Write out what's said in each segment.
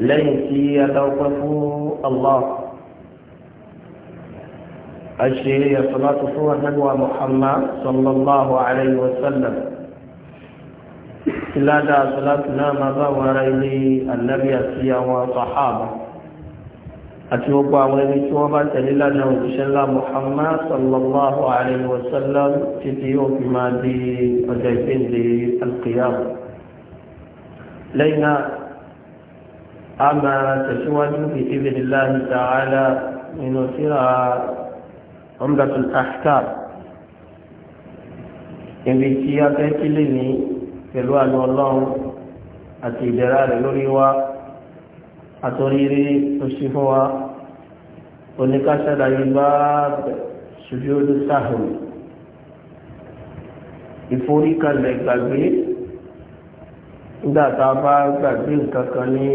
لن يتوقفوا الله هي صلاة صورة نبوى صلى الله عليه وسلم إلا دا صلاة نامة وريلي النبي السياء وصحابة أتوقع ويني توبة إلا نوت شلا محمد صلى الله عليه وسلم تتيو في مادي وجايبين لي القيامة لينا a máa tẹ̀síwájú bí ibillahi ta'ala nínú síra umdatul ahkam ibi tí a fẹ́ kílè ní pẹ̀lú àlọ́ ọlọ́run àti ìdẹ̀ra rẹ̀ lórí wa àtọ́rírí tó ṣí fún wa oníkásẹ̀dá yìí bá sujudu sahwi ìforíkalẹ̀ gbàgbé nígbà tá a bá gbàgbé nǹkan kan ní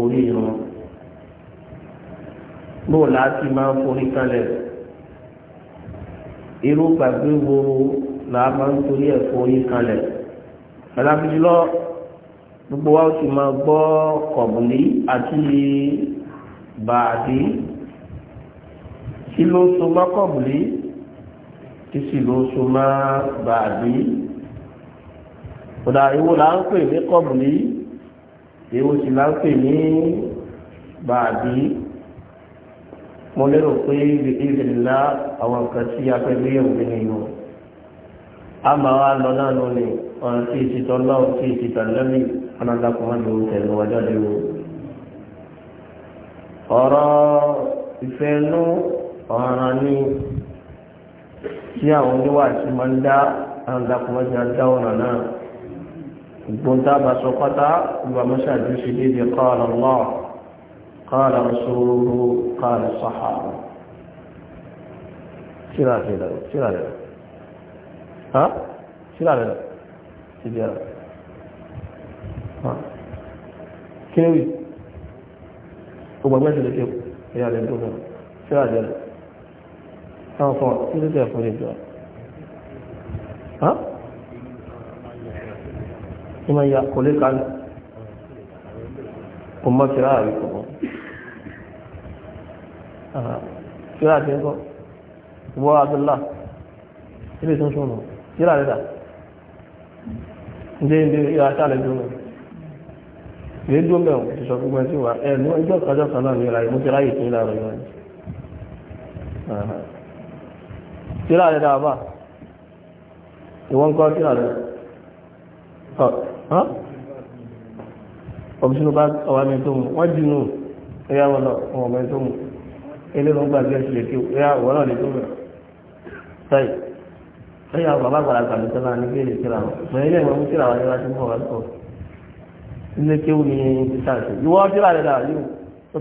orí irun bóò láti máa ń forí kalẹ̀ irú gbàgbé wo làá máa ń torí ẹ̀ forí kalẹ̀ alábìjúlọ gbogbo wa ó sì máa gbọ́ kọ̀bùlí àti bàdí kí ló so mọ́ kọ̀bùlí kí sì ló so mọ́ bàdí kódà ewo là ń pè ní kọ́bùlì ewo sì là ń pè ní bàbí mo lérò pé ibi ìrìnlá àwọn nǹkan tí a fẹ́ gbé ìwé nìyọ a máa wá lọ náà lónìí ọ̀nà tí ìsìtọ́ náà tí ìsìtọ́ lẹ́mí ọ̀nà lákùnrin ló tẹ̀lé wọn jáde o ọ̀rọ̀ ìfẹ́nú ọ̀ràn ni tí àwọn oníwà máa ń dá àwọn máa ń dá ọ̀nà náà بنتا بسقطا ومشى بشديد قال الله قال رسوله قال الصحابة شلا شلا شلا شلا ها شلا شلا شلا ها كيوي وبعدين شلا كيو يا لندن شلا شلا ها فور شلا شلا فور ها ní ma ya kò lè kalẹ̀ kò mọ́ tíra àrí kò mọ́ tíra àti ẹ̀kọ́ ìwọ́ abdullá ilé tó ń sọ̀nà tíra rẹ̀ dà ǹjẹ́ ìdí ìyá sálẹ̀ dúró ìdí dúró mẹ́wọ̀n ti sọ gbogbo ẹtí wa ẹ̀ ní ọjọ́ kájọ́ kan náà ní ìlà ìmú tíra yìí tó ìlà rẹ̀ yọ̀ tíra rẹ̀ dà bá ìwọ́n kọ́ tíra rẹ̀ ọ̀bísínú bá ọwà mi tó mú wọ́n jù nù ẹ̀yà wọn lọ ọmọ ọmọ tó mú ilé ló ń gbàgbé ẹ̀sìn lè kí ẹ̀yà wọn náà lè tó mú sẹ́yì sẹ́yì àwọn bàbá àgbàlá àgbàlá tó náà ní bí èlè kíra wọn mọ̀ ilé ìwọ̀n mú kíra wọn ní láti mú ọ̀rọ̀ sọ ilé kéwù ní títà sí ìwọ kíra rẹ̀ dà yìí ó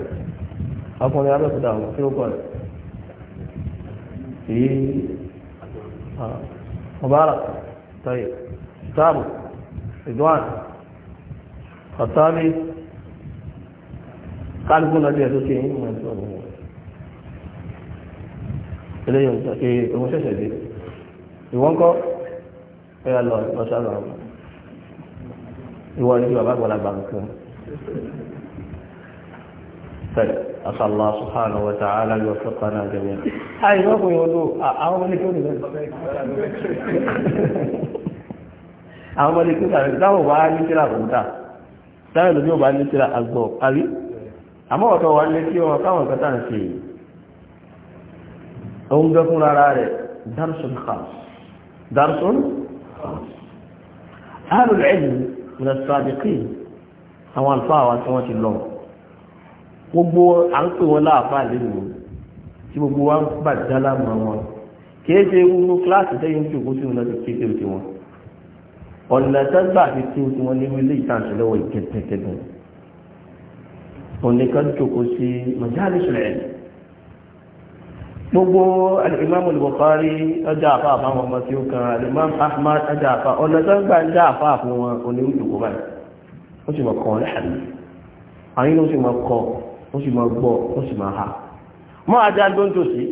ti ọkùnrin abẹ́kúta àwọn tí ó kọ̀ rẹ̀ èyí mubarak tayyib sáàbù ìdúwàn kọ̀tọ́lì kálukú náà díẹ̀ tó ṣe yín mọ̀ ẹ̀tọ́ ọ̀hún eléyìí ọ̀sẹ̀ ṣe òun ṣẹ̀ṣẹ̀ dé ìwọ́n kọ́ ẹ̀yà lọ lọ́sàlọ́ àwọn ìwọ́n fẹ́lẹ̀ asàlá sùhánà wata aláyọ̀ fẹ́kọ̀ náà jẹ́mẹ́ àìyọ́kùn ìwọ̀lú àwọn mẹ́lẹ́kẹ́ òdìbẹ̀ àwọn mẹ́lẹ́kẹ́ òdìbẹ̀ dáwọ̀ bá ní tíra kòmútà dáwọ̀ lómi ò bá ní tíra àgbọ̀ àrí àmọ́ ọ̀tọ̀ wà ní tí wọn rẹ̀ darsun khas àwọn alfáà wa tí wọ́n ti gbogbo à ń pè wọn láàfà lẹ́nu tí gbogbo wa ń bàjá láàmú wọn kìí ṣe irú kíláàsì tẹ́yìn tí òkú tí wọn lọ sí kéde òtí wọn ọ̀nà tẹ́gbà àti tí òtí wọn nínú ilé ìtànṣe lọ́wọ́ ìkẹ́tẹ́kẹ́tẹ́ onìkan jòkó sí mọ̀jáde ṣẹlẹ̀ gbogbo alìmọ́mù Bukhari ọjà àfà àfàwọn ọmọ tí ó kan alìmọ́mù Ahmad ọjà àfà ọ̀nà tẹ́gbà ń dá àfà àfún wọn ó sì mọ̀ kọ́ ó sì máa gbọ́ ó sì máa ha mọ́ ajá ló ń tò sí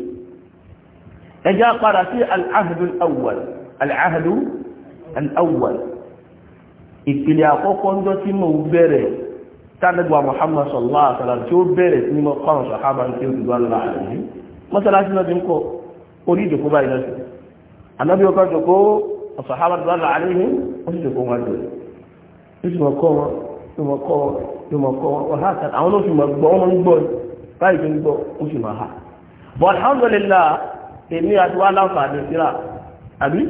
ẹjá padà sí al-ahdu al-awwal al-ahdu al-awwal ìpìlẹ̀ àkọ́kọ́ ń jọ tí mo bẹ̀rẹ̀ tánàgbà Muhammad sallallahu alaihi wasallam tí ó bẹ̀rẹ̀ sí mọ́ kọ́rùn sàhábà ní kéwù ìgbà lọ́la àrẹ̀lẹ́ mọ́sálásí náà ti ń kọ́ orí ìdòkó báyìí wọn jù yóò mọ̀ kọ́ wọn ha sàn àwọn oṣù mọ̀ gbọ́ wọn gbọ́ báyìí tó ń gbọ́ oṣù mọ̀ ha bọ̀ alhamdulillah èmi àti wà láǹfààní síra àbí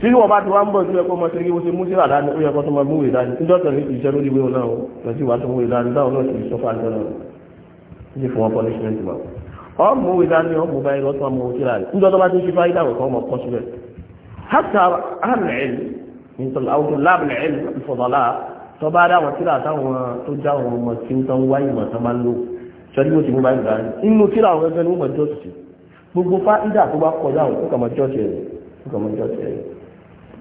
tí wọ́n bá ti wá ń bọ̀ sí ẹ̀kọ́ ọmọ sí ṣe mú sí àdáni ó yẹ kó tó máa mú ìdáni níjọ́tọ̀ ní ìṣẹ́ lórí ìwé náà lọ sí ìwádìí mú ìdáni dáwọn náà sì sọ́fà ìjọ náà ní fún wọn punishment wọn. ọ mú ìdáni ọ tó bá dáwọn tíra táwọn tó já àwọn ọmọ tí ó tán wáyé mọ̀ tán máa ń lò sọ́dí ó ti mú báyìí dání inú tíra àwọn ẹgbẹ́ ni wọ́n mọ̀ jọ́sì gbogbo fáídà tó bá kọjá àwọn tó kàmọ́ jọ́sì rẹ̀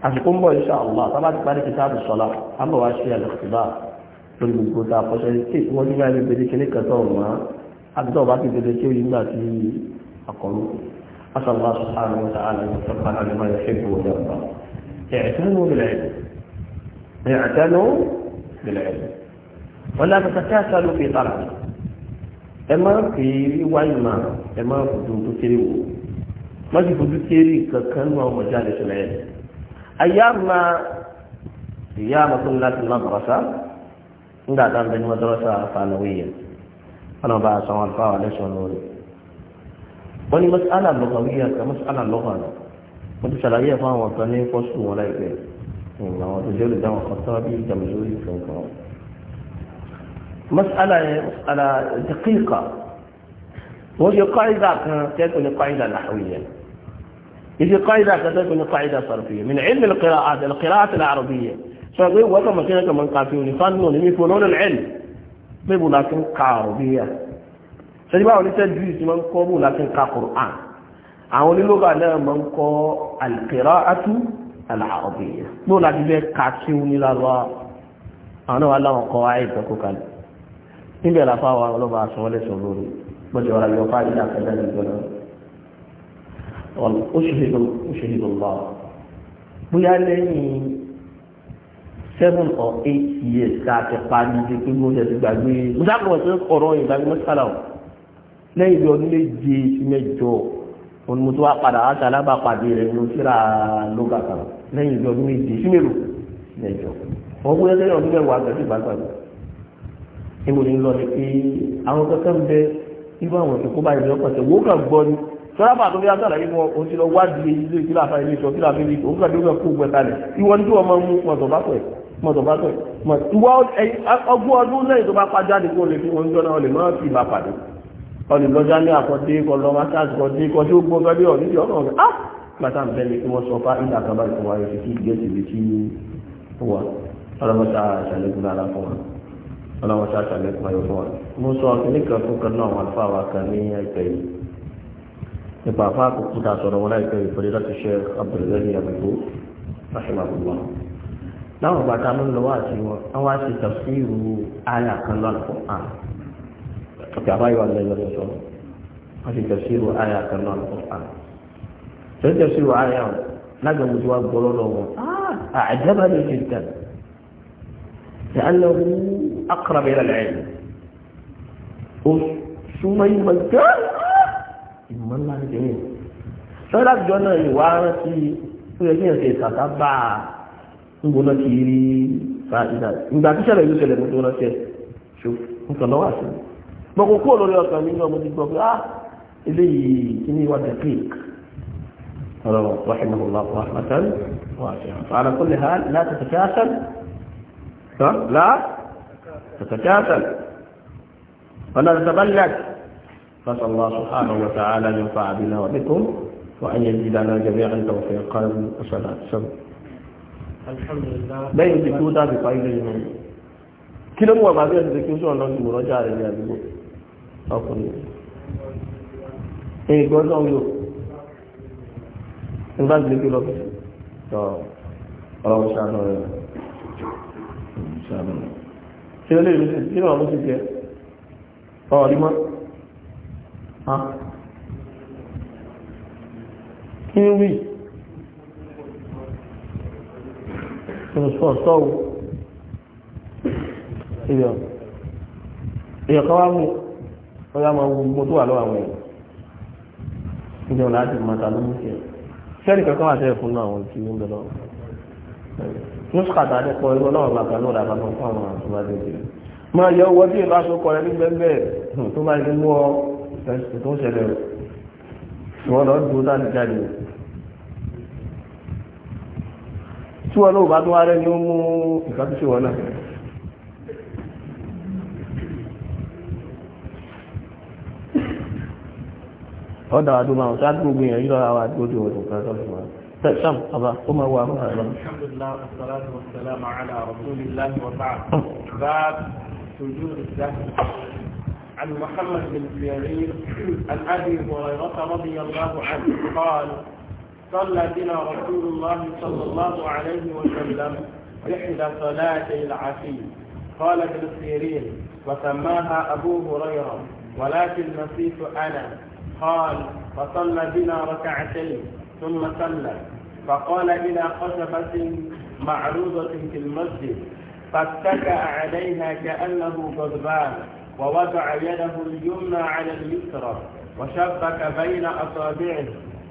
àsìkò ń bọ̀ insha Allah tábà ti parí kìtàbù sọ́lá á bọ̀ wá ṣe àlẹ́kùnbá lórí gbogbo tá a fọṣẹ tí wọ́n ní báyìí bèbè kíní kan tó wọ́n àbítọ̀ bá ti bèbè tí ó بالعلم ولا تتكاسلوا في طلبه ẹ máa fi wíwá tó kéré wò má kéré kankan nínú ọmọ ìjà lẹ́sọ̀rọ̀ ẹ̀. àyàmà ìyá àmọ́tún láti má bàbàṣá nígbà tá ń bẹ ní mọ́tọ́rọ́sà fàánàwé yẹn wọn bá a sanwó àlùfáà wà lẹ́sọ̀rọ̀ lórí. wọ́n ní mọ́tò alàlọ́kọ̀ wíyà kan mọ́tò alàlọ́kọ̀ ṣàlàyé àwọn ní fọ́sùn wọn láìpẹ́ àwọn tó jẹ́ olùdáwọn kan tó bí ìjàmù lórí ìfẹ̀ǹkan masala yẹn masala daqiqa wọ́n ṣe qaida kan tẹ́kùn ní qaida nahwiyya ìṣe qaida kan tẹ́kùn ní qaida sarfiyya min ilmi al-qira'at al-qira'at al-arabiyya sọ̀rọ̀ ìwọ́n kọ̀ mọ̀kí náà kọ̀ mọ̀ nǹkan fi òní fánú ní fún lọ́nà ẹ̀lì pé bù láti ń ka àrùbíyà sọ́jú báwọn oníṣẹ́ jù sí máa ń kọ́ bù láti ń ka àwọn onílógà al-arabiyya gbọ́n láti bẹ́ẹ̀ ká kí ó ní lára àwọn náà wà láwọn kọ́ ayé ìtọ́kù kalẹ̀ níbẹ̀ làfà wa ọlọ́ba àsọ̀wọ́lẹ̀ sọ̀rọ̀ lórí gbọ́dọ̀ wà láyọ̀ fáyé àkàdá nìgbọ́dọ̀ oṣèlú lọ bóyá lẹ́yìn seven or eight years ká ti parí di pé mo ṣẹ̀ṣẹ̀ gbàgbé mo sábà wọ̀ sí ọ̀rọ̀ ìgbàgbé mọ́sálà lẹ́yìn bí ọdún méje sí mẹ́jọ òun mo tó wá padà wá sálábà pàdé rẹ̀ ló síra lóga kan lẹ́yìn ìjọ ọdún méje sí mélòó lẹ́jọ́ wọ́n kúrẹ́ lẹ́yìn ọdún mẹ́wàá gẹ̀ẹ́sì gbàgbàgbà níbo ni lọ ni pé àwọn kankan bẹ irú àwọn ìṣòkó báyìí ní ọkọ̀ tẹ̀ wọ́n kàn gbọ́ ni sọ́lábà tó fi àtàlàyé mọ́ òun ti lọ wádìí ilé ìtura àfa ilé ìṣọ́ kílà fílì òun kàdé òun kó gbẹ̀ta rẹ̀ ìwọ ní tí wọ́n máa ń mú mọ̀tọ̀ bá tọ̀ mọ̀tọ̀ bá tọ̀ ìwọ ọgbọ́n ọdún lẹ́yìn tó bá pàjáde kó lè fi wọn jọ náà lè má fi má pàdé ọlùlọ́já ní àkọ́dé kọlọ masters kọ́dé kọ́ tí ó gbọ́ gbẹ́bí ọ̀rí tí ọ̀nà ọ̀gá pàtà ah! ń bẹ́lẹ̀ kí wọ́n sọ fá ìdá kan báyìí fún wa yóò fi kí gẹ́ẹ̀sì lè kí wà ọlọ́mọta ṣàlẹ́kùn lára fún wa ọlọ́mọta ṣàlẹ́kùn ayọ̀ fún wa mo sọ kíní kan fún kan náà wọn fáwa kan ní àìpẹ́ yìí nípa afá àkókò tá a sọ̀rọ̀ wọn láìpẹ́ yìí fọdé láti ṣe abdulgani àbíkó rahimahullah láwọn bàtà ló ń lọ wá àti wọn àwọn àti tafsiru àyà kan lọ́nà fún àná ìjàmbá yóò lẹ́yìn lọ́dọ̀ sọ̀rọ̀ wọ́n ti tẹ̀ sírò àyà kan náà lọ́kọ̀ fà tó tẹ̀ sírò àyà wọn lágbàá mo ti wá gbọ́ lọ́dọ̀ wọn àjẹbá ló ti tẹ̀ tẹ̀ aláwo akọ̀rọ̀bẹ̀ yẹn lẹ́yìn o súnmọ́ yìí wọ́n jẹ́ ìmọ̀ ńlá ní tẹ̀lé sọ́dọ̀ àjọ náà ìwà rántí ó yẹ kí ẹ̀sẹ̀ ìsàtà bá a ń gbóná kiri fa ìdá ìgbà tíṣẹ̀lẹ̀ yóò ṣẹlẹ̀ mọ́tò rántí ẹ̀ ṣó nǹkan lọ́wọ́ àṣẹ mọ̀kún kúrò lórí ọkàn nínú wà dẹ̀kík ọ̀rọ̀ rahimahullah rahmatan wasi'a ala kulli hal la tatakasal la tatakasal wala tataballak فصلى الله سبحانه وتعالى ان ينفع بنا وبكم وأن يزيدنا جميعا توفيقا وصلاة سبب الحمد لله لا يزيدونا بقائل منه كلا هو ما بيزيدك يسوع الله سبحانه وتعالى ọkùnrin èyí gbọ́dọ̀ yóò nígbà tí lókè lọ́kùn tọ ọlọ́run ṣàánú rẹ̀ ṣàánú rẹ̀ tí ó lè rí sí kí lọ́wọ́ sí jẹ́ ọ̀rí mọ́ kí ni wí ìrùsọ̀ sọ́wọ́ ìyọ̀ ìyọ̀ kan wá mú wọ́n yá máa wo gbogbo tó wà lọ́wọ́ àwọn èèyàn níjọ́ láti máa ta ló mú sí ẹ̀ sẹ́ni kankan wà sẹ́yìn fún náà àwọn tí ó ń bẹ lọ́wọ́ ní ṣàkàtà ní kọ ẹgbẹ́ náà bàtà lọ́dà bàtà fún àwọn àtúbàdé ìdílé máa yọ owó tí ìbá sọ kọrẹ nígbẹ́ bẹ́ẹ̀ tó bá yẹ mú ọ tó ń ṣẹlẹ̀ wọn lọ dúró láti jáde tí wọn náà bá tó wá rẹ ni ó mú ìkàtúnṣe wọn náà ọ̀dọ̀ àdúgbò àwọn sáà gbogbo èèyàn yíra àwọn àdúgbò tí wọ́n tó kọ́ sọ́ọ̀tì wọn sam ọba ó máa wà máa lọ. alhamdulillah wa salatu wa salam ala rasulillah wa ba'd bab sujud sahwi عن محمد بن جرير عن ابي هريره رضي الله عنه قال صلى بنا رسول الله صلى الله عليه وسلم إحدى صلاتي العشي قال ابن سيرين وسماها أبو هريرة ولكن نسيت أنا قال فصلى بنا ركعتين ثم سلم فقال إلى خشبة معروضة في المسجد فاتكأ عليها كأنه غضبان ووضع يده اليمنى على اليسرى وشبك بين أصابعه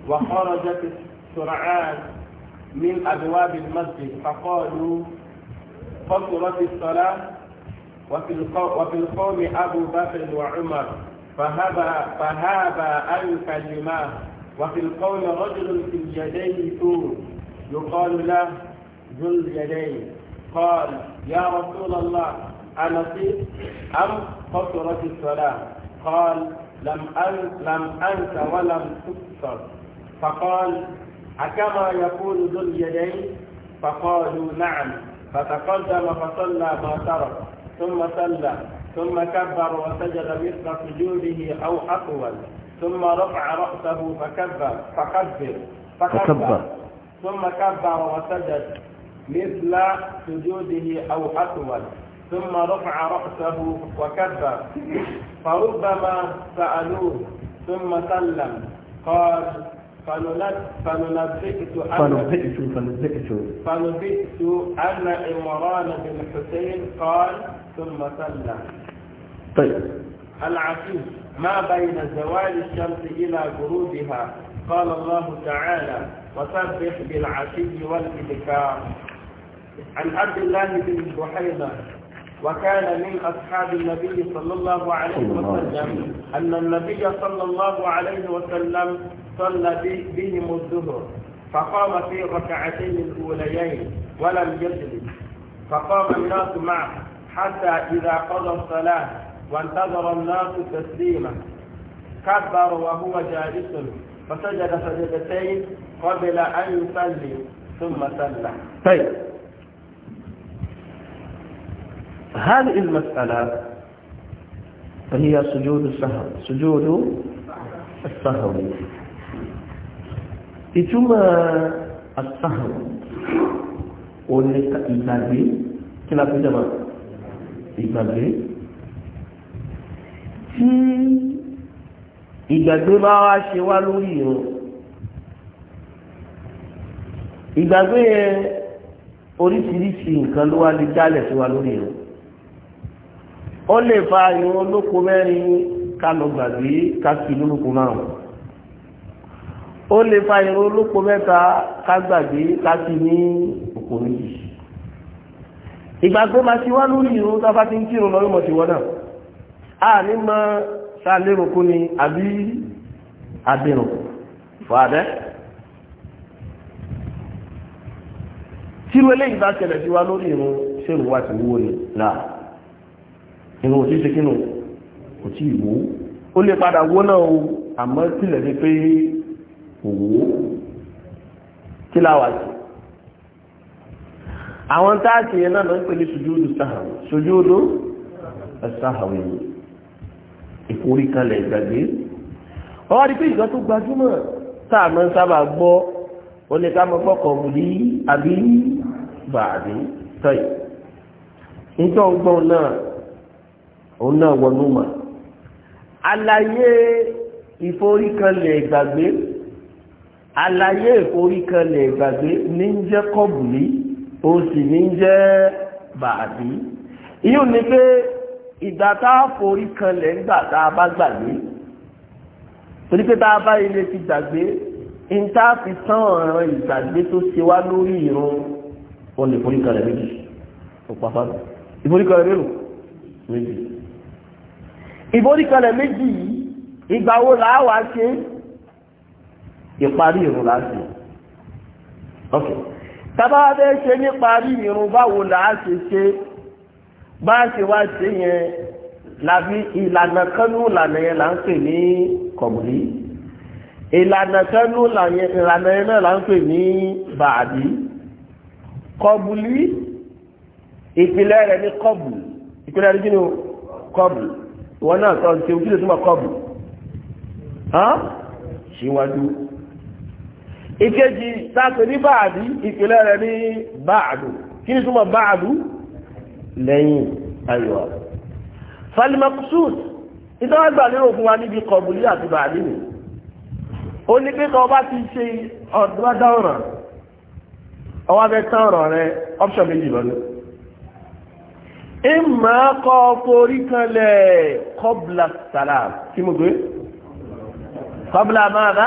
وخرجت السرعان من أبواب المسجد فقالوا قصرت الصلاة وفي القوم أبو بكر وعمر فهذا ألف جماه وفي القول رجل في اليدين ثور يقال له ذو اليدين قال يا رسول الله أنصيت طيب أم قصرت الصلاة قال لم أنت لم أنت ولم تقصر فقال أكما يقول ذو اليدين فقالوا نعم فتقدم فصلى ما ترك ثم صلى ثم كبر وسجد مثل سجوده أو أطول ثم رفع رأسه فكبر فكبر فكبر ثم كبر وسجد مثل سجوده أو أطول ثم رفع رأسه وكبر فربما سألوه ثم سلم قال فننبئت فنبئت فنبئت أن عمران بن حسين قال ثم سلم طيب العفيف ما بين زوال الشمس إلى غروبها قال الله تعالى وسبح بالعشي والإذكار عن عبد الله بن بحيرة وكان من أصحاب النبي صلى الله عليه وسلم أن النبي صلى الله عليه وسلم صلى بهم الظهر فقام في ركعتين الأوليين ولم يجلس فقام الناس معه حتى إذا قضى الصلاة وانتظر الناس تسليمه كبر وهو جالس فسجد سجدتين قبل أن يصلي ثم سلم طيب هذه المسألة فهي سجود السهر سجود السهر ìtumọ̀ asáhùn oníkàtàbí kí lápẹjọba ìgbàgbé tí ìgbàgbé bá wá ṣe wá lórí ìrun ìgbàgbé yẹn oríṣiríṣi nǹkan ló wá lè jálẹ̀ sí wa lórí ìrun ó lè fa ìrun olóko mẹ́rin ká lọ gbàgbé ká kí lórúkọ márùn ó lè fa ìrun olóko mẹ́ta ká gbàgbé ká kí ní òkò méjì ìgbàgbọ́ máa ti wá lórí ìrún tó bá ti ń kírun lọ́rùn mọ̀ sí wọ́n náà a ní mọ́ sálérùkú ni àbí àbìrùn fàádẹ́ tírú eléyìí bá ṣẹlẹ̀ sí wá lórí ìrún ṣèrù wá ti wúwo ni náà ìrún òtí ṣe kínú kò tí ìwò ó lè padà wó náà o àmọ́ tilẹ̀ ní pé òwò kí láwàá àwọn táàtì yẹn náà ló ń pè ní sojúdù sáhàwì sojúdù sáhàwì ìforí kalẹ̀ ìgbàgbé ọwọ́ di pé ìgbà tó gbajúmọ̀ táà máa ń sábà gbọ́ ó lè ká mọ́ gbọ́kọ̀ wùdí àbí bàbí tọ́yì nítorí òun gbọ́n náà òun náà wọnú mà àlàyé ìforí kalẹ̀ ìgbàgbé àlàyé ìforí kalẹ̀ ìgbàgbé ní ń jẹ́ ó sì ní jẹ́ bàbí yíò ní pé ìgbà tá a forí kanlẹ̀ nígbà tá a bá gbàgbé torí pé tá a bá ilé ti gbàgbé ń tá a fi tán ọ̀ràn ìgbàgbé tó ṣe wá lórí ìrun wọn lè forí kanlẹ̀ méjì òpàpàdà ìforí kanlẹ̀ mélòó méjì ìforí kanlẹ̀ méjì yìí ìgbà wo làá wá ṣe ìparí ìrun láti ok tàbá bẹ́ ṣe nípa rí irun báwo là á ṣe ṣe bá ṣe wá ṣe yẹn làbí ìlànà kánú ìlànà yẹn là ń pè ní kọ̀mùlí ìlànà kánú ìlànà yẹn náà là ń pè ní bàbí kọ̀mùlí ìpìlẹ̀ rẹ̀ ní kọ̀bù ìpìlẹ̀ rẹ̀ nínú kọ̀bù ìwọ náà sọ ṣe òkúlẹ̀ tó mọ̀ kọ̀bù síwájú ìkejì tàbí ní báàdì ìpìlẹ̀ rẹ̀ ní báàdù kí ní túnmọ̀ báàdù lẹ́yìn ayọ̀ falimakusud ìtọ́wọ́gbà lérò fún wa níbi kọ̀bùlí àti báàdì ni ó ní pé kọ́ bá ti ṣe ọ̀dọ́dá ọwọ́ fẹ́ tán rẹ option méjì lọ́nà ìmọ̀ kọ́ forí kanlẹ̀ kọ́bùlà sàlám kí mo gbé kọ́bùlà máa bá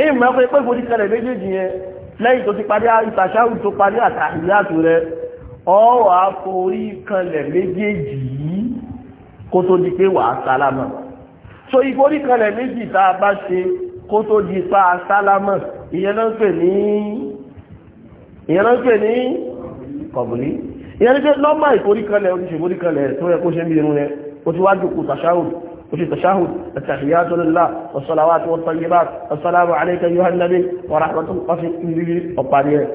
èyí mọ̀ pé pé ìforí kalẹ̀ méjèèjì yẹn lẹ́yìn tó ti parí ìtàṣáwù tó parí àtàhíyàtò rẹ ọwọ́ àforí kalẹ̀ méjèèjì yìí kó tó di pé wàá sálámà so ìforí kalẹ̀ méjì tá a bá ṣe kó tó di pa sálámà ìyẹn náà ń pè ní ìyẹn náà ń pè ní lọ́mà ìforí kalẹ̀ oríṣiríforí kalẹ̀ tó yẹ kó ṣe ń bí irun rẹ ó ti wá وفي التشهد التحيات لله والصلوات والطيبات السلام عليك أيها النبي ورحمة الله وبركاته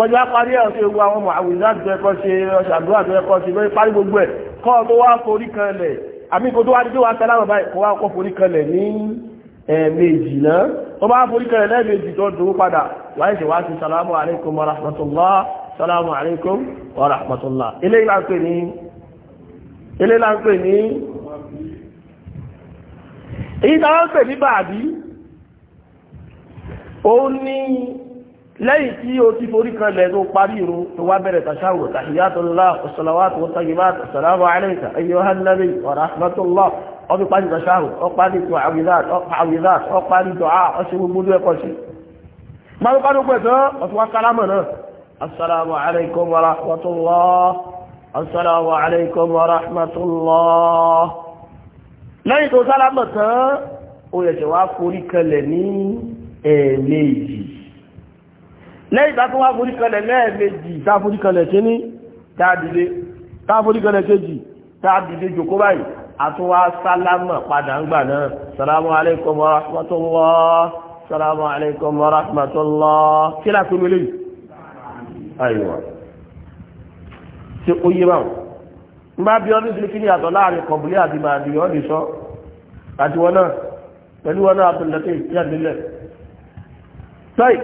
pọ̀jọ́ parí ẹ̀ sí ogun àwọn mọ̀àwìzá tó ẹkọ́ ṣe ṣàdúrà tó ẹkọ́ ṣe lórí parí gbogbo ẹ̀ kọ́ tó wá forí kanlẹ̀ àmì kò tó wá dídó wá sálámà báyìí kò wá kọ́ forí kanlẹ̀ ní ẹ̀ẹ̀mejì náà tó bá forí kanlẹ̀ lẹ́ẹ̀mejì tó dùn padà wáyé ṣe wá sí salamu alaikum wa rahmatullah salamu alaikum wa rahmatullah ilé ìlànà pè ní èyí tàbí ń pè ní bàbí òun ní lẹ́yìn tí o ti forí kan lẹ̀ tó parí ìrun tó wá bẹ̀rẹ̀ tàṣàwò tàṣìyàtọ̀lá ọ̀sọ̀làwàtò tàyíbàtà sàlámù aláìkà ayyọ́hánnàrí ọ̀ràhánàtọ̀lá ọbí parí tàṣàwò ọparí tó àwìdáàt ọparí tó à ọṣẹ́ gbogbo ẹ̀kọ́ sí Assalamu alaykum wa rahmatullah. Assalamu alaykum lẹ́yìn tó sálámọ̀ tán ó yẹ̀ṣẹ̀ wá forí kalẹ̀ ní ẹ̀ẹ̀mejì lẹ́yìn tàbí wá forí kalẹ̀ lẹ́ẹ̀mejì táforí kalẹ̀ kíní táàdìlé táforí kalẹ̀ kejì táàdìlé jòkó báyìí àtúwá sálámọ̀ padà ń gbà náà salamu alaikum wa má bí ọdún sí kí ni àtọ̀ láàrin kọ̀bùlé àti màdì ọdún sọ àti wọn náà pẹ̀lú wọn náà àtúndẹ̀tẹ̀ ìpín àdílẹ̀ tọ́ì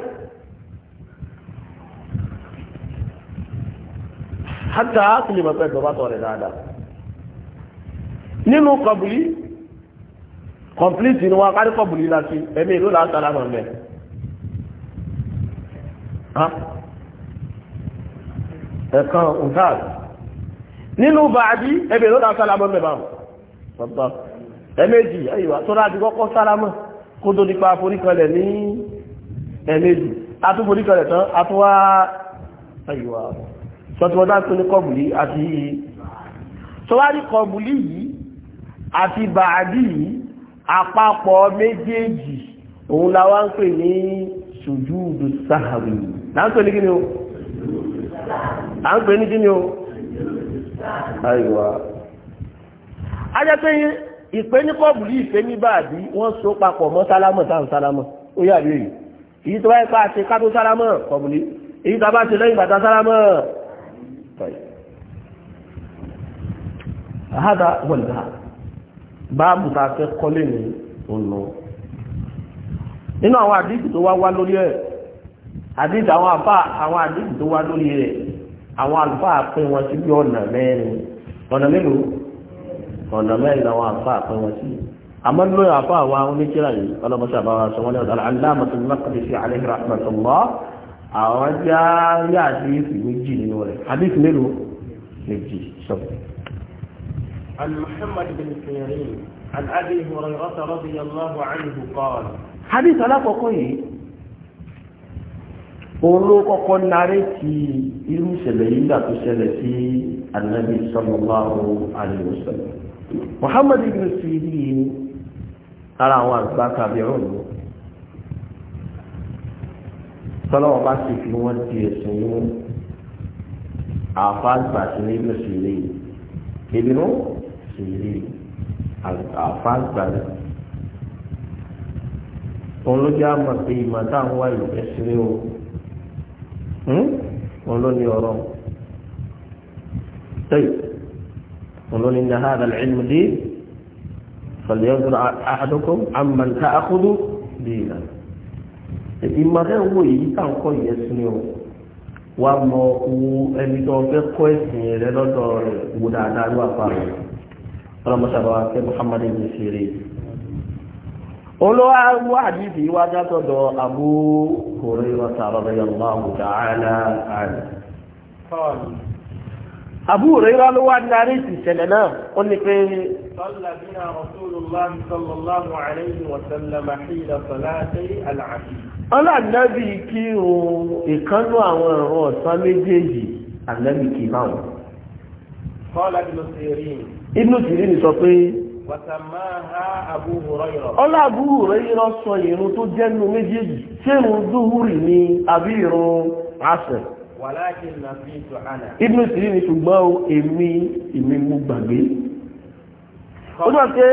hátà á sì lè mọ̀ pé ìjọba tọ̀ rẹ̀ dáadáa nínú kọ̀bùlí kọ̀mplíìtì ni wọn kárí kọ̀bùlí láti ẹ̀mí ìlú làásà láwọn mẹ́ ẹ̀kan òǹtààdì nínú bàdí ẹbẹ̀ ló dáa sálámọ́ mẹ́bà ọ̀pọ̀ ẹ̀mẹ́jì ẹ̀yìnwá tó dáa ti kọ́kọ́ sálámọ́ kó tó nípa foríkanlẹ̀ ní ẹ̀mẹ́jì atúforíkanlẹ̀ tán atúwá ẹ̀yìnwá sọtúmọ́dá tó ní kọ́bùlì àti tọ́wárí kọ́bùlì yìí àti bàdí yìí àpapọ̀ méjèèjì òun la wá ń pè ní sùjúdù sáhàwì láńpẹ́ ní kí ni o à ń pè ní kí ni o àìwá ajẹ́ pé ìpé ní kọ́bùlì ìpé ní báàbí wọ́n so papọ̀ mọ́ sálámọ̀ táwọn sálámọ̀ ó yà rí èyí èyí tó wáyé pa àti kátó sálámọ̀ kọ́bùlì èyí tó bá ti lẹ́yìn bàtà sálámọ̀ àhádà wọ̀lùdà báàbù tá a fẹ́ kọ́lé ní ọ̀nà nínú àwọn àdíjì tó wá wá lórí ẹ̀ àdíjì àwọn àbá àwọn àdíjì tó wá lórí ẹ̀ àwọn àlùfáà pín wọn sí bí ọ̀nà mẹ́rin ọ̀nà mélòó ọ̀nà mẹ́rin àwọn àlùfáà pín wọn sí àmọ́ lórí àfáà wa oníkíra yìí ọlọ́mọṣẹ́ àbáwá sọ wọn ní ọ̀dọ̀ aláàmọ̀tò Maqdisi alayhi rahmatullah àwọn já rí àdéhìsì méjì nínú rẹ̀ àdéhìsì mélòó méjì sọ. عن بن سيرين عن أبي هريرة رضي الله عنه قال حديث لا تقول òun ló kọ́kọ́ narí ti irú ìṣẹ̀lẹ̀ yìí gbà tó ṣẹlẹ̀ sí anabi sallallahu alaihi wasallam muhammad ibn sirin ara àwọn àgbà kàbí ọ̀rọ̀ lọ tọ́lọ́wọ́ bá sì fi wọ́n di ẹ̀sìn mú àfa àgbà sí ní ibn sirin ibn sirin àfa àgbà rẹ̀ òun ló jẹ́ àmọ̀ pé ìmọ̀ táwọn wáyé ẹ̀sìn rẹ̀ o. Hmm? wọn ló ní ọ̀rọ̀ tẹyì wọn ló ní ní hàdà ilmu dí fàlẹ́yọ́dúrà àhàdókò àmàntà àkúdú bí ìlà ìmọ̀tẹ́ owó yìí tá ń kọ́ ìyẹsùn ni o wà mọ owó ẹni tó fẹ́ kọ́ ẹ̀sìn rẹ lọ́dọ̀ rẹ̀ wò dáadáa ló àpá rẹ̀ ọlọ́mọṣàbáwá kẹ́ muhammadu ní sèré yìí olówó àwọn àdìsí iwájú àtọ̀dọ̀ Abu Hurairah radiyallahu ta'ala anhu. Abu Hurairah ló wá darí sí ìṣẹ̀lẹ̀ náà ó ní pé. صلى بنا رسول الله عليه وسلم حين صلاة العشي. ọlá nàbì kírun ìkánú àwọn ẹ̀rọ ọ̀sán méjèèjì ànábì kì máa wọ̀. قال ابن سيرين. ابن sọ pé ọlá Abu Hurairah sọ ìrun tó jẹ́nu méjèèjì ṣé ìrun dúhúrì ni àbí ìrun asẹ̀ Ibn Sirin ni ṣùgbọ́n èmi èmi mú gbàgbé ó dùn pé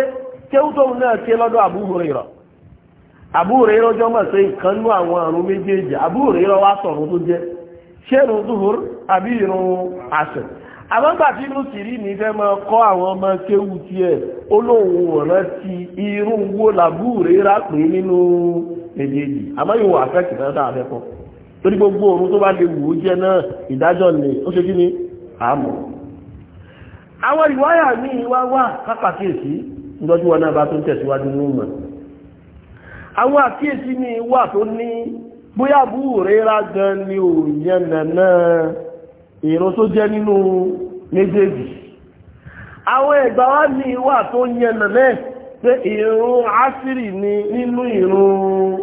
kéwú tóun náà ké lọ́dọ̀ Abu Hurairah Abu Hurairah jọ mọ̀ sí ìkànnú àwọn àrùn méjèèjì Abu Hurairah wá sọ̀rọ̀ tó jẹ́ ṣé ìrun dúhúrì àbí ìrun asẹ̀ àwọn gbà tí mùsùlùmí ní fẹ́ máa kọ́ àwọn ọmọ kéwù tiẹ̀ olóhùn ọ̀ràn ti irú wo làbúrè rà pé nínú èdèèdè àmọ́ yóò wà fẹ́ kìtà tá a fẹ́ kọ́ torí gbogbo òun tó bá lè wù ú jẹ́ náà ìdájọ́ ni ó ṣe kí ni àmọ́ àwọn ìwáyà ní ìwá wà kápàkíyèsí ìjọjú wọn náà bá tó ń tẹ̀síwájú ní ìmọ̀ àwọn àkíyèsí ní ìwà tó ní bóyá búrẹ́ra gan ni òòyàn náà ìrun tó jẹ́ nínú méjèèjì àwọn ẹ̀gbà wá ní ìwà tó yẹnà náà pé ìrun asiri ni nínú ìrun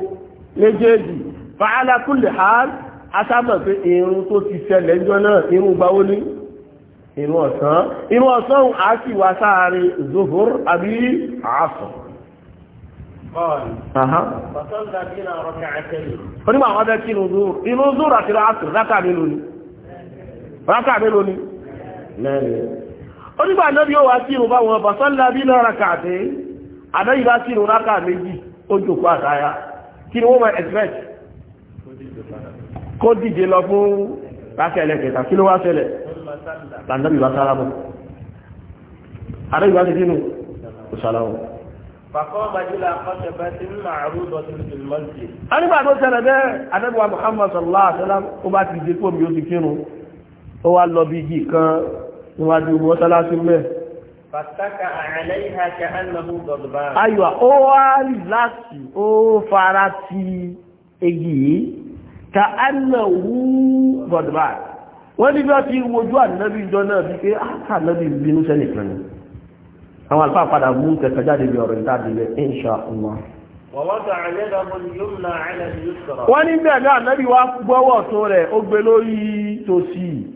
méjèèjì fàálà kúlẹ̀ hàn asámọ̀ pé ìrun tó ti ṣẹlẹ̀ jọ náà ìrun gbáwó ní ìrun ọ̀sán ìrun ọ̀sán á sì wá sáàrin zuhur àbí àásùn Onígbà àwọn abẹ́ kí ní ọdún, inú zúrà tí ó á tùrù látà nínú ni rákà mélòó ni mẹ́rin onígbà náà bí ó wá kírun bá wọn bàtọ́lá bí náà rákà àti àdáyì bá kírun rákà méjì ó jòkó àdáyà kí ni wọ́n máa expect kó dìde lọ fún rákà ẹlẹ́kẹta kí ló wá ṣẹlẹ̀ lànàbí bá sára mọ́ àdáyì bá ti kínú ìsàlámù Anígbà tó ṣẹlẹ̀ bẹ́ẹ̀, Adébùwà Mùhammad sallallahu alaihi wasallam, ó bá ti dé kó mi ó ti kírun ó wá lọ bí igi kan níwájú mọ́sálásí mẹ́ fàtàkà àrẹ́lẹ́yìn àkẹ́ ànàmú gọ̀dùbá ayọ̀ ó wá rí láti ó fara ti egi yìí ka ànàmú gọ̀dùbá wọ́n ní bí wọ́n ti wojú ànábì ìjọ náà bí pé àkànábì ah, bínú sẹ́nìkan ni àwọn àlùfáà padà mú kẹkẹ jáde bí ọ̀rọ̀ ìdádìlẹ̀ insha Allah wọ́n ní bẹ̀rẹ̀ ànábì wá gbọ́wọ́ tó rẹ̀ ó gbé lórí tòsí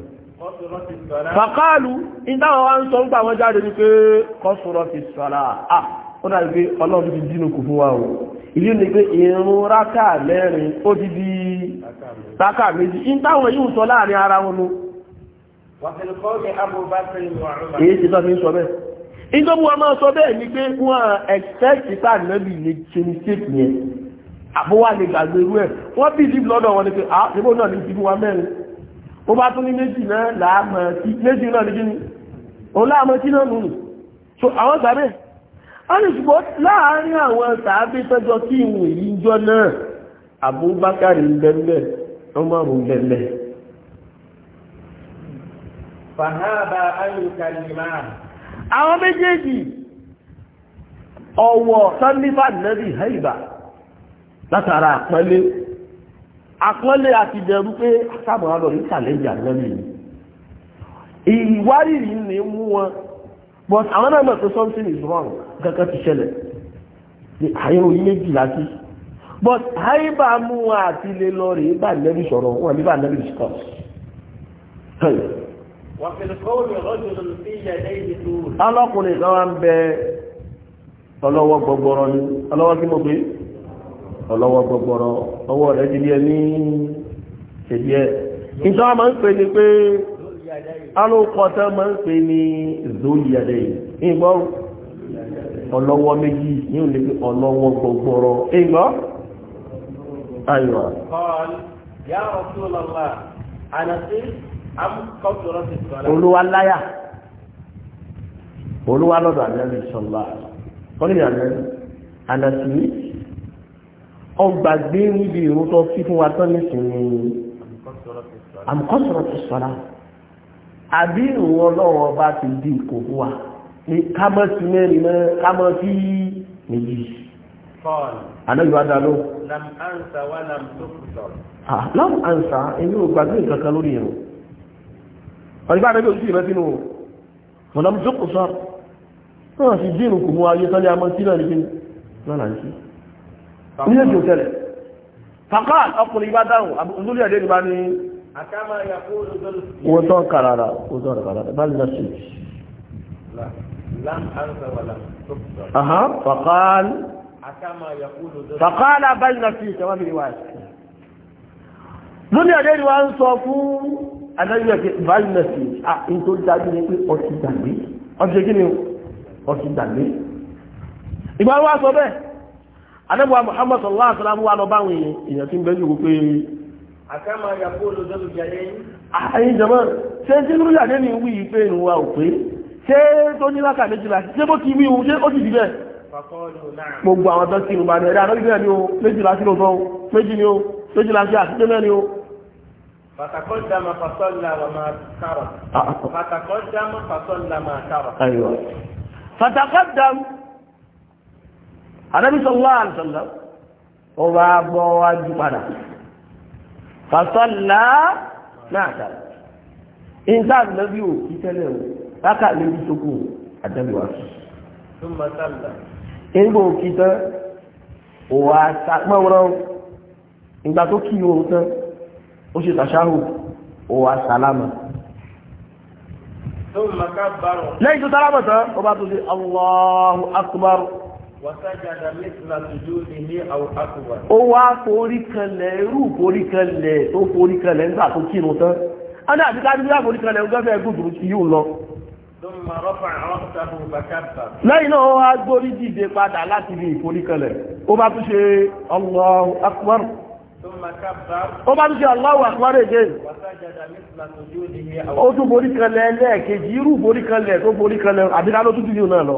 fàkàlù ìdáwọn wá ń sọ nípa àwọn jáde ní pé kọ́sùrọ̀ ti sọ́lá à ó dàbí pé ọlọ́run ti dínú kù fún wa o ìlú ni pé ìrún rákà mẹ́rin ó ti di rákà méjì ìdáwọn yìí ń sọ láàrin ara wọn nu. èyí ti sọ ń sọ bẹ́ẹ̀ ìjọba wọn máa sọ bẹ́ẹ̀ ni pé wọ́n ẹ̀kẹ́ẹ̀kì tá ànábì lè ṣe ní ṣèkì yẹn àbúwá lè gbàgbé irú ẹ̀ wọ́n bí ìdíbù lọ́dọ̀ wọn ni pé àbúrò ah, náà ní ìdíbù wa mẹ́rin ó bá tún ní méjì náà láàmọ̀ tí méjì náà ní gíní o láàmọ̀ tí náà nùnù so àwọn gbàmẹ́ a lè ṣùgbọ́n láàárín àwọn sàábé tọ́jọ kí ìwò yìí jọ náà àbúbákàrí lẹ́lẹ̀ ọmọ àrùn lẹ́lẹ̀ àwọn méjèèjì àpọ́nlé àti ìbẹ̀rù pé sábà lọ ní challenge àgbẹ̀rù yìí ìwárìrì ni mú wọn but àwọn náà mọ̀ pé something is wrong kankan ti ṣẹlẹ̀ àyẹ̀wò yìí méjì láti but àyíbá mú wọn àti ilé lọ rè é bá nẹ́bí sọ̀rọ̀ wọn àbí bá nẹ́bí discuss. ọlọ́kùnrin kan wá ń bẹ ọlọ́wọ́ gbọgbọrọ ni ọlọ́wọ́ kí mo gbé ọlọ́wọ́ gbọ́gbọ́rọ́ ọwọ́ rẹ̀ ti díẹ̀ ní ṣèdíẹ̀ ìtọ́ a máa ń pè ní pé alókọ̀ọ́tẹ́ máa ń pè ní zoyẹ̀rẹ̀ ìgbọ́ ọlọ́wọ́ méjì ní òní pé ọlọ́wọ́ gbọ́gbọ́rọ́ ìgbọ́ ayọ̀ olúwaláyà olúwalọ́dọ̀ àdẹ́rẹ́ ìṣọ́lá kọ́lẹ̀ àdẹ́rẹ́ ọgbàgbé níbi ìrún tó fi fún wa tán nísìnyí àmùkọ́sọ̀rọ̀ ti sọ̀ra àbí ìrún ọlọ́run ọba ti di ìkò fún wa ní kámọ́ sí mẹ́rin mọ́ kámọ́ sí méjì. ànáyọ̀ adalo. lam ansa wa lam tó kù sọ. lam ansa èmi ò gbàgbé nǹkan kan lórí ìrún ọ̀rẹ́gbà rẹ̀ bí o sì dínú kò méjèèjì ò tẹ̀lẹ̀ fàkàn ọkùnrin bá dáhùn olórí ẹ̀dẹ́ nígbà ní wọ́n tán kàràrà ó tán kàràrà bá lè lọ́sí fàkàn fàkàn abáyé lọ́sí ìṣẹ́wọ́n mi wáyé lórí ẹ̀dẹ́ ni wọ́n sọ fún adájọ́ báyé lọ́sí à ń tó dájú ní pé ọtí gbàgbé ọtí gbàgbé ìgbà wọ́n sọ bẹ́ẹ̀ anábọ̀wá muhammad sallallahu alaihi wasallam wà lọ báwọn èèyàn tí ń bẹ́jú kó pé àkàmà yàgbó olóòdó jẹ́ àyín ah, jẹ́mọ́ ṣe tí lórí àdé ní wí pé ìrù wa ò pé ṣé tó ní láka méjìlá ṣé bó ti wí ohun ṣé ó sì dìbẹ̀ gbogbo àwọn tó ti rùbà ní ẹ̀dá lórí bẹ́ẹ̀ ni o méjìlá sí lóòótọ́ méjì ni o méjìlá sí àtijọ́ náà ni o فتقدم فصلى وما ترك فتقدم فصلى ما ترك ايوه فتقدم anábísọ̀lá àlùsọ̀lá ó bá gbọ́ wájú padà fàtọ́lá náà tàbí ìta ànábì ò kí tẹ́lẹ̀ o káka lórí sókò àtẹ́lẹ̀wá ìgbò kí tán ò wá sàpẹ́wọ́rọ́ ìgbà tó kí oòrùn tán ó ṣe tàṣáhù ò wá sàlámà lẹ́yìn tó sálámà tán ó bá tó ṣe Allahu akbar ó wá forí kanlẹ̀ irú forí kanlẹ̀ tó forí kanlẹ̀ nígbà tó kírun tán a ní àbíká ní forí kanlẹ̀ gẹ́fẹ́ gùdùrú ti yíò lọ lẹ́yìn náà wá gbórí dìde padà láti rí ìforí kanlẹ̀ ó bá tún ṣe Allahu Akbar ó bá tún ṣe Allahu Akbar èdè ó tún forí kanlẹ̀ lẹ́ẹ̀kejì irú forí kanlẹ̀ tó forí kanlẹ̀ àbíká ló tún dìde náà lọ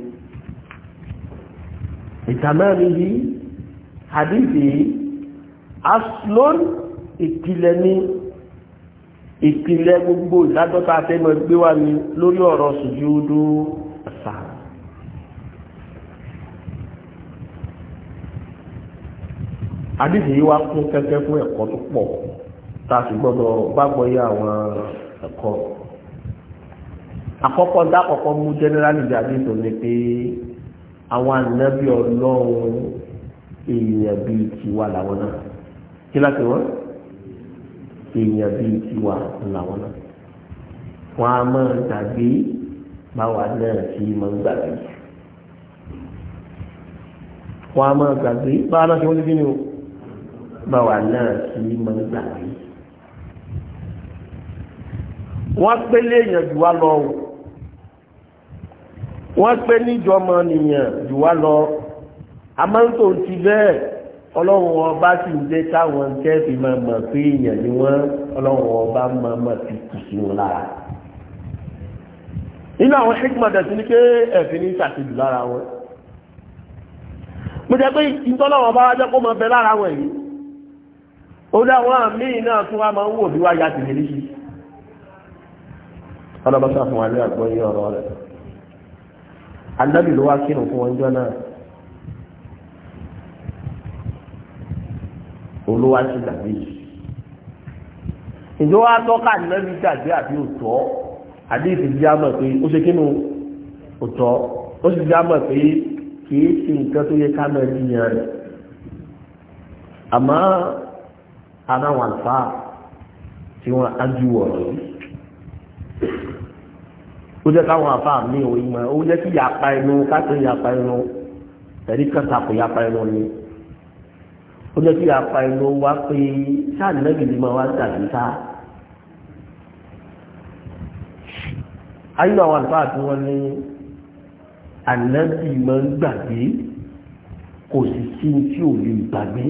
ìtàmẹ́rìnbí hadithi aslon ìpìlẹ̀ ní ìpìlẹ̀ gbogbo ìdájọ́ta àtẹ́mọ̀ gbé wà ní lórí ọ̀rọ̀ sùjúdú sáà hadithi yìí wá kún kẹ́kẹ́ fún ẹ̀kọ́ tó pọ̀ tá a sì gbọ́dọ̀ bá gbọ́ yé àwọn ẹ̀kọ́ àkọ́kọ́ dákọ̀kọ́ mú jẹ́nẹ́rálì jáde tó ní pé àwọn ànábì ọlọ́run èèyàn bíi tiwa làwọn náà kí láti wọ́n èèyàn bíi tiwa làwọn náà wọ́n á máa dàbí báwa náà ti máa ń gbàgbé wọ́n á máa gbàgbé báwa náà ti wọ́n ti kí ni o báwa náà ti máa ń gbàgbé wọ́n pélé èèyàn jù wá lọ́wọ́ wọ́n pé níjọ ọmọ nìyàn jù wá lọ amóńtò ti bẹ́ẹ̀ ọlọ́run ọba sì ń jẹ́ káwọn jẹ́ fi máa mọ̀ pé èèyàn ni wọ́n ọlọ́run ọba máa mọ̀ fi kù sí wọn lára nínú àwọn ṣíkìmọ̀dẹ̀ sí ní pé ẹ̀fín ní ṣàṣejù lára wọn mo jẹ́ pé ìtọ́lọ́wọ́ bá wájẹ́ kó mọ bẹ lára wọn yìí ó dá wọn àmì náà tún wá máa ń wò bí wáyà tìlẹ̀ níṣì ọlọ́bọ̀sán fún wa ní àgbọ́yé ọ̀rọ̀ rẹ̀ anábì ló wá kírun fún wọn jọ náà olówó á sì dàbí ìjọ wa tọ́ka anábì dàbí àbí òtọ́ àdéhùn ti jámọ̀ pé ó ṣe kínú òtọ́ ó sì jámọ̀ pé kìí ṣe nǹkan tó yẹ ká náà yíyan rẹ̀ àmọ́ anáwọn àlùfáà tí wọ́n á ju ọ̀rọ̀ yìí ó jẹ́ káwọn àfa mi ò yí mọ́ ó jẹ́ kí yàpa ẹnu káṣí yàpa ẹnu ẹ̀rí kan takò yàpa ẹnu ni ó jẹ́ kí yàpa ẹnu wá pé sáà nẹ́bí ni mo wá dàbí ká. ayé àwọn àlùfáà tí wọ́n ní ànábì máa ń gbàgbé kò sì sí tí ò lè gbàgbé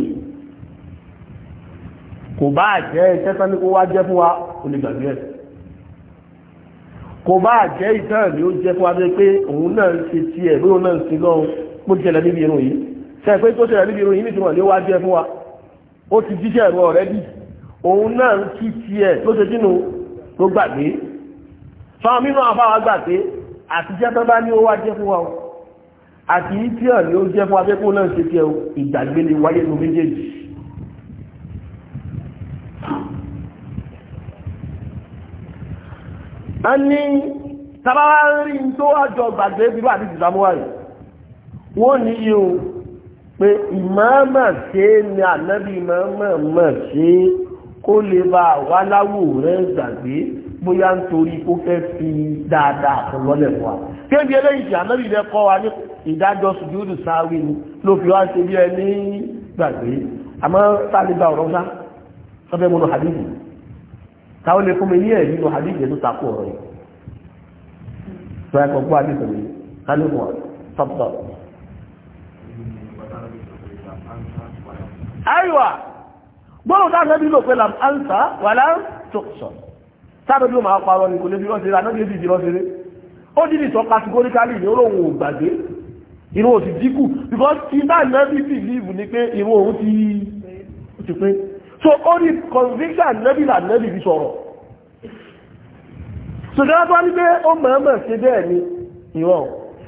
kò bá jẹ́ tẹ́tán ní kó wá jẹ́ fún wa ó lè gbàgbé ẹ̀ kò bá jẹ́ ìtàn ni ó jẹ́ fún wa pé òun náà ṣe ti ẹ̀ lóun náà ṣe lọ́run kó jẹ́lẹ̀ níbi irun yìí ṣe pé tó ṣẹlẹ̀ níbi irun yìí nítorí wọn lé wá jẹ́ fún wa ó ti jíṣẹ́ ẹ̀rọ rẹ̀ bí òun náà ń kí ti ẹ̀ tó ṣe sínú tó gbàgbé fáwọn mínú àfáwà gbàgbé àti jẹ́ tó bá ní ó wá jẹ́ fún wa o àti ìtì ni ó jẹ́ fún wa kó náà ṣe ti ẹ̀ ìgbàgbé ni wáyé nu méjèèjì a ní tàbáwá rí tó àjọ gbàgbé bí wà nídìí samuel wọ́n ní yíò pé ìmọ̀ọ́mọ̀ ṣe ni ànábì ìmọ̀ọ́mọ̀ ṣe kó lè bá wà láwò rẹ̀ gbàgbé bóyá nítorí kó fẹ́ fi dáadáa fún lọ́lẹ̀ fún wa kébi eléyìí tí ànábì rẹ̀ kọ́ wa ní ìdájọ́ sùjúdù sáwé ni ló fi wá ṣe bí ẹni gbàgbé àmọ́ tálíbà ọ̀rọ̀ sá sọ́fẹ́ mọ́nà táwọn lè fún mi ní ẹ̀rí lọ àdíjẹ tó takò ọ̀rọ̀ yìí tó ẹ̀kọ́ gbọ́ àdíjẹ mi kálíwọ̀ tọ́pọ̀. àríwá gbọ́dọ̀ táwọn ẹbí lò pé làm ánsá wà lá tókùsọ̀ táwọn ẹbí ló máa parọ́ ní kò lè fi rọ́ sílẹ̀ àná lè fi rọ́ sílẹ̀ ó dì sọ kásíkóríkálì ní olóhùn ògbàgbé irun òsì dínkù because iná ìlẹ́bí bìlíìfù ni pé irun òun ti pé so ó rí conviction nẹ́bí là nẹ́bí fi sọ̀rọ̀ ṣùgbọ́n tó ní pé ó mọ̀ọ́mọ̀ ṣe bẹ́ẹ̀ ni ìwọ̀n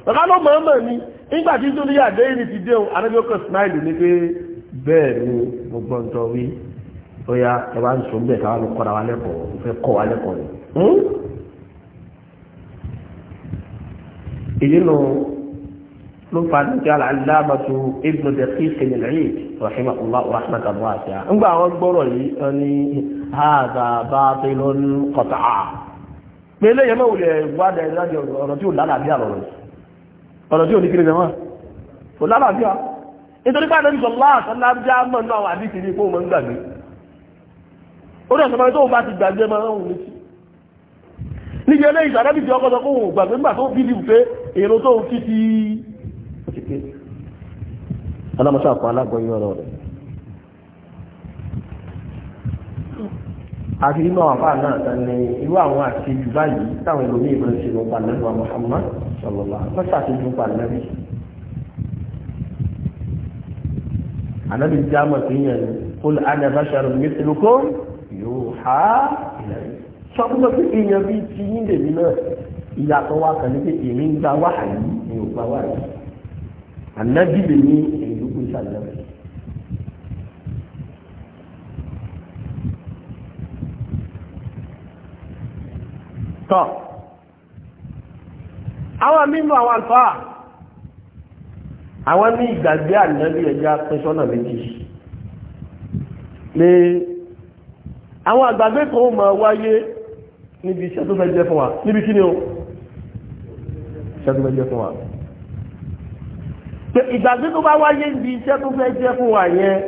ọ̀ká ló mọ̀ọ́mọ̀ ni nígbà tí tóní yà dé ìrìn ti déhùn anábí ọkọ̀ smile ní pé bẹ́ẹ̀ ni mo gbọ́ ń tọ́ wí ó yá ẹ wá ń sọ ń bẹ̀ káwọn ló kọ́ra wa lẹ́kọ̀ọ́ ó fẹ́ kọ́ wa lẹ́kọ̀ọ́ ni. Hmm? ìdí nu ló fa níjà aláàbàtú ibnu daqiq al-eid rahimahullah rahmatan wasi'a ńgbà àwọn gbọ́rọ̀ yìí ní hadha batilun qat'a pé eléyẹ mọ́ wulẹ̀ wádẹ̀ láti ọ̀rọ̀ tí ò lálàáfíà lọ́rọ̀ ọ̀rọ̀ tí ò ní kiri jẹmọ́ ò lálàáfíà nítorí pé àdébìsọ̀ láàtọ́lá já mọ́ náà wà kiri kó mọ́ ń gbàgbé ó dẹ̀ sọmọ́ tó bá ti gbàgbé ti pé alámọ́sá fún alágbọ́yé ọ̀rọ̀ rẹ̀ àti nínú àwọn àbá náà tán ni irú àwọn àti jù báyìí táwọn ìlú míì máa ń ṣe lọ gbà lẹ́nu àwọn ọmọ sọlọ́lá mọ́sá ti jù gbà lẹ́nu ànábì jámọ̀ tó yẹn ni kul ana basharun mithlukum yuha ilayya sọ́kúnlọ́ pé èèyàn bíi ti yín lèmi náà ìyàtọ̀ wa kàn ní pé èmi ń gba wáhà yìí ò ànábì lè ní èyí kú sàlẹ̀ rẹ̀. tọ́ àwọn mímọ̀ àwọn àlùfáà àwọn ní ìgbàgbé ànábì ẹja pín sọ́nà méjì lè àwọn àgbàgbé kan máa wáyé níbi iṣẹ́ tó fẹ́ jẹ́ fún wa níbi kí o iṣẹ́ fún wa ìgbàgbé tó bá wáyé ibi iṣẹ́ tó fẹ́ jẹ́ fún wa yẹn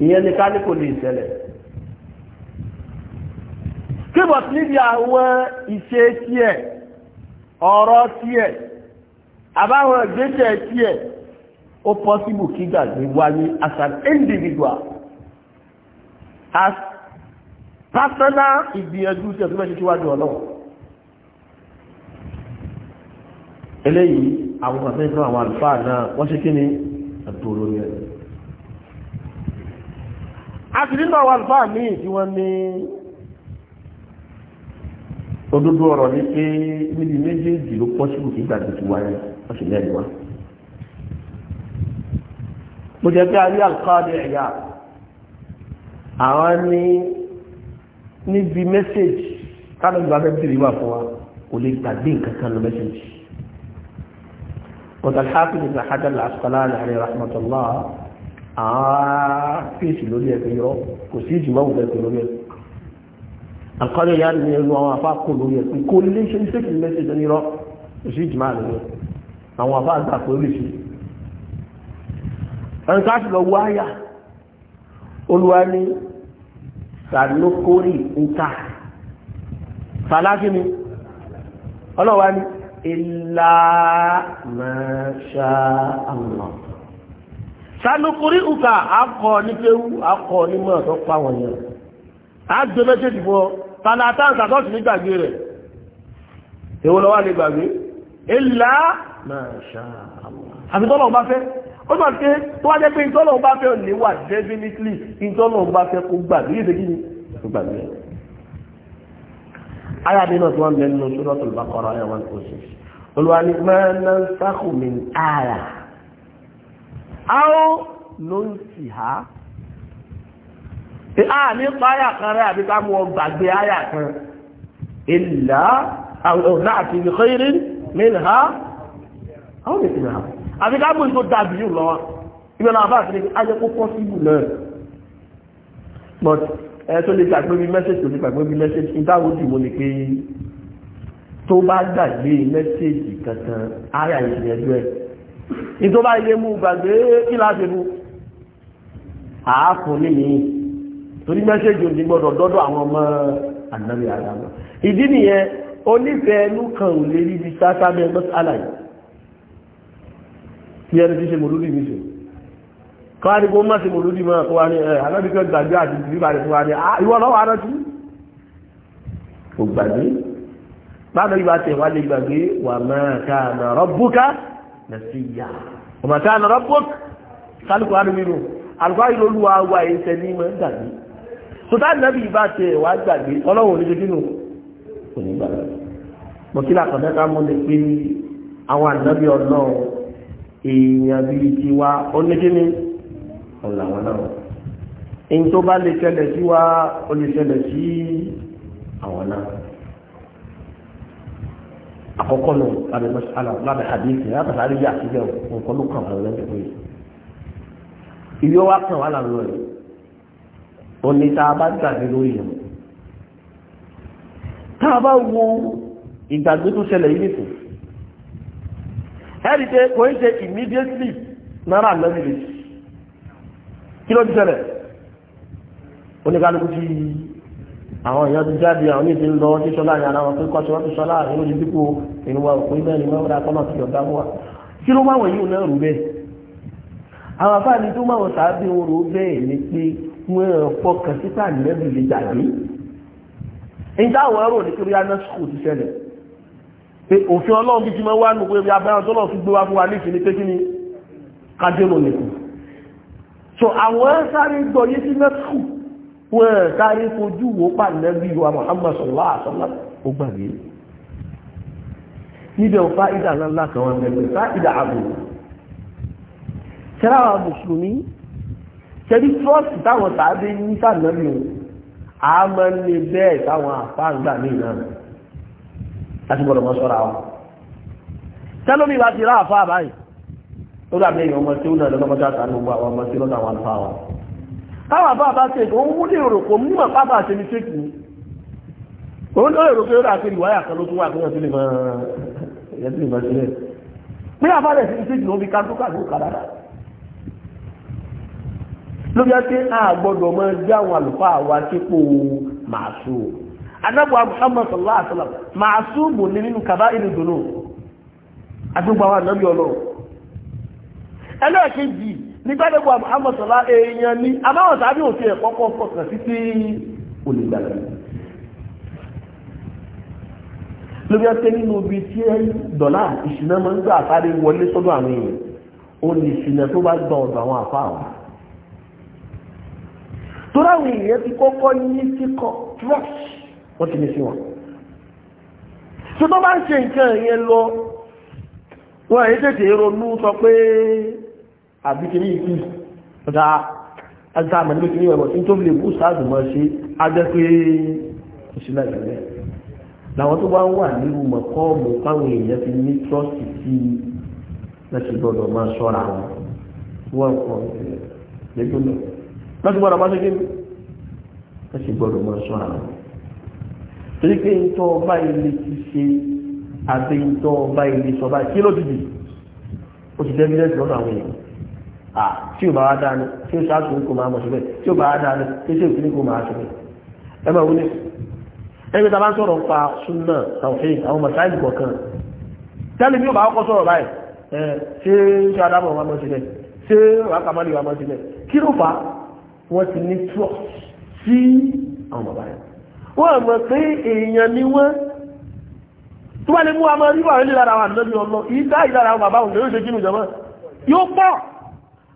ìyẹn ni ká ní kò lè ṣẹlẹ̀ kébọ̀ sí níbi àwọn ìṣe tiẹ̀ ọ̀rọ̀ tiẹ̀ àbáwọn ìgbésẹ̀ tiẹ̀ ó pọ́síbù kí gbàgbé wáyé as an individual as personal ìgbìyànjú tí ọ̀tún mẹ́ṣẹ́ síwájú ọlọ́wọ́ eléyìí àwọn ọ̀sẹ̀ ìfẹ́ àwọn àlùfáà náà wọ́n ṣe kí ni àtò olórí ẹ̀ a sì nínú àwọn àlùfáà míì tí wọ́n ní òdodo ọ̀rọ̀ ní pé níbi méjèèjì ló pọ́ síbù kí gbàgbé ti wáyé wọ́n sì lẹ́nu wá mo jẹ́ pé a rí àlùkáàdì ẹ̀yà àwọn ní níbi mẹ́sẹ̀jì kánú ìgbà fẹ́ bìrì wà fún wa kò lè gbàgbé nǹkan kan lọ mẹ́sẹ̀jì kọtàlhápì ní sàhájàlá àṣùkọláàlá rẹ̀ rahmatullah àá fèsì lórí ẹ̀fẹ́ yọ kò sí ìjùmọ̀ òun fẹ́ lórí ẹ̀fẹ́ àkọ́lé yá ni ẹnu àwọn afá kò lórí ẹ̀fẹ́ kò lè ṣe ní sẹ́kì mẹ́sẹ̀ ní rọ kò sí ìjùmọ̀ àlùyọ àwọn ilá mẹ́ṣá àmà sanukuri uka akọ ní kéwú akọ ní mọ́ ọ̀tọ́ pa wọn yẹn àgbé méjèèjì fún ọ tàlà àtàǹkà tó sì ní gbàgbé rẹ̀ èwo lọ́wọ́ ní gbàgbé ilá mẹ́ṣá àmà àti tọ́lọ̀ bá fẹ́ ó bá ké tó wá jẹ́ pé aya bí náà tí wọ́n bẹ nínú Suratul Baqara aya one oh six olùwàní máa ń ná sáàkù mi ààyà a ó ló ń sì há a ní pa àyà kan rẹ̀ àbí ká mú ọ gbàgbé àyà kan ìlà ọ̀nà àti ìkọ́yìrì mìíràn àwọn ènìyàn àwọn àbí ká mú ìtò dàbí yìí lọ ìgbẹ̀lá àbá àti ajẹ́kó pọ́sibù náà ẹ tó lè gbàgbé bí mẹ́sẹ̀jì tó lè gbàgbé bí mẹ́sẹ̀jì ìdáwó dì mọ́ ni pé tó bá gbàgbé mẹ́sẹ̀jì kankan ara ìṣẹ̀lẹ̀jú ẹ̀ ìtọ́ bá ilé mú gbàgbé kí láti mú àáfún nìyí torí mẹ́sẹ̀jì òní gbọ́dọ̀ dọ́dọ̀ àwọn ọmọ ànábì àdámọ́ ìdí nìyẹn onífẹ̀ẹ́ ẹnu kan ò lè rí ibi sáásábẹ́ mọ́sálà yìí tí ẹni tí ṣe mọ̀ lórí ìmísìn kọ́wàá ní kó eh, mọ́ sí mòlúdí mọ́ kọ́wàá ní ẹ̀ alábìkẹ́ gbàgbé àti ìdíbà rẹ̀ fún wa ní ah, ìwọ lọ́wọ́ arántí kò gbàgbé báwọn ìgbà tẹ̀ wá lè gbàgbé wà máa ká àná rọ́bùkà nà sí ìyá wà máa ká àná rọ́bùkà sálùkù àdúgbò àlùkò àyè lóluwà wà yìí sẹ ní òun làwọn náà èyí tó bá lè ṣẹlẹ̀ sí wa ó lè ṣẹlẹ̀ sí àwọn náà àkọ́kọ́ nù lábẹ́ mọ́ṣálà lábẹ́ àdéhùn lábẹ́ àríyá àtijọ́ nǹkan ló kàn wọ́n lẹ́jọ́ pé ìwé wa kàn wá làwọn rẹ̀ ó ní tá a bá gbàgbé lórí yẹn tá a bá wo ìgbàgbé tó ṣẹlẹ̀ yìí nìkan ẹ̀rí pé kò ń ṣe immediately náírà lọ́nà ìrètí kí ló ti ṣẹlẹ̀ oníkálukú ti àwọn èèyàn ti jáde àwọn oníṣẹ́ ń lọ sí sọ́lá ní aláwọ̀ pé kọ́sí ti sọ́lá àrùn lójú dípò ìrùwà òkú ibẹ̀ ni mẹ́wàá kọ́nà ti ọ̀dá wà kí ló máwọn yìí náà rú bẹ́ẹ̀ àwọn afáàní tó máwọn sàábì ń rú bẹ́ẹ̀ ni pé wọ́n fọkàn síta nẹ́bì lè jàdé ìjà àwọn ẹrù ní kí rihanna school ti ṣẹlẹ̀ pé òfin ọlọ́run ti ti máa wá nù pé abẹ́rẹ́ tó lọ́ọ́ ni so àwọn sáré gbọ́ yé sí mẹ́tù wọ́n sáré fojú wo pàdánù wa Muhammad sallallahu alaihi wasallam ó gbàgbé níbẹ̀ ò fá ìdá ńlá kan wọn bẹ̀rẹ̀ fá ìdá àbò tẹ́láwà mùsùlùmí tẹ́lí trọ́ọ̀sì táwọn tàbí ní sàmẹ́lì o àmọ́ ní bẹ́ẹ̀ táwọn àfáàgbà ní ìlànà láti gbọ́dọ̀ mọ́ sọ́ra wa tẹ́lómi bá ti rá àfáà báyìí ó dà mí ọmọ tí ó nà lọ́mọ tí a tà lóògbà àwọn ọmọ tí lọ́nà àwọn àlùfáà wọn. káwọn àbá àbá ṣe kò ń wú ní èrò kò mú àpá àbá ṣe ní ṣéèkì ni òun ló èrò pé ó dà pé ìwáyà kan ló tún wà fún ẹtí lè máa ẹtí lè máa ṣẹlẹ̀ pé àbá rẹ̀ ṣe ní ṣéèkì ló fi kájú kájú kàdára ló yẹ kí a gbọ́dọ̀ mọ jẹ àwọn àlùfáà wa sípò màásù anábọ̀ Muhammad sallallahu alaihi wasallam màásù bò ní nínú kàbá ìlú dùnú àdúgbò àwọn ànábì Ọlọ́run ẹlẹ́ẹ̀kejì nígbàdégbà Muhammad sọlá èèyàn ní amáwọn tàbí òfin ẹ̀kọ́ kọ́kọ́ kan sí sí olùgbàlà lórí ọtẹ nínú ibi tí dọ́là ìṣúná máa ń gbà sáré wọlé sọ́dọ̀ àwọn èèyàn òun ní ìṣúná tó bá gbọ́ ọ̀dọ̀ àwọn àfa àwọn torí àwọn èèyàn ti kọ́kọ́ ní kíkọ́ trust wọ́n ti ní sí wọn tó tó bá ń ṣe nǹkan yẹn lọ wọ́n èyí tètè ronú sọ pé àbí kí ní ìpín ọ̀dá agbáàmà níbi kí ní ìwẹ̀wọ̀ tí tó lè bú sáàdù mọ́ sí agbẹ́pẹ́ ìṣúná ìrẹ̀lẹ̀ làwọn tó bá ń wà nínú mọ̀kọ́ọ̀mù páwọn èèyàn fi ní trọ́ọ̀sì sí lẹ́sìn gbọ́dọ̀ máa ṣọ́ra wọn wọ́n kọ́ lẹ́gbọ́dọ̀ lọ́sìn gbọ́dọ̀ máa ṣe kí lẹ́sìn gbọ́dọ̀ máa ṣọ́ra wọn torí pé ń tọ́ ọba ilé ti ṣe àti ń tọ́ ọba ilé sọba kí ló dìde ó ti dẹ́bílẹ̀ lọ́dọ̀ àwọn èèyàn à tí o bá wá dáná tí ó sáàtù ní kò máa mọ̀ síbẹ̀ tí ó bá wá dáná tí ó sì kò máa síbẹ̀ ẹ máa wọlé ẹgbẹ́ ta bá ń sọ̀rọ̀ pa súnà tàwọ̀fẹ́ àwọn mọ̀sáìlì kọ̀ọ̀kan tẹ́lẹ̀ bí ó bá kọ́ sọ̀rọ̀ báyìí ṣé ṣé adámọ̀ wà mọ̀ síbẹ̀ ṣé wákàmálì wà mọ̀ síbẹ̀ kí ló fà wọ́n ti ní tọ́ sí àwọn bàbá yẹn wọ́n mọ̀ pé èèyàn ni wọ́n tó bá lè mú àmọ́ nígbà wọlé lára àwọn àdúgbò ọlọ́ ìdá ìdára àwọn bàbá òun lè ó ṣe kí nù jọmọ́ yóò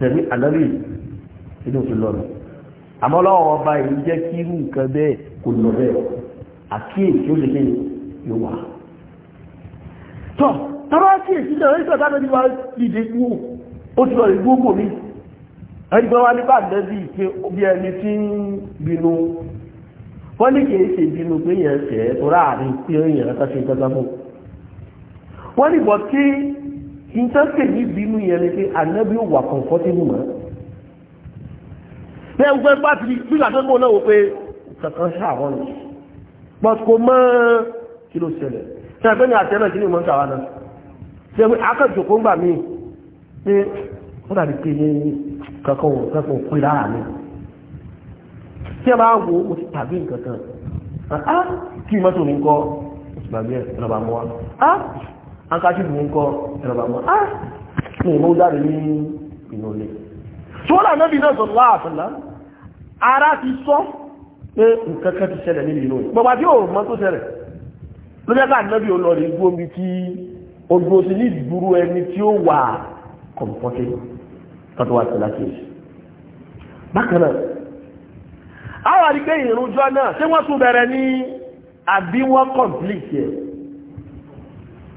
tẹ̀mí ànábì inú ti lọ́nà àmọ́ lọ́wọ́ ọba yìí jẹ́ kí irú nǹkan bẹ́ẹ̀ kò lọ bẹ́ẹ̀ àkíyèsí ó lè lè yóò wà. tọ́ tọ́lá kíyèsí náà ẹ̀rí sọ̀tà náà ni wàá dìde kú ó ti lọ rí gbogbo mi ẹni pé wá nípa àdẹ́bí pé bí ẹni tí ń bínú wọ́n ní kìí ṣe ìbínú pé yẹn ṣẹ̀ tó ráàrin pé yẹn kọ́ ṣe gbọ́gbọ́ fún wọ́n ní bọ́ tí ìtọ́sẹ̀ ní bínú yẹn ni pé ànábì ó wà kọ̀ǹkọ́tìmù mọ́ ní ẹgbẹ́ bá ti gbígbà tó mọ́ náà wò pé kankan ṣàwọn ni but kò mọ́ kí ló ṣẹlẹ̀ ṣe ẹgbẹ́ ni na kí ni mọ́ ṣàwọn náà ṣe pé akẹ́jọ̀kọ́ ba mi, mí pé ó dàbí pé ní kankan wò kankan pé lára mi tí ẹ máa wo mo ti tàbí nǹkan kan ah kí mọ́tò mi ń kọ́ ìgbàgbé ẹ̀ ankatibu ń kọ ẹ̀rọ̀bà mọ́ á ní ìmọ̀ dáre ní ìnulẹ̀ tí wọ́n lànà bí náà sọ láàfẹ́lá ara ti sọ pé nǹkan kan ti ṣẹlẹ̀ nínú ìlú pọ̀pá tí ó mọ́ tó ṣẹlẹ̀ ló jẹ́ káà nábì olọ́ rẹ̀ gbó tí ogbó ní ìdúró ẹni tí ó wà kọ̀m̀pọ́tẹ́ tọ́tọ́ wa tẹ̀lá kéèsì bákan náà àwọn àrígbé ìrìnrújọ náà ṣé wọ́n tún bẹ̀rẹ̀ ní àbí wọ́n kọ̀m̀plìtì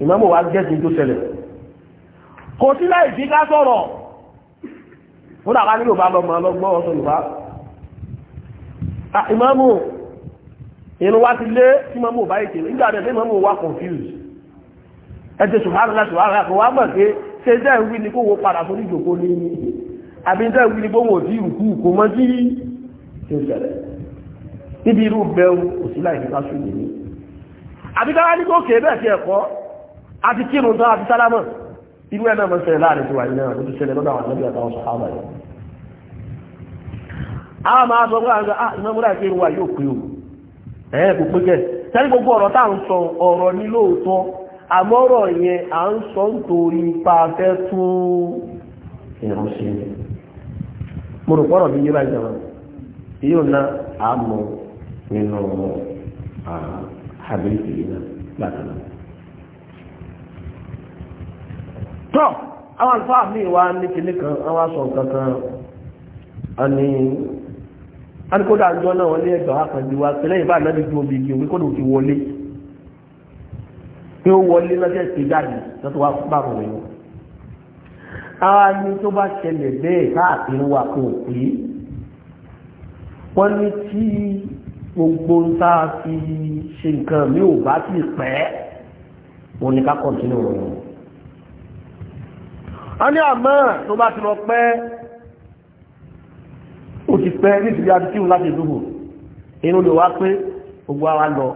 ìmọ̀mọ̀ wa gẹ́sìn tó ṣẹlẹ̀ kò sí láì sí ká sọ̀rọ̀ fún àwa ní yorùbá lọ́mọ ọlọ́gbọ́n ọ̀sọ̀ yorùbá ah, ìmọ̀mọ̀ ìrún wa ti lé tí mọ̀mọ̀ bá yìí tèmi nígbà tẹ̀lé mọ̀mọ̀ wa confused ẹ ti sùhárùn láti wàhálà kò wá mọ̀ pé ṣe jẹ́ ìwí ni kó wo padà sórí ìjòkó ní àbí jẹ́ ìwí ni kó wò tí ìrùkú kò mọ́ sí tó ṣẹlẹ̀ níbi irú bẹ́ẹ̀ òsílà ìdíkásù nìyí àbíkáwá ní kó kéé bẹ́ẹ̀ sí ẹ̀kọ́ àti kírun tán àti sálámọ̀ irú ẹ̀ náà mọ̀ láàrin lọ́dọ̀ àwọn àtàwọn yìí a máa sọ ah, yóò pé o kò pé gbogbo ọ̀rọ̀ tá à ń sọ ọ̀rọ̀ ní lóòótọ́ àmọ́ yẹn à ń sọ nítorí ipa fẹ́ tún mo rò yóò ná àmọ́ nínú ah, ìpìlẹ̀ tọ́ àwọn àlùfáà mi wá ní kinní kan àwọn aṣọ nǹkan kan a ní náà wọ́n ní ẹgbẹ̀ wá wa tẹ́lẹ̀ ìbá náà dìgbò bí igi òwe kódò ti wọlé pé ó wọlé lọ́jọ́ ìpè jáde lọ́tọ́ wá bá wọn wọ̀nyí ni tó bá ṣẹlẹ̀ bẹ́ẹ̀ káàkiri wa kò pé wọ́n ní tí gbogbo ń tá a fi ṣe nǹkan mi ò bá ti pẹ́ òun ni ká kọ̀ọ̀tínú rẹ̀ a ní àmọ́ tó bá ti lọ pẹ́ ó ti pẹ́ nítorí adúkíhùn láti dúgbò inú lè wá pé gbogbo ara lọ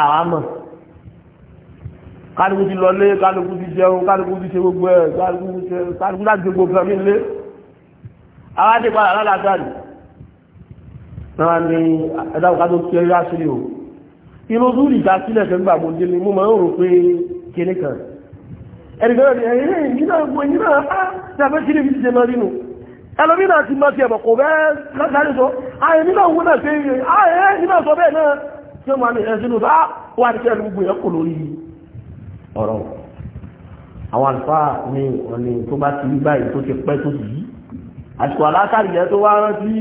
àhámọ̀ kálukú ti lọlé kálukú ti jẹun kálukú ti ṣe gbogbo ẹ̀ kálukú láti ṣe gbogbo ẹ̀mí lé àwọn àti padà lálàáfíà nì náà ni ẹ̀dáwò ká tó kí ẹ̀rí àṣírí o inú zúrì ìdásílẹ̀ tẹ́gbà mo délé mo máa ń rò pé kéré kan ẹ̀rìgbẹ́rẹ̀ ni ẹ̀yìn ìgbìnà gbogbo ìyìnà á ah, ti àfẹ́ kí ní fi ti ṣe lọ nínú ẹlòmínà ti máa ti ẹ̀bọ̀ kò bẹ́ẹ̀ látàrí sọ ààyè nínà òun náà pé ààyè nínà sọ bẹ́ẹ̀ náà tí ó máa ní ẹ̀sìn lóta ah, wà ní kẹ́ẹ̀lú gbogbo ẹ̀kọ́ lórí ọ̀rọ̀ àwọn àlùfáà ni wọ́n ní tó bá ti rí báyìí tó ti pẹ́ tó yìí àsìkò alákàrí yẹn tó wá rántí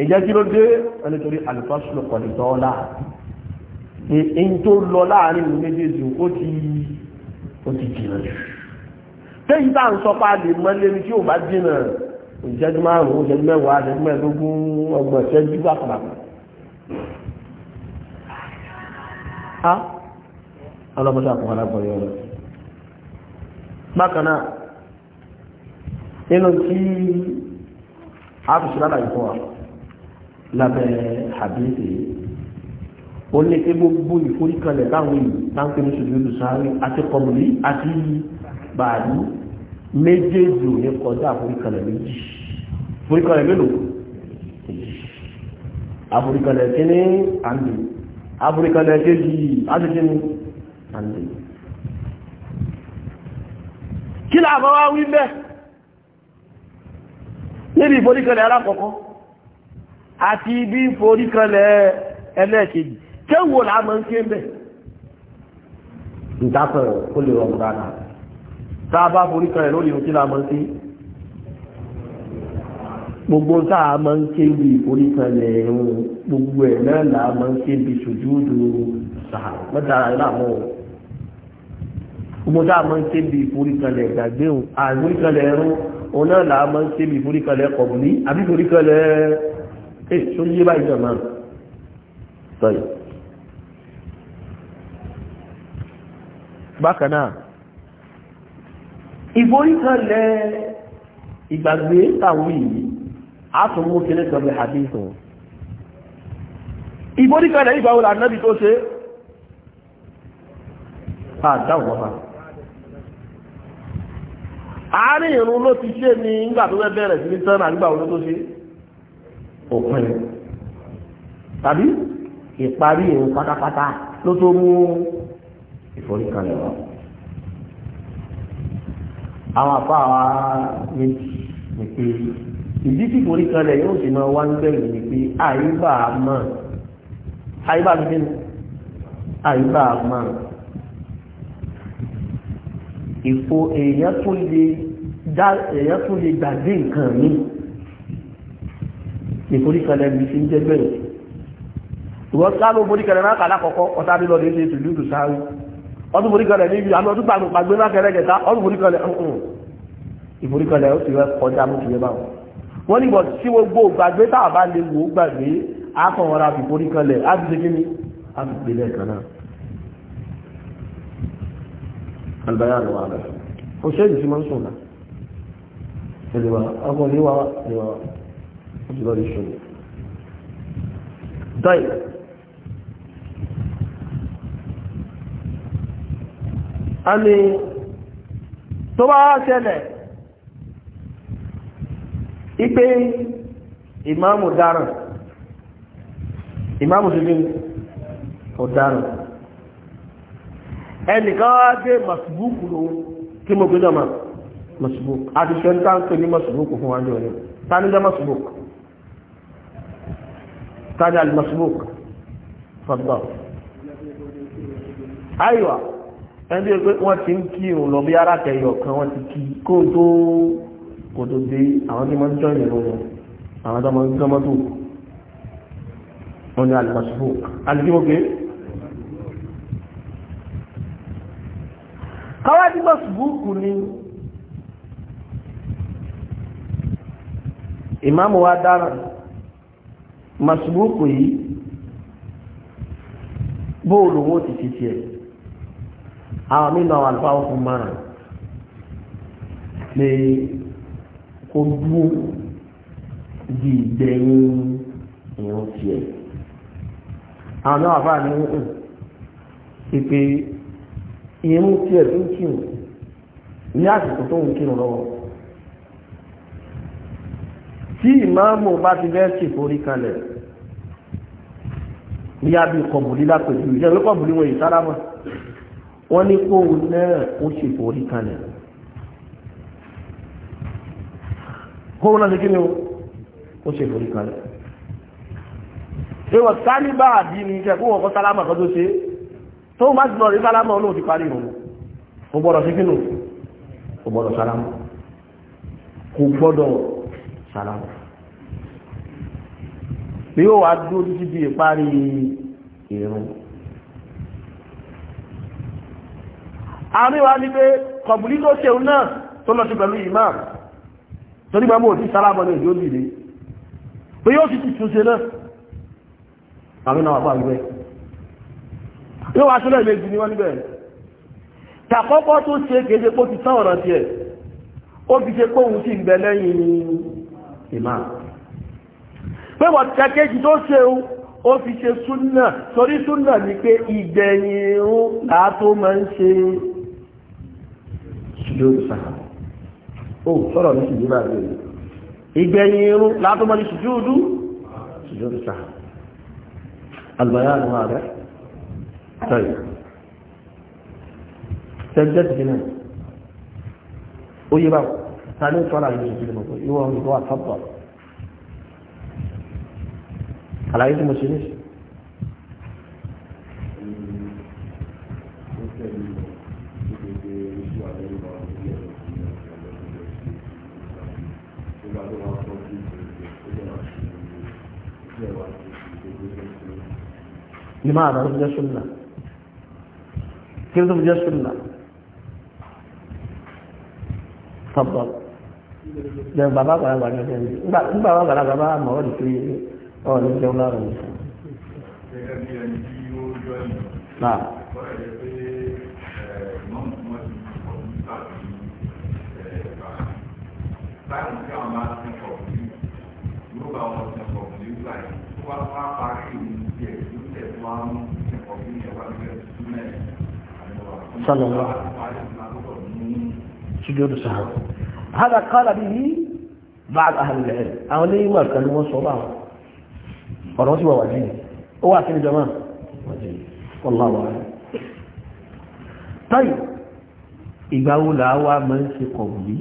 ìjẹ́ kí ló dé ẹnitori alifásùlù kọ̀dìtọ́ láà èyí tó lọ láàrin ìlú méjèèjì ó ti ó ti jìnà jù téyí tá ń sọpá lè mọ́ lérí tí ò bá jìnà ìṣẹ́jú márùn-ún ìṣẹ́jú mẹ́wàá ìṣẹ́jú mẹ́ẹ̀ẹ́dógún ọgbọ̀n ìṣẹ́jú bákàbàkà ha ọlọ́mọdé àkọ́kọ́lá gbọ́ yọ lọ bákan náà nínú tí a fi ṣe lálàyé fún wa lábẹ́ àbíyèsí ó ní pé gbogbo ìforíkalẹ̀ táwọn èèyàn táwọn èèyàn ṣe lórí sáré àti kọmùlí àti bàálù méjèèjì ò ní kọjá àforíkalẹ̀ méjì foríkalẹ̀ mélòó àforíkalẹ̀ kíní àǹdè àforíkalẹ̀ kejì àṣìṣẹ́ni àǹdè kí làbọ̀ wá wí bẹ́ẹ̀ níbi ìforíkalẹ̀ alákọ̀ọ́kọ́ àti ibi forí kanlẹ̀ ẹlẹ́ẹ̀kejì kéwò là máa ń ké mbẹ̀. ìdáfẹ́ ó lè rọrùn dáadáa tá a bá forí kanlẹ̀ lórí ohun tí la máa ń ké gbogbo tá a máa ń ké bí forí kanlẹ̀ ẹ̀hún gbogbo ẹ̀ náà là máa ń ké bí sùjúdù sàhà mẹ́ta ẹ̀ láwọn o gbogbo àmọ́ ń tẹ́bi ìforíkalẹ̀ ìgbàgbéhùn àìforíkalẹ̀ ẹ̀rún òun náà làá mọ́ ń tẹ́bi ìforíkalẹ̀ kọ̀bùnì àbí ìforíkalẹ̀ ee tó yé báyìí jọ náà sọyìn. bákan náà ìforíkanlẹ̀ ìgbàgbé tàwọn yìí a tún mú kíní kan bí hadith wọn. ìforíkanlẹ̀ ìgbà wo la nábì tó ṣe àdáhùn wọn fáwọn àárín ìrún ló ti ṣe ní ìgbà tó fẹ́ bẹ̀rẹ̀ sí ní tán àgbà òun tó ṣe òpin tàbí ìparí ìrun pátápátá ló tó mú ìforíkanlẹ̀ wọn. àwọn àpá àwa méjì ni pé ìdí tí ìforíkanlẹ̀ yóò sì máa wá níbẹ̀rẹ̀ ni pé àyíbá mọ̀ àyíbá mi nínú àyíbá mọ̀ ìfò èèyàn tún lè gbàgbé nǹkan mìíràn ìforíkalẹ̀ mi ti ń jẹ́ bẹ̀rẹ̀ ìwọ́n sáré ìforíkalẹ̀ náà kàlá kọ̀kọ́ ọ̀tá bí lọ́dún ṣe tùlú ìlú sáré ọdún ìforíkalẹ̀ níbi àmì ọdún gbàgbọ́ pàgbé náà kẹrẹ kẹta ọdún ìforíkalẹ̀ ọ̀hún ìforíkalẹ̀ ó ti rẹ ní a bá lè wò gbàgbé akọ̀wọ́ra ìforíkalẹ̀ á ti ṣe kí ni á ti gbé lẹ́ẹ̀kan náà. àlùbáyà ló wà lọ. òṣèlú ti máa ń sùn náà. ìlú wa ọkùnrin wa wà jù lọ ní ṣòro dọ́ì a ní tó bá ṣẹlẹ̀ ipé ìmáàmù dáràn ìmáàmù sí ní ọ̀daràn ẹnìkan wá dé màsùbúkù lòun kí mo gbé náà màsùbúkù àti ṣe ń tán pè ní màsùbúkù fún wájú ọ̀rẹ́ tánilẹ́ màsùbúkù الثاني المسبوق تفضل ايوه ẹni bí pé wọ́n ti ń kí òun lọ bí ara kẹyọ kan wọ́n ti kí kó tó kò tó dé àwọn tí wọ́n ń jọyìn lọ́wọ́ àwọn tó máa ń gbọ́mọ́ tó wọ́n ni alìmọ̀sífò alìdíwọ́gbé káwá tí mọ̀sífòkù ni ìmáàmù wa dáràn masibúkù yìí bóòlù owó ti fi tiẹ̀ àwọn nínú àwọn àlùfáà fún márùn lè kó dúró di ìgbẹ̀yìn ìrún tiẹ̀ àwọn náà àbá ní ń pípé ìrún tiẹ̀ tó ń kírun ní àsìkò tó ń kírun lọ́wọ́ tí ìmáàmù bá ti fẹ́ ṣèforí kalẹ̀ ní àbí kọ̀bùlí lápẹ̀jú ìjẹ́ ìwé kọ̀bùlí wọn ìsálámà wọ́n ní kóhun náà ó ṣe forí kalẹ̀ kóhun náà ṣe kí ni ó ṣe forí kalẹ̀ ìwọ̀n sáníbà àbí ní iṣẹ́ kóhun ọkọ̀ sálámà kan tó ṣe tó má ti lọ rí sálámà olóò ti parí ìrùn kò gbọ́dọ̀ ṣe kí ni ni yóò wá dúró títí di ìparí ìrun àríwá ní pé kọ̀bùlí ló ṣe náà tó lọ sí pẹ̀lú imam tó nígbà mọ́ òtí sálámọ́ ní ìjọ́ nìrí pé yóò sì ti túnṣe náà àwọn àwọn àgbà ìwẹ́ yóò wá sílẹ̀ méjì ní wọ́n níbẹ̀ tàkọ́kọ́ tó ṣe kéde pó ti tán ọ̀rọ̀ tiẹ̀ ó fi ṣe kóhun sí ìgbẹ̀ lẹ́yìn imam pé wọ́n kẹ́kẹ́jì tó ṣe ohun ó fi ṣe súnà torí súnà ní pé ìgbẹ̀yìn irun làá tó máa ń ṣe sùjúdù sàhà ó sọ̀rọ̀ ní sùjúdù àgbè ìgbẹ̀yìn irun làá tó máa ń ṣe ó yẹ báwo ta ní sọ́ra yìí ìwọ̀n ìwọ̀n àtọ́tọ̀ àlàyé tí mo ṣe níṣẹ́ لماذا لم يسنة كيف لم يسنة تفضل ده بابا بابا بابا بابا بابا بابا بابا ọ̀ ní jẹun lára mi. náà. báyìí tí àwọn máa ti pọ̀ sí yóò bá wọn ti pọ̀ sí nígbà yìí tó wá wá parí ìlú díẹ̀ tó tẹ̀ tó wá mú ti pọ̀ sí yẹn wá lórí ẹ̀sùn sílẹ̀ sálọ̀wọ́ sujúdù sàárọ̀. هذا قال به بعض أهل العلم أو ليه ما كانوا صباحا ọ̀rọ̀ sí wàwà jíì ó wà sí ìjọmọ́ ọláwà táyì ìgbàwó làáwà máa ń ṣe kọ̀wé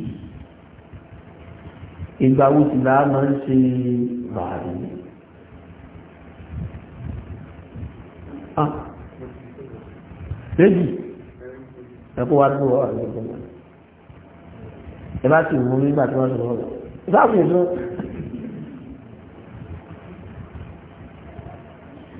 ìgbàwó sì làá máa ń ṣe bàárí lẹ́jì ẹ̀kọ́ wa tó wà lẹ́gbẹ̀ẹ́ ẹ bá sì mú nígbà tí wọ́n sọ̀rọ̀ ìbáwọ̀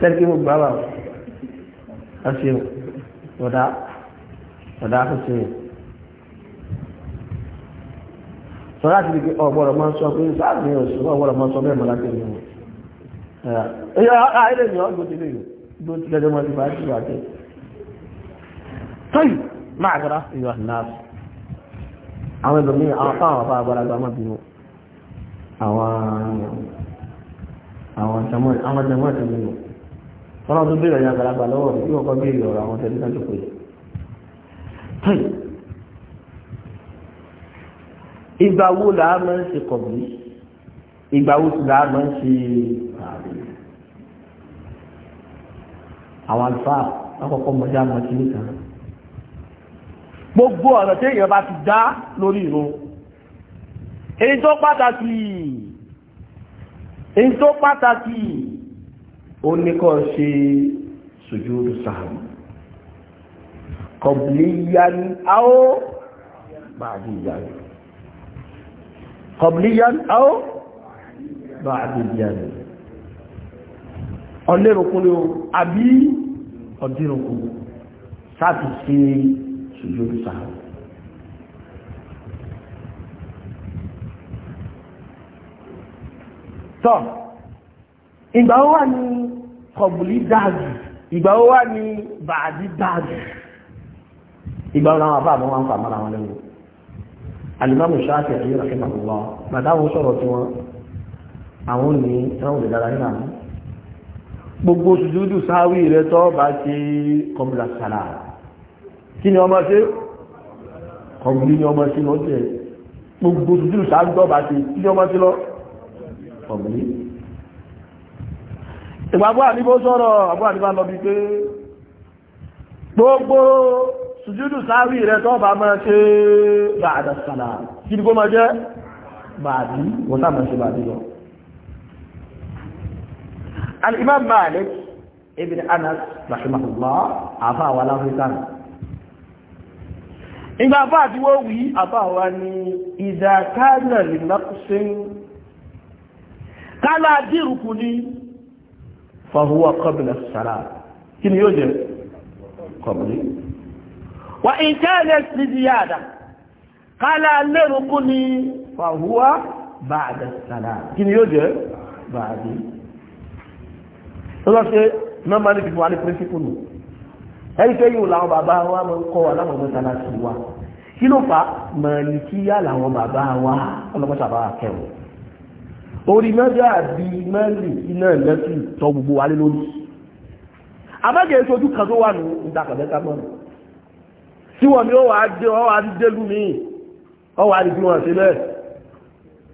sarki mu ba ba wada wada ko se so bi o gboro ma sọ pé sa mi o so gboro ma sọ be mo láti ni eh ya a ile ni o go ti le do ti le mo ti ba ti wa ke tayi ma'agara iyo nas àwọn ẹlòmíràn àwọn àgbàlagbà máa bínú àwọn àwọn jẹmọ́ àwọn jẹmọ́ ìtẹ́lẹ̀ lò tọ́lá tó bèèrè ọ̀yà àgbàlagbà lọ́wọ́ rẹ̀ yóò kọ́ bèèrè ọ̀rọ̀ àwọn tẹ́lẹ̀ náà jòkó yìí. ìgbà wo là á máa ń ṣe kọ̀bí ìgbà wo là á máa ń ṣe àwọn àlùfáà àkọ́kọ́ mọ̀já àmọ́ sí nìkan gbogbo ọ̀rọ̀ tí èèyàn ti dá lórí ìrun èyí tó pàtàkì in tó pàtàkì ó ní kọ́ ṣe sùjúdù sàárì kọ̀bìlíyàn áó bàdìyàn kọ̀bìlíyàn áó bàdìyàn ọlẹ́rùnkún ni ó àbí ọdírùnkún sáti ṣe sùjúdù sàárì tọ́ ìgbà ó wà ní kọ̀bùlí dáàjù ìgbà ó wà ní bàádì dáàjù ìgbà ọ̀nà àbá àbọ̀ wọn fàmọ́ra wọn lẹ́nu alìmọ́mù ṣáàtì ẹ̀yẹ rahimahullah bàdá wọn sọ̀rọ̀ tí wọn àwọn ní ẹ̀rọ dára nínú àná gbogbo sùdúdù sáwì rẹ tọ́ bá ti kọ̀bùlà sàlà kí ni ọmọ ṣe kọ̀bùlí ni ọmọ ṣe lọ́jẹ̀ gbogbo sùdúdù sáwì tọ́ bá ti kí ni ọmọ ṣe lọ́jẹ̀ ọ̀gbìn ìgbàgbọ́ àníbó sọ̀rọ̀ àbúrò àníbá lọ bí pé gbogbo sùjúdù sáwì rẹ̀ tó bá máa ṣe bàdà sàlà kí ni kó máa jẹ́ bàdí wọ́n sáà máa ṣe bàdí lọ al-imam malik ibn anas rahimahullah àfa àwọn aláfíìsàn ìgbà àfa àti wọ́n wí àfa àwọn ni ìdàkánà lè mọ́kùsìn kálá dírùkù ní fàhúwà kọbìlẹ̀ sàrà kí ni yóò jẹ kọbìlẹ̀ wà ìkẹ́lẹ̀ sí ziyada kálá lérùkù ní fàhúwà ba'da sàrà kí ni yóò jẹ ba'di lọ́wọ́ ṣe mẹ́mà ní fífún wa ní pírísípùlù ẹ̀rí pé yóò làwọn bàbá wa máa ń kọ́ wa láwọn mọ́sálásí wa kí ló fà màlìkíyà làwọn bàbá wa ọlọ́mọ́sàbá kẹwọ̀ọ́ orí mẹ́jọ àbí mẹ́rin iná ìlẹ́sì tọ gbogbo wa lé lórí abẹ́gẹ̀ èso ojú kan tó wà ní ìdàkọ̀dẹ́ka mọ́nà tí wọ́n ni ó wà á dé ọ́ wà á ti délú mi ọ́ wà á di fi wọ́n sí bẹ́ẹ̀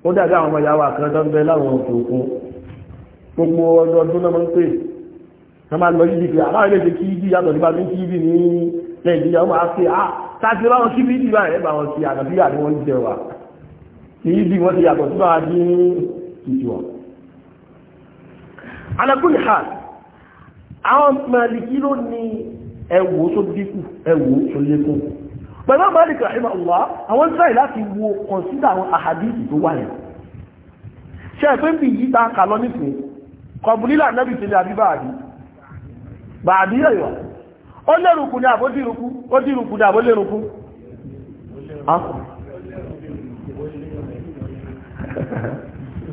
ó dàbí àwọn ọmọ ìyàwó àkàn tó ń bẹ láwọn òkè òkun gbogbo ọdọọdún náà máa ń pè wọ́n máa lọ yíbi ah, pé ìjọ alákùnrin ha àwọn màlìkí ló ní ẹwò tó dínkù ẹwò tó lékún pẹ̀lú màlìkì rahimah allah àwọn israel láti wo consider àwọn ahadith tó wà yẹn ṣe ẹ̀fẹ́ bí yí ta kà lọ nífẹ̀ẹ́ kọbùlílà náà bí ti ní àbí báàdì báàdì ẹ̀yọ̀ ó lérùkù ní àbódìrùkú ó dìrùkú ní àbólérùkú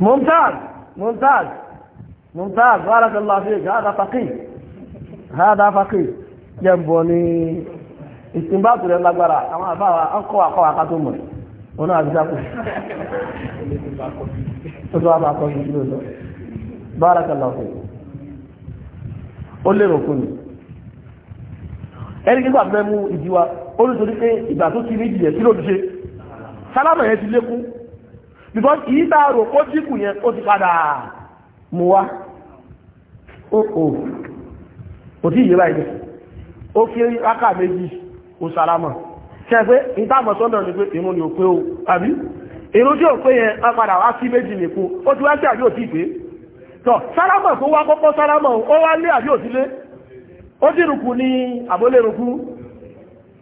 ممتاز ممتاز ممتاز بارك الله فيك هذا فقيه هذا فقيه جنبوني استنباط للاغبارا اما فاوا انكو اكو اكاتو مو ona abisaku to so aba ko yilo lo بارك الله فيك ó lérò fún mi ẹni kíkọ́ àfẹ́ mú ìdíwá ó ní torí pé ìgbà tó ti ní ìjìyẹ̀ sí lòdìṣe sálámà yẹn ti lékún because yìí tá a rò kó dínkù yẹn ó ti padà mú wá ó kò tí ì yé o ó fi rákà méjì ó sálámà ṣe pé ìtàmọ̀ sọ́dọ̀ ni pé ni pé o àbí tí pé yẹn a padà wá sí méjì nìkú ó ti wá sí tọ tó wá kọ́kọ́ ó wá lé àbí ní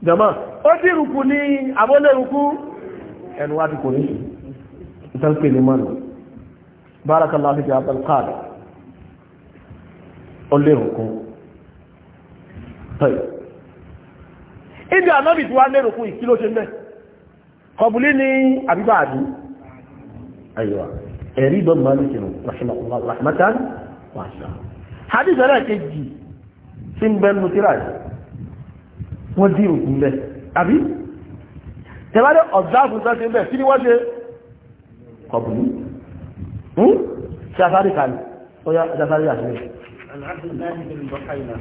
jẹ̀mọ́ ó ní ìtànkè ní mọ́nà bárakàlá fi jẹ́ abdulkadir ọlẹ́rùnkún tọ́yì ìdí ànábì tí wá lẹ́rùnkún ìkí ló ṣe mẹ́ kọbùlí ní àbíbáàdì ayọ́wà ẹ̀rí ìbọn mọ́lìkì rahmatan wàṣà hadith ẹ̀rẹ́ kejì tí ń bẹ́nu tíra wọ́n dí òkú lẹ́ àbí tẹ̀wádẹ́ ọ̀záàfún sáṣẹ́ bẹ́ẹ̀ kí ni wọ́n ṣe kọbùlú ṣe afárí kan ó yá afárí àṣírí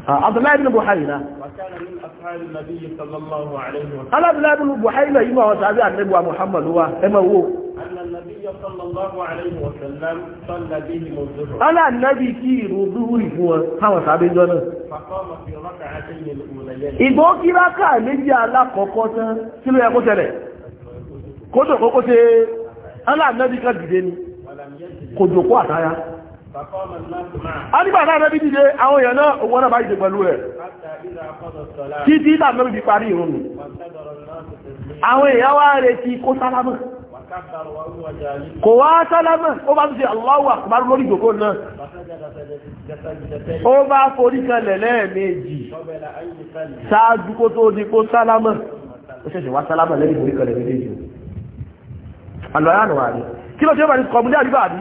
عبد الله بن بحيرة وكان من أصحاب النبي صلى الله عليه وسلم قال عبد الله بن بحيرة إما وصحابي النبي محمد هو إما هو أن النبي صلى الله عليه وسلم صلى بهم الظهر أنا النبي كي رضوه هو هو صحابي جونا فقام في ركعتين الأوليين إذا كي ركع نجي على قوقوتا كيلو يا قوتنا كوتو قوقوتا ọlá nẹ́bí kan dìde ni kò jòkó àtáyá alígbà náà nẹ́bí dìde àwọn èèyàn náà òun náà bá dìde pẹ̀lú rẹ̀ títí ìlà nẹ́bí fi parí ìrun mi àwọn èèyàn wá retí kó sálámà kò wá sálámà ó bá tún ṣe Allahu Akbar lórí ìjòkó náà ó bá forí kanlẹ̀ lẹ́ẹ̀mejì sáájú kó tó di kó sálámà ó ṣẹ̀ṣẹ̀ wá sálámà lẹ́yìn àlọ́yà nù wà ní kí ló ṣe bá ní kọ̀mùlé àríbà àbí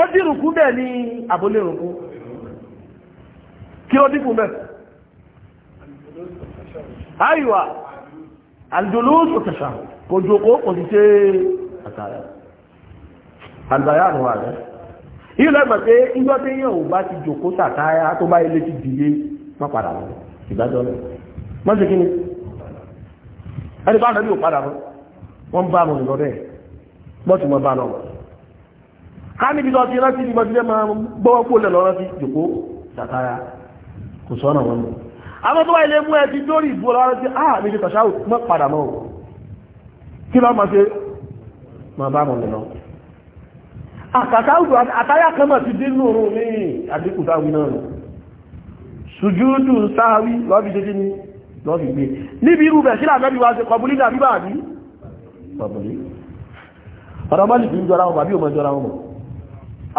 ó dìrùkú bẹ́ẹ̀ ní àbólé rùkú kí ó dìkú bẹ́ẹ̀ àyíwá àjòlóòsù tẹ̀sà kò jòkó kò sì ṣe àtàrà àlọ́yà nù wà ní yìí lọ́gbà pé kí ni ẹni bá nàbí ò padà wọn wọ́n bá wọn lọ bẹ́ẹ̀ bọ́ọ̀tù mọ́ bá lọ ká níbi lọ sí rántí ìbọn sílẹ̀ máa gbọ́wọ́ kó lẹ̀ lọ rántí jòkó ṣàtara kò sọ́nà wọn lọ àwọn tó wà ilé mú ẹ ti dórí ìbò lọ rántí ah mi ti tọ̀ṣáwò mọ́ padà mọ́ kí lọ́ máa ṣe máa bá wọn lọ àkàtàwùdù ah, àtàyà kan mọ̀ ti dé lóòrò ní àdínkù sáwí náà nù sùjúdù sáwí lọ́bí ṣe ní lọ́bí gbé níbi irú bẹ̀ sílà mẹ́bí wá ṣe kọbulí dàbí bàbí ọ̀rọ̀ mọ́lìkì ń jọra wọn bàbí òmọ jọra wọn bọ̀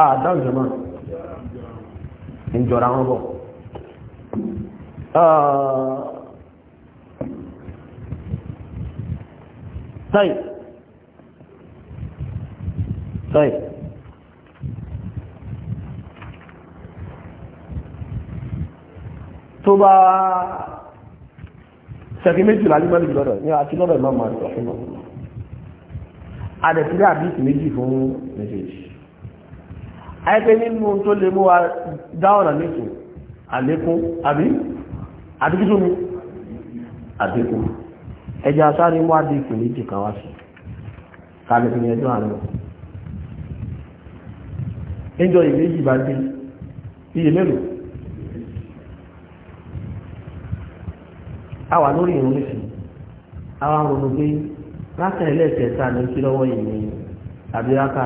àdáhùn jọmọ́ ń jọra wọn bọ̀ tọ́yì tọ́yì tó bá ṣẹ̀kí méjìlá ní mọ́lìkì lọ́dọ̀ ní àti lọ́dọ̀ ìmọ̀ màá sọ̀rọ̀ adẹ̀sílẹ̀ àbíkì méjì fún méjèèjì àìpé nínú tó lè mú wa dá nìtò àlékún àbí àdíkítùmí àdíkù ẹjẹ́ asáré mú àdíkì méjì kan wá sí kálẹ̀kùn ẹjọ́ ẹjọ́ iye Awa rákà ẹlẹ́kẹta ló ń kí lọ́wọ́ yìí ni àbí rákà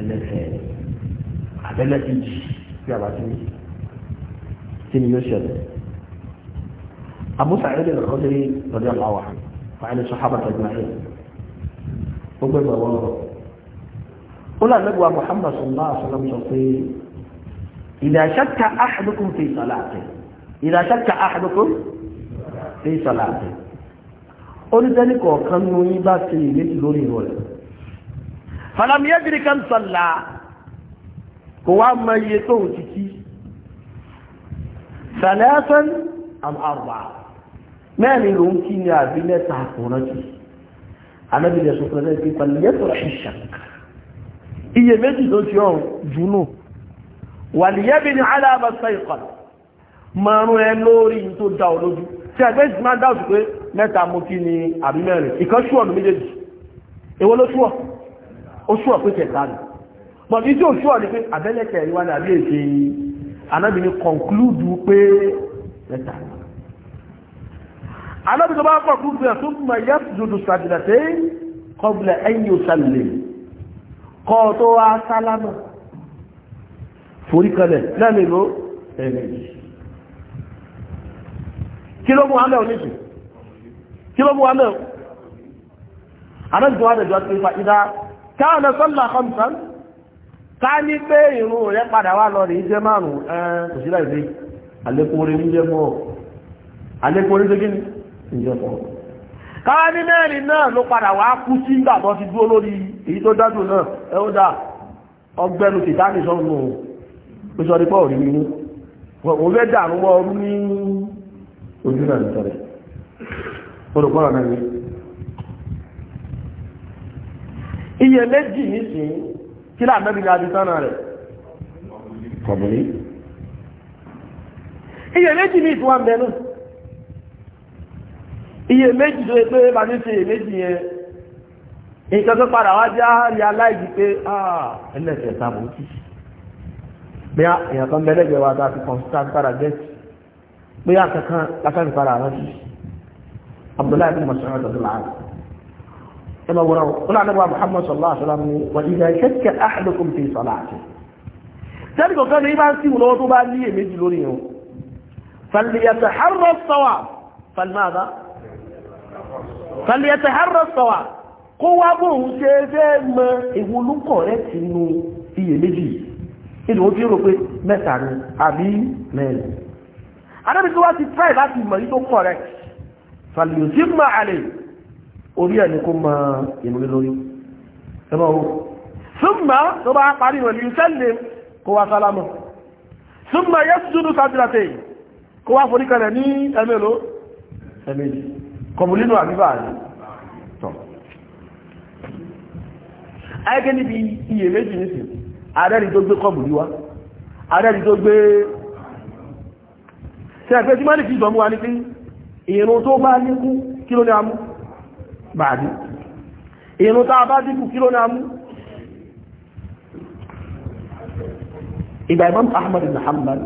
ẹlẹ́kẹ abẹ́lẹ́kejì bí a bá ti ní kí ni yóò ṣẹlẹ̀ Abu Sa'id al-Khudri radiyallahu anhu fàáyé sọ́hábà tẹ̀gbọ́n ó gbé bàbá ọ̀rọ̀ ó là lẹ́gbàá Muhammad sallallahu alaihi wasallam sọ pé idha shakka ahadukum fi salatihi idha shakka ahadukum fi salatihi oníṣẹ́ni kọ̀ọ̀kan nínú yín bá ṣe ìlétí lórí ìrọ̀ rẹ̀ falami yẹ́gìrì kan sọ̀la kò wá mọ iye tó ń títí sàlẹ́sán àbàbà mẹ́rin ló ń kí ni àbí mẹ́ta àkùnrin jù anábìlẹ̀ sọ̀tọ̀ náà ti falẹ̀ yẹ́tọ̀ ṣiṣà iye méjì tó ti ọ̀hún tí ẹgbẹ́ ìsìn máa ń dáhùn sí pé mẹ́ta mo kí ni àbí mẹ́rin ìkan ṣúọ̀ ní méjèèjì èwo ló ṣúọ̀ ó ṣúọ̀ pé kẹta ni bọ̀dí tí ò ṣúọ̀ ni pé àbẹ́lẹ̀kẹ̀ ìwà ni àbí èṣe anábì ni kọ̀ǹkúlùdù pé mẹ́ta anábì tó bá kọ̀ǹkúlùdù yẹn tó mọ̀ yẹ́ dùdù sàdìdàtẹ́ kọ́bùlẹ̀ ẹ̀yìn òṣàlẹ̀ kọ́ tó wá sálámà forí kalẹ̀ lẹ́nu ìlú ẹ̀rẹ̀ kí ló mú ti fa ìdá káàna sọ́là khamsan ká ní pé ìrun rẹ̀ padà wá lọ rí jẹ́ márùn-ún ẹn kò sílẹ̀ ìdí àlékún orí ń jẹ́ fún ọ àlékún orí ṣégin ń jẹ́ fún ọ káwá ní mẹ́rin náà ló padà wá kú sí ìgbà tó ti dúró lórí èyí tó dájú náà ẹ ó dà ọgbẹ́nu tìtánì ojú náà nìtọ̀rẹ̀ olùkọ́rọ̀ náà ní iye méjì nísìn kí láàmẹ́bí ní adìsánà rẹ̀ kọ̀bùnlé iye méjì ní ìtùwà mẹ́nu iye méjì tó pé bá ní ṣe méjì yẹn nǹkan tó padà wá já rí aláìjì pé àà ah, ẹlẹ́sẹ̀ sábò tí bí i àyàkan mẹ́lẹ́gbẹ̀wà tá a ti kọ̀ǹsítà padà gẹ́ẹ̀sì bóyá kankan lásán ìpara àwọn ti abdullahi bin masoud abdullahi ẹ bá wúra wọn náà nígbà muhammad sallallahu alaihi wa sallam ni wà ìdá ìṣẹ́kẹ̀ àhàlùkùn fi sọ̀lá àti sẹ́ni kankan ní bá ń sí ìwòlọ́wọ́ tó bá ní èméjì lórí yẹn fàlìyàtà harrọ̀ sọ́wà fàlìmáàdá fàlìyàtà harrọ̀ sọ́wà kó wá bóun ṣe fẹ́ mọ ìwòlúkọ̀ rẹ̀ ti nu iyèméjì nínú ó ti rò pé mẹ́ta ni àbí mẹ́rin anábì tí wọ́n ti try láti mọ̀ yí tó correct fàlùyò sí mà àlè orí ẹ̀ ní kó mọ ìmúlẹ̀ lórí ẹmọ o súnmọ́ tó bá parí ìwọ̀n yìí sẹ́lẹ̀ kó wá sálámù súnmọ́ yẹ́ sùdúdú sábìlàtẹ̀ kó wá forí kalẹ̀ ní ẹmẹ́lò ẹmẹ́lì kọmùlínú àbíbà rẹ̀ tọ̀ ayẹ́gẹ́ níbi iyèméjì nìsìn adẹ́rì tó gbé kọmùlí wa adẹ́rì tó gbé ṣe ẹgbẹ́ tí mẹ́lìkì ìjọ mú wa ní pé ìrún tó bá níkú kí ló ní amú bàdí ìrún tá a bá dínkù kí ló ní amú ìgbà imam ahmad ibn hanbal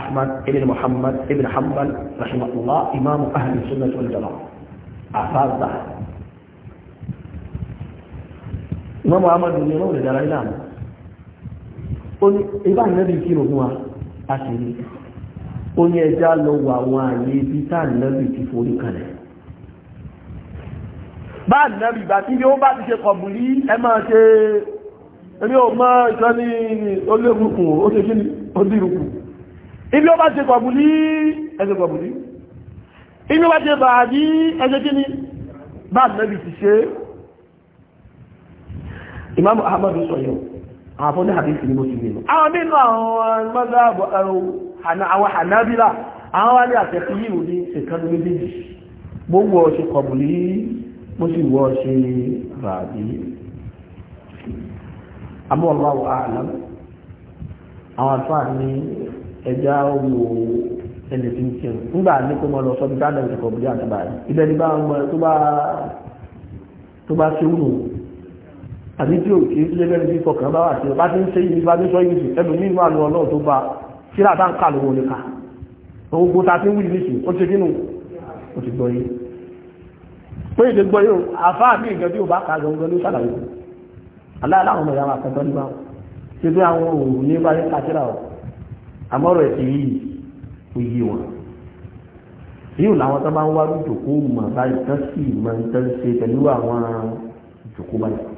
ahmad ibn muhammad ibn hanbal rahimahullah imam ahli sunnah wal jamaah àfáàzà imam ahmad ní ọlọ́run ìdára ilé àmú ó nẹ́bí kí ló mú wa a ó ní ẹjá lọ wà àwọn àyè ibi tá ànábì ti forí kalẹ̀ bá ànábì bá tí yóò bá ti ṣe kọ̀bùlí ẹ máa ṣe rí o mọ́ ìtọ́ ní olóògùnkùn ó ṣe kí ni ó dìrùkù ibi ó bá ṣe kọ̀bùlí ẹ ṣe kọ̀bùlí ibi ó bá ṣe bàádí ẹ ṣe kí bá ànábì ti ṣe ìmáàmù ahmadu sọ̀yọ̀ àwọn fọ́nà àdífì ni àwọn hanabila àwọn wá ní àtẹ́kù yìí ní ìkanu méjèèjì gbogbo ọ̀ṣẹ́ kọ̀bùlì mo sì wọ́ ṣe bàbí amọ́láwọ̀ àlám àwọn àtúwà ní ẹja owó ẹni tí ń kí ẹ̀rù nígbà ní kó mọ́ lọ sọ́bí dáadáa ìṣẹ́ kọ̀bùlì àti bàbí ilẹ̀ ní bá mọ́ tó bá ṣe wùnú àbí tí ò tíra bá ń kà lówó ní ká ogun ta tí ń wùí nìṣù ó ti gínú ó ti gbọ́yé pé ìdè gbọ́yé àfáà bí ìjọ tí ó bá kà gbọ́ngbọ́ ní sàlàyé aláàláwọn ọmọ ìyàwó àkọ́tọ́ nígbà tí bí àwọn òòrùn ní bá yẹ ká tíra ọ àmọ́rọ̀ ẹ̀sìn yìí ó yé wọn yíò làwọn tó bá ń wá lójòkó mọ̀ báyìí tán sì mọ̀ tán ṣe pẹ̀lú àwọn ìjòkó báyìí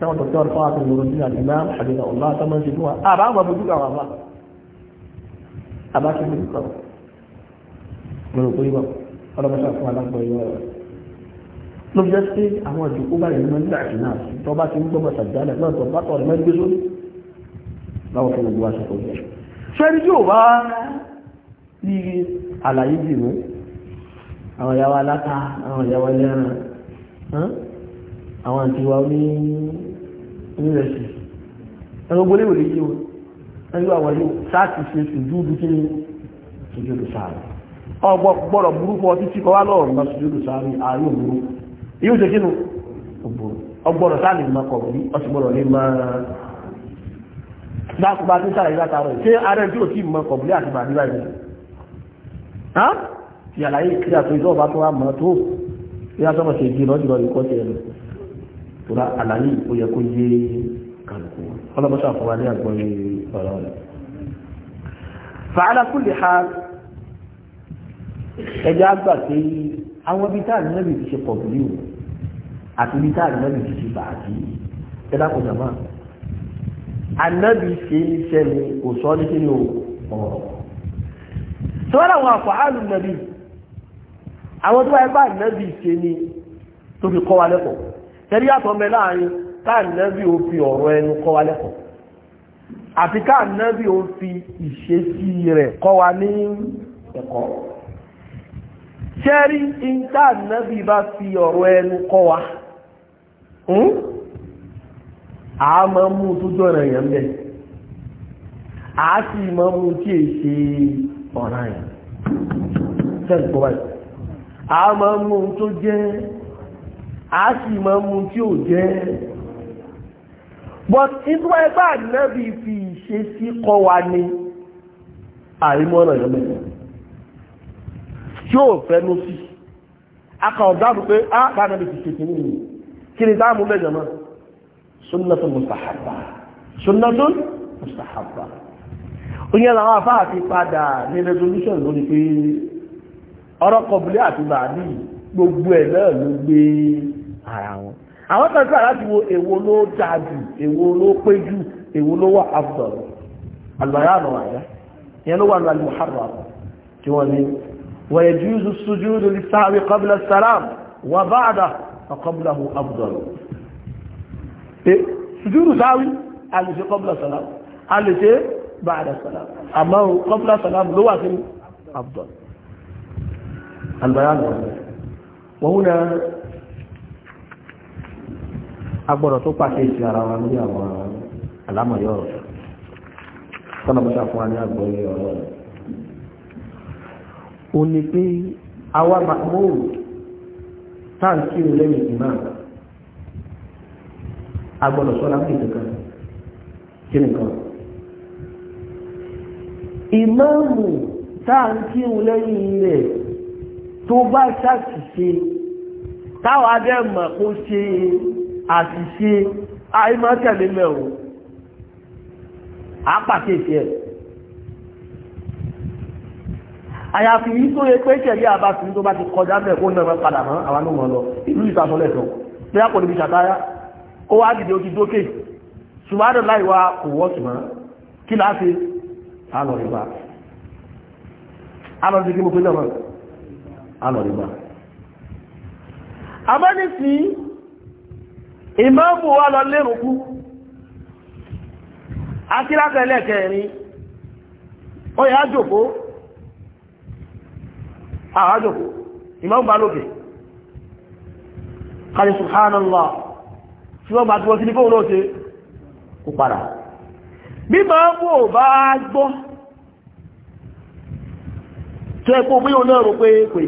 táwọn tọ̀tọ̀ ọ̀rọ̀ fáwọn àtàwọn ìròyìn àti ìmáàmù àdínà ọ̀lá àtàwọn ìṣẹ́jú wa àbá àwọn abojú àwọn àbá àbá tó ní kọ́ mọ̀rọ̀ pé wọ́n ọlọ́mọṣà fún aláǹkọ̀ ìwọ̀ rẹ̀ ló fi jẹ́ sí àwọn ìdìkú báyìí ló ń dà sí náà tó bá ti ń gbọ́ sàjálẹ̀ náà tó bá tọ̀ ọ̀rẹ́ mẹ́rin sórí láwọn fún gbogbo aṣọ́kọ̀ yẹn ṣẹ́ni tí ò bá rí àlàyé dì mú àwọn ìyàwó aláta àwọn ìyàwó ẹlẹ́ran àwọn àti wa ní ìrẹsì ẹgbogbo léwò lè yí o ẹgbẹ́ àwọn yóò sáàtì ṣe sùjúdù kí ni sùjúdù sáré ọgbọ́ gbọ́dọ̀ burúkú ọtí tí kọ wá lọ́rùn bá sùjúdù sáré ààrùn òbúrú yóò ṣe kínú òbúrú ọgbọ́dọ̀ sáàlì máa kọ̀ wí ọtí gbọ́dọ̀ lè máa dákùbá tí sáré látàrọ̀ ṣé ààrẹ tí ò tí máa kọ̀ bí àti bàbí báyìí ha ti àlàyé ìkíyà tó ìjọba tó wà mọ́ tó ìyá sọ́mọ̀ ṣe ìdí lọ́jọ́ ìkọ́ṣẹ́ rẹ̀ tura àlàyé ó yẹ kó yé kàlùkù ọlọ́mọṣà fún wa ní àgbọ̀nyé ọ̀rọ̀ rẹ̀. fàálà kúlì ha ẹja gbà pé àwọn ibi tá àdínlẹ́bì ti ṣe pọ̀ bìlíù àti ibi tá àdínlẹ́bì ti ṣe bàájì ẹ̀dá kò jàmá ànábì ṣe é ṣẹlẹ̀ òṣọ́ ní kí ni ọ̀rọ̀ tí wọ́n láwọn àpò àlù àwọn tó wáyé bá ànábì ṣe ni tó kọ́ wa lẹ́kọ̀ọ́ tẹ́lí àtọ́mẹ́ láàrin káànẹ́bí ó fi ọ̀rọ̀ ẹnu kọ́ wa lẹ́kọ̀ọ́ àti káànẹ́bí ó fi ìṣesí rẹ̀ kọ́ wa ní ẹ̀kọ́ ṣẹ́rí ìntànẹ́bí bá fi ọ̀rọ̀ ẹnu kọ́ wa hmm? a máa mú tó jọ́ra èèyàn bẹ́ẹ̀ a sì máa mú tí ò jẹ́ but inú ẹgbẹ́ ànábì fi ìṣe sí kọ́ wa ni àrímọ́nà yọ́mẹ́ tí ó fẹ́nu sí aka ọ̀dáàbù pé a bá ànábì fi ṣe kìíní ni kí ni dáàmú lẹ́jọ náà sunnatul mustahabba onye làwọn afáà ti padà ní resolution lórí pé ọ̀rọ̀ kọ̀bùlé àti bàbí gbogbo ẹ̀ náà ló gbé ara wọn àwọn kan sára ti wo èwo ló dáa jù èwo ló pé jù èwo ló wà afdal albayanu àyà ìyẹn ló wà ní al-muharram tí wọ́n ní wa yajuzu as-sujudu lis-sahwi qabla as-salam wa ba'dahu wa qablahu afdal sùjúrù sáwí a lè ṣe kọ́bùlà sàlám a lè ṣe àmọ́ kọ́bùlà sàlám ló wà sí abdul albayan wọ́n wọ́n agbọ́dọ̀ tó pàṣẹ ìsì ara wa lórí àwọn àlámọ̀yọ́ ọ̀rọ̀ tọ́nà bó wa ní àgbọ̀yé ọ̀rọ̀ rẹ̀ ó ní pé àwa mahmoud táǹkì lẹ́yìn imam agbọ́dọ̀ sọ́ra ní ìdọ̀kan kí nìkan ìmáàmù táǹkì lẹ́yìn rẹ̀ tó bá ṣàṣìṣe táwọn adẹ́mọ̀ kó ṣe é àṣìṣe àìmọ́tẹ̀lé mẹ́wọ̀n àpàkèsì ẹ̀ àyàfi yìí tó yẹ pé tẹ̀lé àbáṣe tó bá ti kọjá mẹ́ kó náà padà mọ́ àwọn náà lọ ìlú ìsàsọ́lẹ̀tọ̀ pé àpò níbi ṣàtáyá ó wá dìde ó ti dókè ṣùgbọ́n láìwá kò wọ́ọ̀tù mọ́ kí láti alọ̀rìbá alọ̀rìbá kí mo pé náà alọ̀rìbá àmọ́ nísìnyí ìmáàmù wá lọ lérùkú akílákẹ̀ẹ́lẹ̀ kẹrin ó yá jòkó àwọn jòkó ìmáàmù bá lókè kàrí subhanallah tí wọ́n bá tí sí ní kóhùn náà ṣe kò padà bí máàmù bá gbọ́ tó ẹkùn bí òun náà rò pé kò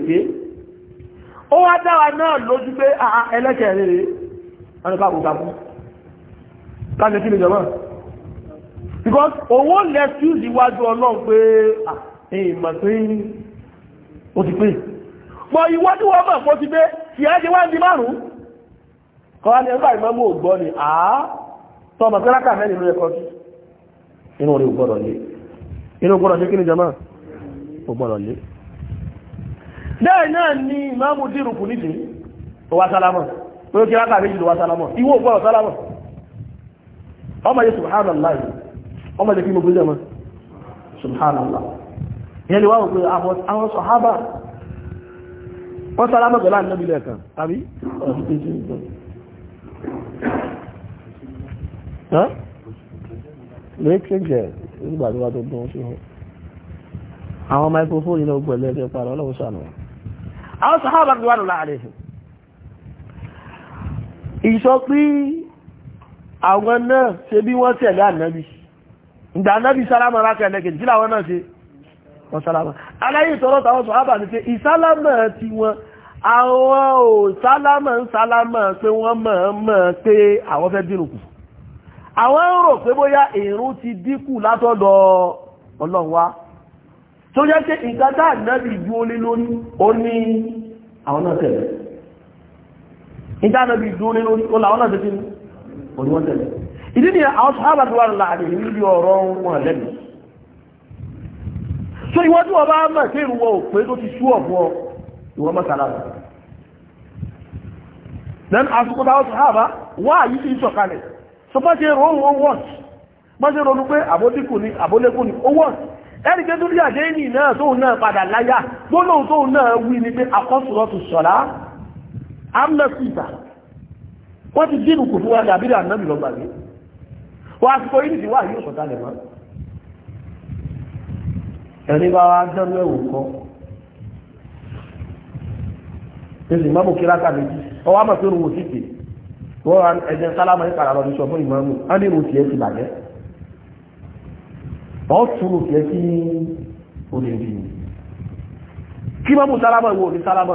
ó wá dáwà náà lójú pé ah, ah, wọ́n ní káàkùn káàkùn káàkùn kí ni jọmọ́ because owó lẹ́tíùs iwájú ọlọ́run pé èèmọ̀ pé ó ti pé mọ̀ ìwọ́dí wọ́n mọ̀ pọ̀ ti pé kì á ṣe wá ń di márùn-ún kọ́wá ní ẹgbà ìmọ́mú ògbọ́ ni àá tọmọ̀ pé rákà mẹ́rin ló yẹ kọ́ sí inú orí ògbọ́dọ̀ lé inú ògbọ́dọ̀ ṣe kí ni jọmọ́ ògbọ́dọ̀ lé bẹ́ẹ̀ náà ni ìmọ́mú dìrùkù nídìí ó wá sálámọ̀ tó kí rákà méjì lọ wá sálámọ̀ ìwọ ògbọ́rọ̀ sálámọ̀ ọmọ yẹ subhanallah ọmọ yẹ kí mo gbélé mọ́ subhanallah ìyẹn ni wá wọ́n pé àwọn sọ̀hábà wọ́n sálámọ̀ pẹ̀lú ànábì lẹ́ẹ̀kan tàbí àwọn microphone ilẹ̀ ogun ẹ̀lẹ́ẹ̀kẹ́ pàdé ọlọ́wọ́ sànà àwọn sọ̀hábà gbíwánù láàrin ìṣọ́ pé àwọn náà ṣe bí wọ́n tẹ̀lé ànábì ìgbà ànábì sálámà rákẹ̀ ẹ̀lẹ́kẹ̀ tí láwọn náà ṣe wọ́n sálámà aláyé ìtọ́rọ̀ tàwọn sọ ábà ní pé ìsálámà ti wọn àwọn ò sálámà ń sálámà pé wọ́n mọ̀ pé àwọn fẹ́ dínú àwọn ń rò pé bóyá ìrun ti dínkù látọ̀dọ̀ ọlọ́run wa tó jẹ́ pé ìgbà tá ànábì dúó lé lórí ó ní àwọn náà tẹ̀lé ìdánàbí dúró lórí ọláwọ́n náà tẹ́tí òníwọ́n tẹ̀lé ìdí ni àwọn sábà tó wà láàrin níbi ọ̀rọ̀ wọn lẹ́nu so ìwọ́n tí wọ́n bá mọ̀ sí ìrùwọ̀ òpé tó ti sú ọ̀fọ́ ìwọ́n mọ́ sàlámà then àsìkò táwọn sábà wá yìí ti sọ̀kalẹ̀ so bá ṣe rọ́ wọn wọ́n bá ṣe ronú pé àbódíkù ni àbólékù ni ó wọ́n ẹni pé tó rí àdéhìn náà tóun náà padà láyà gbólóhùn tóun náà wí ni pé àkọ́sùrọ̀ tó sọ̀rá amnesty wọ́n ti dínú kò fún wa ní àbílẹ̀ ànábì lọ́gbàgbé wọ́n á fọ́ ìrìsì wà yóò sọ̀tà lẹ̀ mọ́ ẹ̀rí bá wa dánú ẹ̀wò kọ́ ẹ̀sìn mọ́mù kí láta méjì ọwọ́ àmọ̀ pé òun ò tètè wọ́n ra ẹ̀jẹ̀ sálámà ní kàrà lọ́dún sọ fún ìmọ̀mù á ní ìrù tiẹ̀ ti bàjẹ́ wọ́n tún ìrù tiẹ̀ sí olè bì kí mọ́mù sálámà ìwò òní sálámà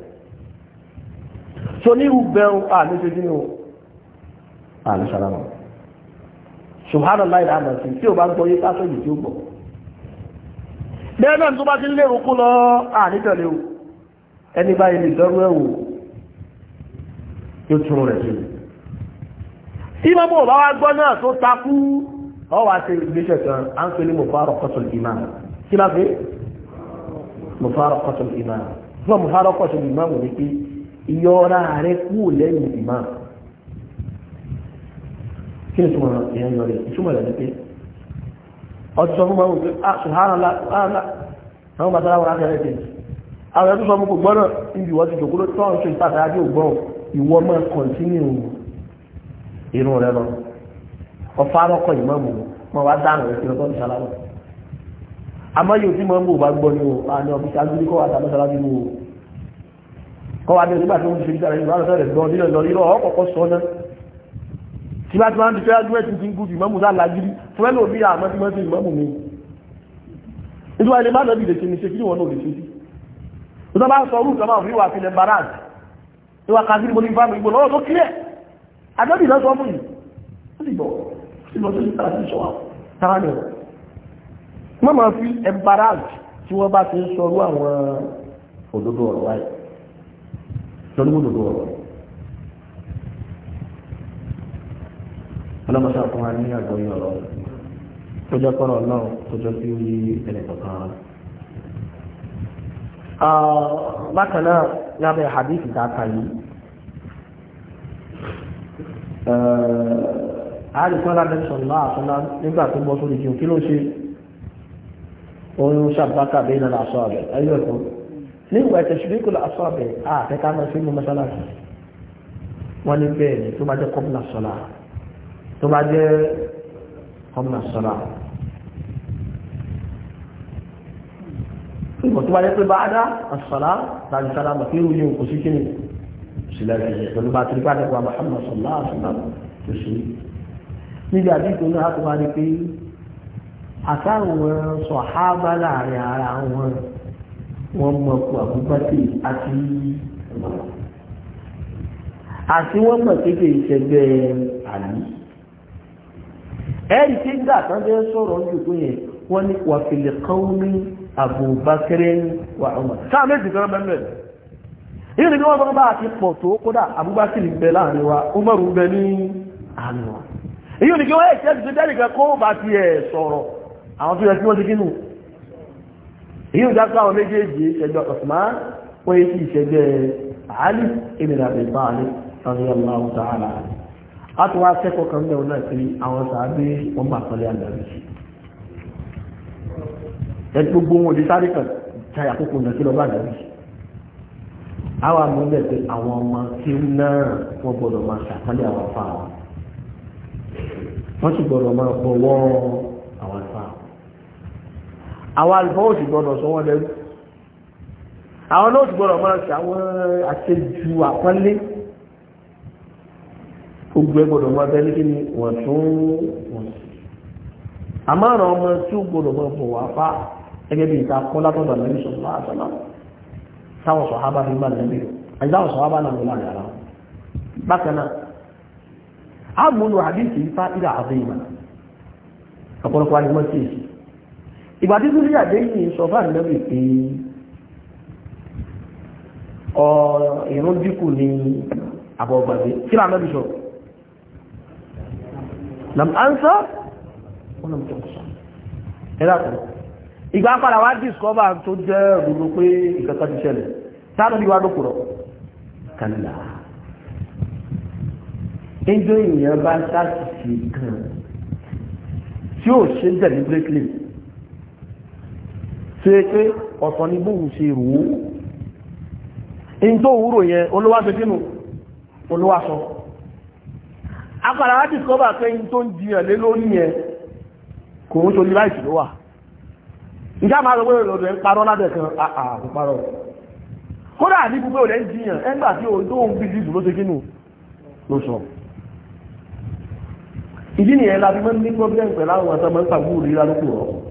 so ní ìrùbẹ̀rún àníṣẹ́jú ní àníṣàlámà subhanallah ìdáàmà sí tí ó bá gbọ́ yé pásọ̀ yìí tí ó gbọ́ bẹ́ẹ̀ náà tó bá ti lérò kú lọ àníṣẹ́lẹ̀ o ẹni báyìí lè dọ́rú ẹ̀wò tó tún rẹ̀ sí tí mọ́mọ́ bá wá gbọ́ náà tó takú ọ wá ṣe ìgbésẹ̀ kan à ń pè ní mọ̀fárọ̀ kọ́tùl ìmá kí láfẹ́ mọ̀fárọ̀ kọ́tùl ìmá ìyọra rẹ kúrò lẹ́yìn ìmáà kí ni túmọ̀ èèyàn yọ rẹ̀ ìtumọ̀ rẹ̀ ní pé ọtí sọ fún máa ń pè á ṣùhánàlá àwọn bàtàlá wọn láti ẹ̀rẹ́ àwọn ẹ̀tún sọ fún kò gbọ́nà níbi ìwọ́n ti jòkó ló tọ́ ṣe ìpàtà ajé ògbọ́n ìwọ máa kọ̀ntínú irun rẹ lọ ọfà rọkọ ìmọ̀ mọ̀ mọ̀ wá dáhùn rẹ̀ sí ọtọ́ ìṣàlá àmọ́ yóò tí mọ̀ ń bò bá gbọ́ ní o àní ọ̀fíṣà gbígbó kọ́ wa bí onígbà tó ń ṣe ìdára ìgbà lọ́sẹ̀ rẹ̀ gan nílẹ̀ lọ irọ́ ọkọ̀ọ̀kọ́ sọ náà tí bá ti máa ń di fẹ́rẹ́ dúró ti ń gùn ìmọ̀mù náà lágírí fún ẹlò bí àmọ́ tí wọ́n ti ìmọ̀mù mi nítorí ẹni bá lọ́bì lè ṣe ní ṣe kí ni wọ́n náà lè ṣe sí ìtọ́ bá ń sọ orúkọ máa fi wà sílẹ̀ barat ìwà kan sílẹ̀ mo ní fáwọn ìgbò lọ́wọ́ tó kílẹ̀ àdọ́bì náà sọ fún yìí ó sì gbọ́ sí lọ sí ìtara sí ìṣọ́wà lọ́dún mọ́tò tó wọ̀ ọlọ́mọṣẹ́ ọkùnrin wa ní àgbọ̀yé ọ̀rọ̀ tó jẹ́ kọ́rọ̀ náà tó jọ sí orí ẹnì kọ̀ọ̀kan wa. bákan náà lábẹ́ hadith dáka yìí àádìsọ́lá mẹ́sàn-án náà àtúnlá nígbà tó bọ́ sórí kí n kí ló ṣe oyún ṣàbákà bẹ́ẹ̀ náà lásán àbẹ̀ ẹ̀yọ́ ẹ̀kọ́ nígbà ìtẹ̀síríkù làásọ̀ àbẹ̀ àtẹ́ká náà sí inú mọ́sálásì wọ́n ní bẹ́ẹ̀ ni tó bá jẹ́ kọ́mùnà sọ́lá tó bá jẹ́ kọ́mùnà sọ́lá ìgbà tó bá jẹ́ pé bá dá àsọ̀lá láti sára mọ̀ kí irú yìí kò sí kí ni sílẹ̀ ìṣẹ̀lẹ̀ pẹ̀lú bá ti rí bá dẹ́kun àmàhàmà sọ̀lá àsọ̀lá tó sí. níbi àdìgbò náà tó bá rí pé àtàwọn sọ̀hábà láàrin ara wọn wọ́n mọ̀ pé àbúbákì àti àti wọ́n mọ̀ kéde ìṣẹ̀gbẹ́ àlì ẹ̀rí tí ń gbà tán jẹ́ sọ̀rọ̀ ń dùkú yẹn wọ́n ní wàfìlẹ̀ kọ́wọ́mí Abubakar wà ọmọ sáà méjì kan bẹ́ẹ̀ ìrìn ni wọ́n sọ bá àti pọ̀ tó kódà Abubakar ń bẹ láàrin wa Umaru ń bẹ ní àná èyí ò ní kí wọ́n ẹ̀ṣẹ́ ti èyí ò dákọ̀ àwọn méjèèjì ẹgbẹ́ Usman wọ́n yé sí ìṣẹ́gbẹ́ Ali ibn Abi Talib radiyallahu ta'ala a tún wá kẹ́kọ̀ọ́ kan mẹ́wọ́n náà sí àwọn sàábé wọn bá pẹ̀lẹ́ àdàbí ẹni gbogbo wọn òdí sáré kan ta àkókò náà sí lọ́gbà àdàbí àwọn amúlẹ̀ pé àwọn ọmọ tí àwọn alùpàá ò sì gbọdọ̀ sọ wọ́n lẹ́rú àwọn náà ò sì gbọdọ̀ ṣe àwọn àṣejù àpọ́nlé gbogbo ẹ gbọdọ̀ máa kí ni wọ́n tún wọ́n sí àmọ́ ọmọ tí ó gbọdọ̀ máa bọ̀ wá fá gẹ́gẹ́ bí ìta kọ́ látọ̀dọ̀ lẹ́yìn sọ̀rọ̀ láàtọ̀lá táwọn sọ̀hábà fi máa lẹ́bí náà bákan náà àmúlò àdìsí ifá ọ̀pọ̀lọpọ̀ èsì ìgbàdí tó rí àdéhìn sọ fún àdínẹ́bì pé ìrún dínkù ní àbọ̀gbàgbé kí ló àmẹ́bì sọ lam ansa wọn lọ́m tó ń sọ ẹ̀rọ àkùrọ̀ ìgbà padà wá discover tó jẹ́ òdodo pé ìkẹ́kọ̀ọ́ ti ṣẹlẹ̀ táàdù bí wá lókùrọ̀ kàlá ẹjọ́ ìyẹn bá sáàtì sí kan tí ó ṣe ń tẹ̀lé brékìlì ṣe pé ọ̀sán ní bóun ṣe rò ó in tó wúrò yẹn olówó aṣọ kínú olówó aṣọ apàdà láti kọ́bà pé in tó ń jiyàn lé lórí yẹn kò ń sọ ní láìsí ló wà ìjà máa lọ pé ọ̀dọ̀ ẹ̀ ń parọ́ ládẹ̀ kan àà kódà ní gbogbo ọ̀dẹ̀ ń jiyàn ẹgbà tí òun tó ń bí jù ṣe kínú ló sọ ìdí nìyẹn la fi mọ́ ní pọ́blẹ́ǹpẹ̀ láwọn ọ̀sán mọ́ ń pàgbó òrìlá lókùrọ̀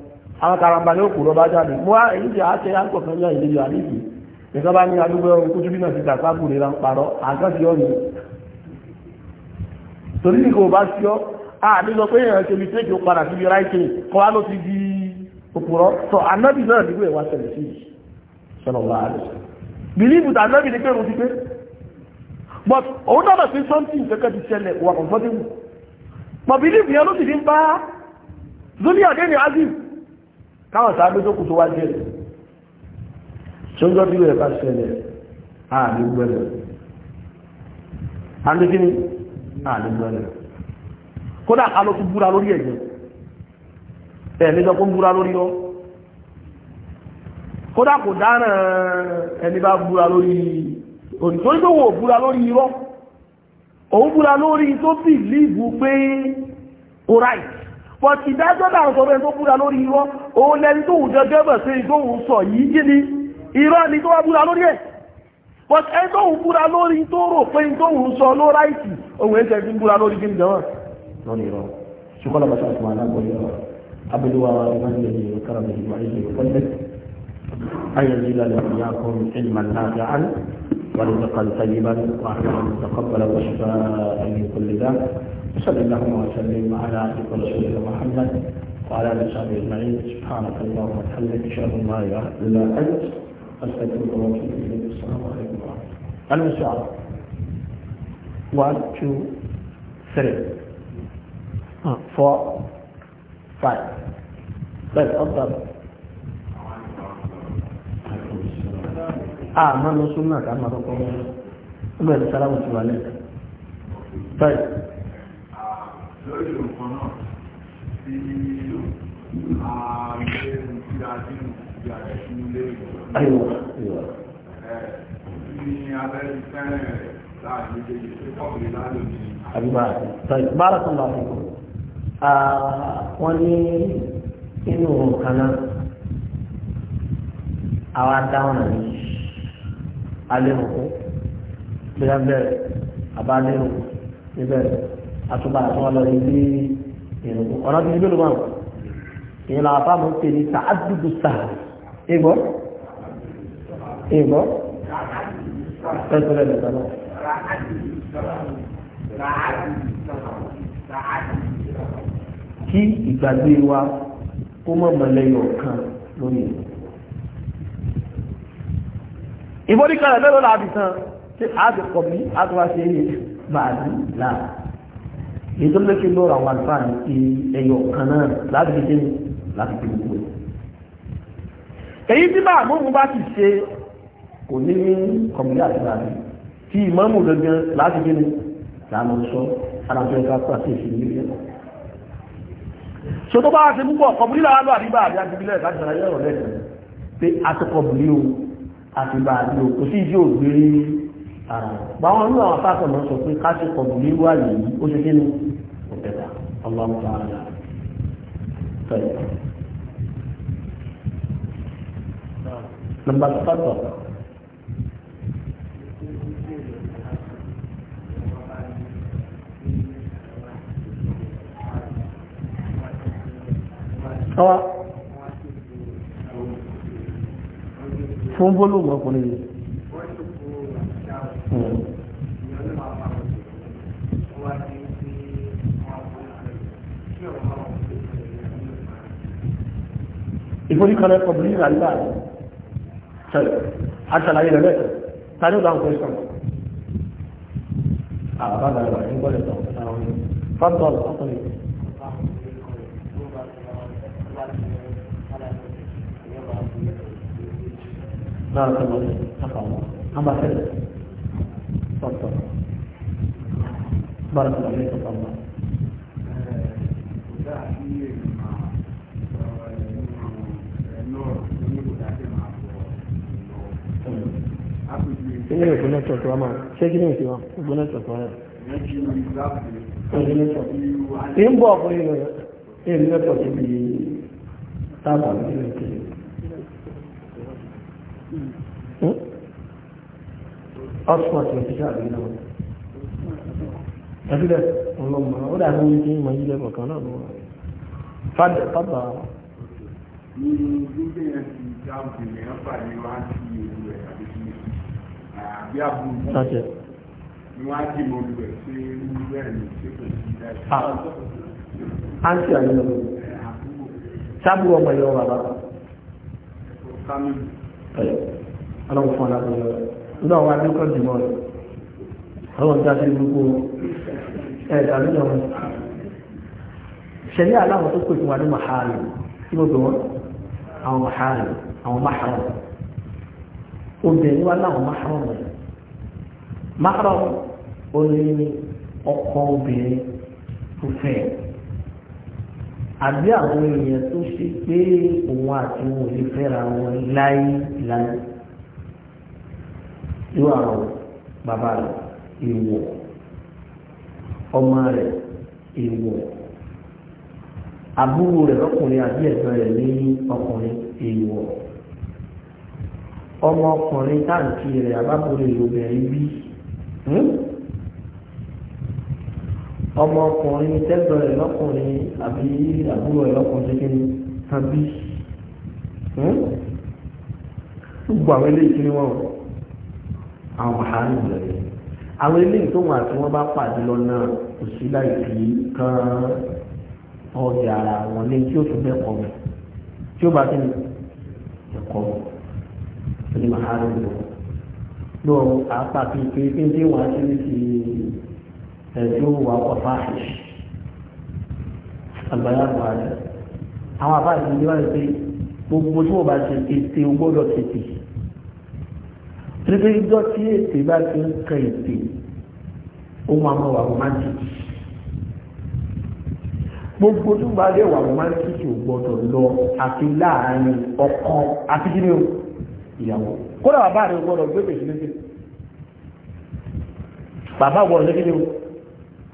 àwọn karamba ní òkú rọba jáde mú èyí tí a ṣe àkọ̀kan yọ ìlú àníkì nìkan bá ní adúgbò kújú bí náà ti tà sábù nira ń parọ́ àkànṣe ọ̀nì torí ní kò bá ṣíọ́ àti sọ pé èèyàn ṣe mistake ó padà síbi ráìtì kọ́ wá ló ti di òpùrọ́ sọ anábì náà nígbà ìwà ṣẹlẹ̀ sí yìí sọ̀rọ̀ káwọn sáà gbé tókù tó wá jẹ́ ṣóńjọ́ bí rẹ̀ bá ṣẹlẹ̀ ààrẹ gbẹ̀rẹ̀ àndíkíní ààrẹ gbẹ̀rẹ̀ kódà kálọ́ tó búra lórí ẹ̀jẹ̀ ẹ̀ níjọ́ kó búra lórí lọ kódà kò dáná ẹni bá búra lórí ònítorí tó wò búra lórí irọ́ òun búra lórí tó bìlíìbù pé ó ráìtì pọ̀tì dájọ́ náà sọ bẹ́ẹ̀ tó búra lórí irọ́ òun lẹni tó wùjọ gẹ́bẹ̀ sí ìdóhùn sọ yìí kí ni irọ́ ni tó wá búra lórí ẹ̀ pọ̀tì ẹni tó wù búra lórí tó rò pé ìdóhùn sọ ló ráìtì òun ẹ̀ṣẹ̀ fi búra lórí kí ni jẹ́wọ̀n lórí irọ́ ورزقا طيبا وعملا متقبلا وشفاء من كل داء وصل اللهم وسلم على عبدك ورسولك محمد وعلى اله وصحبه اجمعين سبحانك اللهم وبحمدك اشهد ان لا اله الا انت استغفرك واتوب اليك السلام عليكم ورحمه الله المساعدة 1 2 3 4 5 طيب اتفضل àmọ́ ah, lọ súnmọ́ àti àmọ́ àkọ́kọ́ wọn ó bẹ̀rẹ̀ sálámù ti wà lẹ́yìn. báyìí. lórí òkan náà tí ààrẹ ti àti ìyá rẹ̀ sí ilé ìwọ̀n. àyẹ̀wò àyẹ̀wò. ní abẹ́rẹ́ fẹ́rẹ̀ láàrin méjèèjì tó kọ́kùnrin lálẹ́ bá fún un. wọ́n ní inú òun kan náà àwa dáhùn alérò fún bóyá bẹ́ẹ̀ àbá alérò níbẹ̀ àtúbà àtúbà lọ rí bí ìrìnkú ọ̀nà tí níbẹ̀ ló máa wọ̀ ìyẹn làwọn afáàmù ń pè ní tààdùdù sáà ìgbọ́ ìgbọ́ ẹ̀sùn rẹ̀ kí ìgbàgbé wa kó mọ̀ mọ̀lẹ́yọ̀ kan lórí ìlú ìbórí kan ẹ̀fẹ́ lọ́la àbí tán tí a ti kọ̀ bí a ti wá ṣe é bàálù là èyí tó lékè lọ́rọ̀ àwọn àlùfáà ní ẹyọ kan náà láti fi dénú láti fi gbogbo èyí tí bá àmóhun bá ti ṣe kò ní kọ̀mílẹ̀ àti bàálù tí ìmọ̀mù gangan láti dénú lànà sọ alájọ ẹ̀ka pàṣẹ ìṣèlú ilé so tó bá ṣe púpọ̀ kọ̀mílẹ̀ àwọn àlọ́ àdíbà àbí àdìbílẹ̀ láti ṣàlàyé ọ̀rọ̀ lẹ́sìn pé a àti bá a lò kò sí ìdí ògbérí ara báwọn ní àwọn afáàkọ̀ náà sọ pé káṣí kọ̀ọ̀bù nílùú àyè yìí ó ṣe kí ni kò tẹ̀ta ọlọ́run bá a yà fẹ́. Nọ́mbà fún bólúùmù ọkùnrin yìí. ìforíkanlẹ̀ pọ̀bùlì ìrànlá ṣẹlẹ̀ àṣàlàyé rẹ̀ mẹ́ta tàbí ọ̀dà nǹkan ìṣàn àbábàrà ìgbọ́lẹ̀ tọ̀ fábọ̀lù ọkùnrin بارك الله فيك نفع الله أما خير تفضل بارك الله فيك تفضل ilé ìwé gbóná tọ̀tọ̀ wa máa ṣé kí ní ìsìn wa gbóná tọ̀tọ̀ rẹ̀. ìgbóná tọ̀tọ̀ ìgbóná tọ̀tọ̀ ìgbóná tọ̀tọ̀ ìgbóná ìgbóná tọ̀tọ̀ ìgbóná ìgbóná tọ̀tọ̀ ìgbóná ìgbóná tọ̀tọ̀ ìgbóná ìgbóná tọ̀tọ̀ ìgbóná Hmm? oxford ló ti ṣáà lóyún náà tàbílẹ̀ ọlọ́mọ ó dà ní oúnjẹ ìmọ̀ yílẹ̀ kọ̀ọ̀kan náà ló wà fàdé fàbà ní gbígbé yẹn ti dáhùn ìrìn àpà ni wọ́n á ti èrò rẹ̀ tàbí sí ọlọ́run fún aláàbò yọ nínú àwọn adékọ̀ jùmọ̀ rẹ̀ àwọn ọjà sí gbogbo ẹ̀dá nínú ọmọ ṣẹlẹ̀ aláwọ̀ tó pè fún wa ní mahari tí mo gbé wọn àwọn mahari àwọn mahram obìnrin wa láwọn mahram rẹ̀ mahram ó ní obìnrin tó fẹ́ẹ́ àbí àwọn èèyàn tó ṣe pé òun àti òun ò lè fẹ́ra wọn láyé ìlànà irú àwọn bàbá rẹ̀ èèwọ̀ ọmọ rẹ̀ èèwọ̀ àbúrò rẹ̀ lọ́kùnrin àbí ẹ̀gbọ́n rẹ̀ ní ọkùnrin èèwọ̀ ọmọ ọkùnrin táǹkì rẹ̀ àbábòrò ìlú bí hmm? ọmọkùnrin tẹ́gbọ̀n rẹ̀ lọ́kùnrin àbí àbúrò rẹ̀ lọ́kùnrin kékeré tàbí hmm? gbogbo àwọn eléyìí kiri wọn àwọn àárín rẹ̀ àwọn eléyìí tó wọn àti wọn bá pàdé lọ́nà òsì láì fi kán ọjà ara wọn lé tí ó tún bẹ́ẹ̀ kọ́ mi tí ó bá kí ni ẹ̀kọ́ mi màá rẹ̀ lọ lọ́wọ́ àápàá kékeré kékeré wọn á ti ní ti ẹ̀dùn wà pọ̀ fáàfì àgbàlá wà rẹ̀ àwọn afáàfì ní wáyé pé gbogbo tí wọ́n bá ṣe ètè o gbọ́dọ̀ tètè pípé ìjọ tí ètè bá ti ń kan ètè ó máa mọ wà romantic gbogbo tó bá dé wà romantic ò gbọ́dọ̀ lọ àfi láàárín ọkọ àti kí o ìyàwó kódà bàbá rẹ̀ gbọ́dọ̀ gbé pèsè lẹ́sẹ̀ bàbá gbọ́dọ̀ lẹ́sẹ̀ lẹ́sẹ̀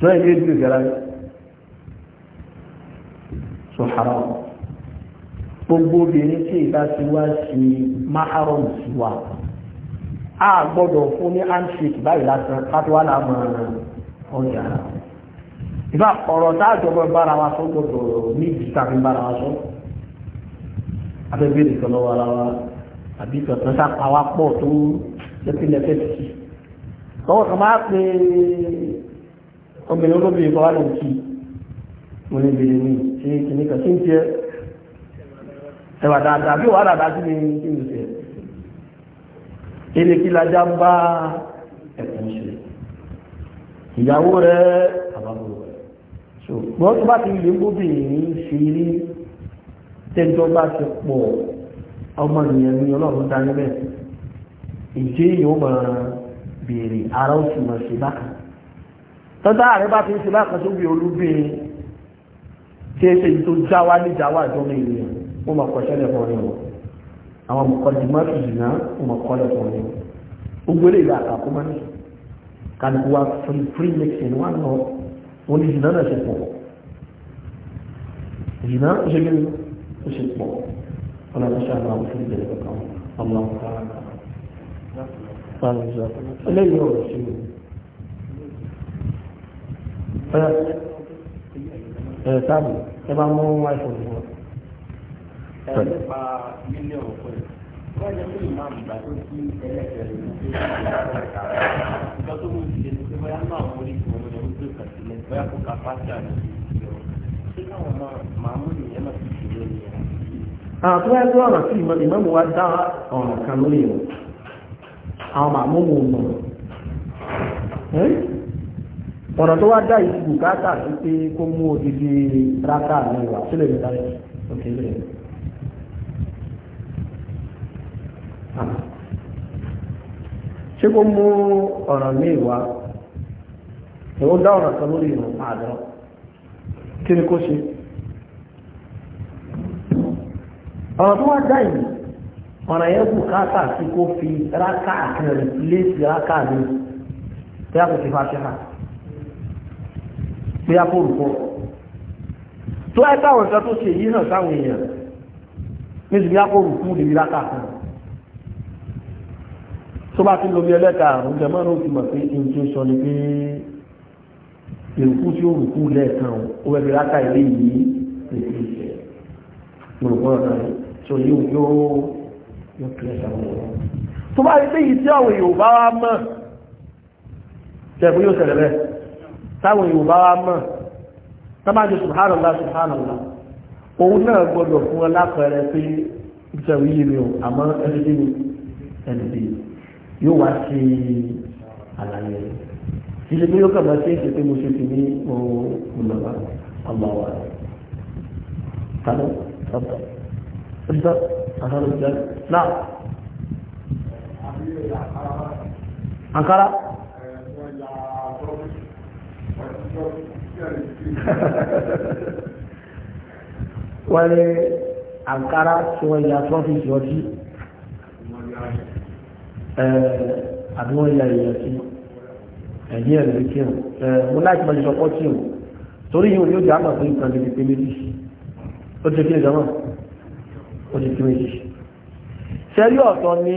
tó ẹ̀ ní ìdílé gara rẹ̀ so haram gbogbo obìnrin tí ìbá ti wá sí maharam sí wa a gbọ́dọ̀ fún ní handshake báyìí lásán kátiwá náà mọ̀ ọjà ìbá ọ̀rọ̀ tá a jọba bára wa sọ gbọ́dọ̀ ní ìdíkàmí bára wa sọ abẹ́bẹ́ nìkan lọ́wọ́ ara wa àbí tọ̀tọ̀ sápá wa pọ̀ tó lẹ́pẹ́lẹ́pẹ́ tì lọ́wọ́ kan máa pe obìnrin olóbìnrin kan wá lọ kí mo ní bèrè mi ṣe kìnnì kan sí ń tiẹ ẹwà dáadáa bí wàá dáadáa sí ni kí n lè fẹ eléki lajá bá ẹkùn ṣe ìyàwó rẹ àbábọ̀ rẹ so wọ́n tó bá ti lè gbóbìnrin ṣe rí tẹ́jọ́ bá ti pọ̀ ọmọ ènìyàn ní ọlọ́run dání bẹ́ẹ̀ ìjẹ́ yìí ó máa ara ó sì máa ṣe bákan tọ́tà rẹ̀ bá fi ń ṣe lákàtúntò bí olúbìnrin tí ẹ ṣe yìí tó já wá ní ìjáwá ìjọba ìlú wọn máa kọ́ sẹ́lẹ̀ fún ọ̀rẹ́ wọn àwọn mọ̀kọ́lẹ̀ mọ́tò jìnnà wọn máa kọ́ lẹ̀ fún ọ̀rẹ́ wọn gbogbo eléyìí la àkàkó máa ní kálukú wa free free mixing wọn nọ wọn ní jìnnà náà ṣe pọ̀ jìnnà ó ṣe gbé ó ṣe pọ̀ wọn làwọn ṣe àwọn fún ìbẹ̀rẹ̀ kankan wọn làwọn kọ́ ẹ ẹ sáàbù ẹ bá mú iphone wọn. ẹ nípa mílíọ̀nù pẹ̀lú wọ́n yẹ kó ìmáàmù ìgbà tó kí ẹlẹ́kẹ̀rẹ́ ní pé ìjọ tó mú ìdílé ní pé bóyá náà àwọn oríṣi wọn ló ń gbé kàtílẹ̀ bóyá kó ka pàṣẹ àná ṣé káwọn máa mú ìyẹn náà ti ṣòro ní ẹ̀. àtúwá ọ̀nà tí ìmáàmù wa ọ̀rọ̀ tó wá dá yìí bùkátà sí pé kó mú odidi rákà mẹ́wàá sílẹ̀ mi dáre òkè lè. Ah. ṣé kó mú ọ̀rọ̀ mẹ́wàá èwo dá ọ̀rọ̀ kan lórí ìrùn àdán kí ni kó ṣe. ọ̀rọ̀ tó wá dá yìí ọ̀rọ̀ yẹn bùkátà sí kó fi rákà kan lé sí rákà mi bí a kò ti fa ṣe hàn pé á fòrùkọ tó ẹ táwọn nǹkan tó ṣe yìí hàn sáwọn èèyàn níbi bí á fòrùkú níbi látà kan tó bá ti lo bí ẹlẹ́ta àrùn jẹ mọ́nà òfin mọ̀ pé intention ni pé èrùkú tí ó rùkú lẹ́ẹ̀kan ó wẹ́pẹ́ látà ilé yìí lèkú ìṣẹ́ yorùbá náà tó yóò yóò yóò kílẹ̀ sáwọn èèyàn tó bá rí pé yìí tí àwọn Yorùbá wa mọ̀ tẹ̀kú yóò ṣẹlẹ̀ bẹ́ẹ̀ táwọn Yorùbá wa mọ̀ tábàjọ subhanallah subhanallah òun náà gbọdọ̀ fún ọ lápẹẹrẹ pé ìtẹ̀wé yìí ni o àmọ́ ẹnìdé ni ẹnìdé yóò wá sí àlàyé ìṣe pé yóò kàmá sí èsì pé mo ṣe ti ní òun lọ́wọ́ ọmọ wa tàbí ọ̀pọ̀ ọ̀dọ́ àtàlù jẹ́ náà. Ankara. wọ́n ní àǹkárá tí wọ́n ya trọ́fíìsì ọtí àbí wọ́n ya ìyẹn sí ẹ̀yìn ẹ̀rọ ìkí ẹ̀ mo láti mọ̀ ìṣọ̀kọ́ tí o torí yìí yóò jẹ́ àmọ̀ fún ìkan níbi pé méjì ó ti kí ìjọba ó ti kí méjì ṣẹ́rí ọ̀tọ̀ ni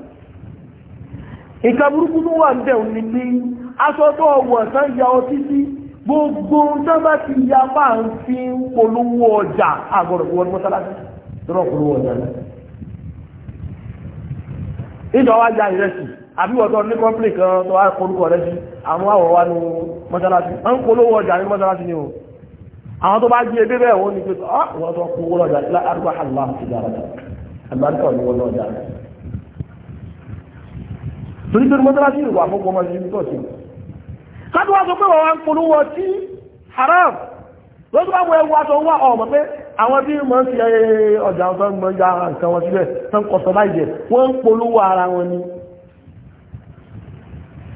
ìka burúkú tó wà ń bẹ̀rù ní pé aṣọ tó ọwọ̀ sán ya ọtí sí gbogbo sábà ti ya máa ń fi polówó ọjà àgọ̀rọ̀ wọn ní mọ́sálásí lọ́rọ̀ polówó ọjà náà ìjọ wa ya ìrẹsì àbí wọ́n tó ní kọ́ńpìlì kan tó wá polówó rẹ sí àwọn àwọ̀ wa ní mọ́sálásí ń polówó ọjà ní mọ́sálásí ni o àwọn tó bá jí ebé bẹ́ẹ̀ wọ́n ní pé ah, wọ́n tó polówó ọjà lá torí pé mọ́sálásí ìwà àpapọ̀ ọmọ ìlú tó sí kátó wá sọ pé wọ́n wá ń polówó ọtí haram lọ́sọ́ àwọn ẹwà aṣọ wà ọmọ pé àwọn bí mọ́ sí ọjà ọ̀sán mọ́ ya nǹkan wọn sílẹ̀ tán kọ̀sọ̀ láìjẹ̀ wọ́n ń polówó ara wọn ni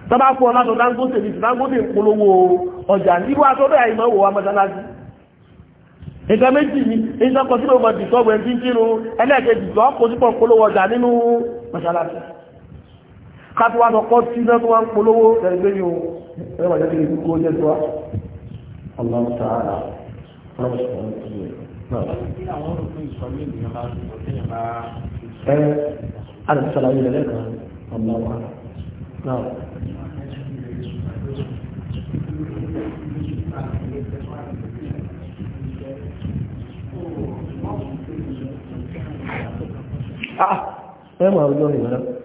tọ́bá fún ọlá sọ Dangote ní Dangote ń polówó ọjà nírú aṣọ bẹ́ẹ̀ ìmọ̀ wò wá mọ́sálásí nǹkan méjì ni ìṣàkọsílẹ̀ ọmọ dìtọ́ wẹ̀ ń dín kírun ẹlẹ́ẹ̀kejì tó kó sípò polówó ọjà nínú mọ́sálásí kátó wá sọkọ́ tí náà tó wá ń polówó tẹ̀lé ní ohun ẹ̀rọ àjọ kí ikú kó jẹ́ tó wá Allahu ta'ala ọlọ́run sọ̀rọ̀ ní ìlú ẹ̀ ẹ̀ adàtí sàlàyé rẹ̀ lẹ́ẹ̀kan Allahu náà Ah, ẹ̀mọ̀ àwùjọ ìrọ̀lẹ́.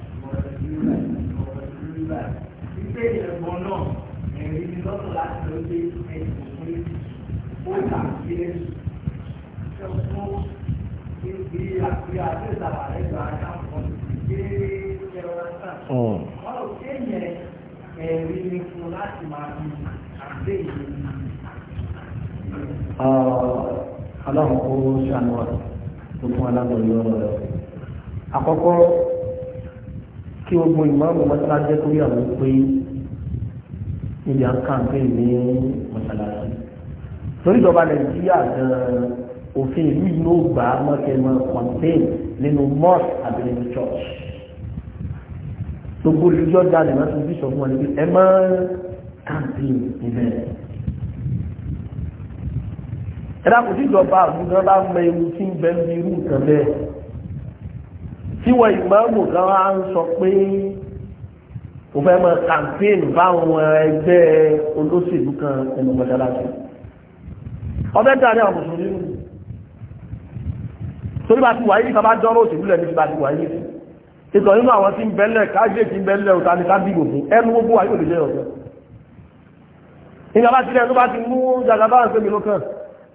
Ìgbé ìrẹ̀gbọ́n náà ẹ̀rí ni lọ́tọ̀ láti lọ sí Ọlọ́run kó ṣàánú ọ̀rọ̀ tó fún alágbọ̀n yọ̀rọ̀ rẹ̀. Àkọ́kọ́ kí gbogbo ìmọ̀ọ́mù mọ́sálásí tó yà wọ́n pé níbi à ń kàǹpé ní mọ́sálásí. torí ìjọba nàìjíríà gan-an òfin ìlú yìí ló gbà á mọ́kẹ́mọ́ campaign nínú mosque àti nínú church. gbogbo olùjọ́ jáde láti fi sọ fún wọn níbi ẹ máa kàǹpé níbẹ̀. ẹ̀dá kò sí ìjọba àbúgbọ́n bá mọ ewu tí ń bẹ́ẹ̀ bí irú nǹkan bẹ́ẹ̀ tí wọ́n ìmáàmù kan wá ń sọ pé kò fẹ́ mọ kàmpéènì báwọn ẹgbẹ́ olóṣèlú kan ẹnu mọ́ṣáláṣí ọbẹ̀ dàrí àwọn mùsùlùmí torí bá ti wáyé ní sábà dọ́rọ̀ òṣèlú lẹ́ni ti bá ti wáyé ìtọ̀ nínú àwọn tí ń bẹ́lẹ̀ káàkiri tí ń bẹ́lẹ̀ òta ní sábìgbò fún ẹnu gbogbo wáyé òdílé ọ̀sẹ̀ ìjọba sílẹ̀ tó bá ti mú jagaba ọ̀sẹ̀ mi lókàn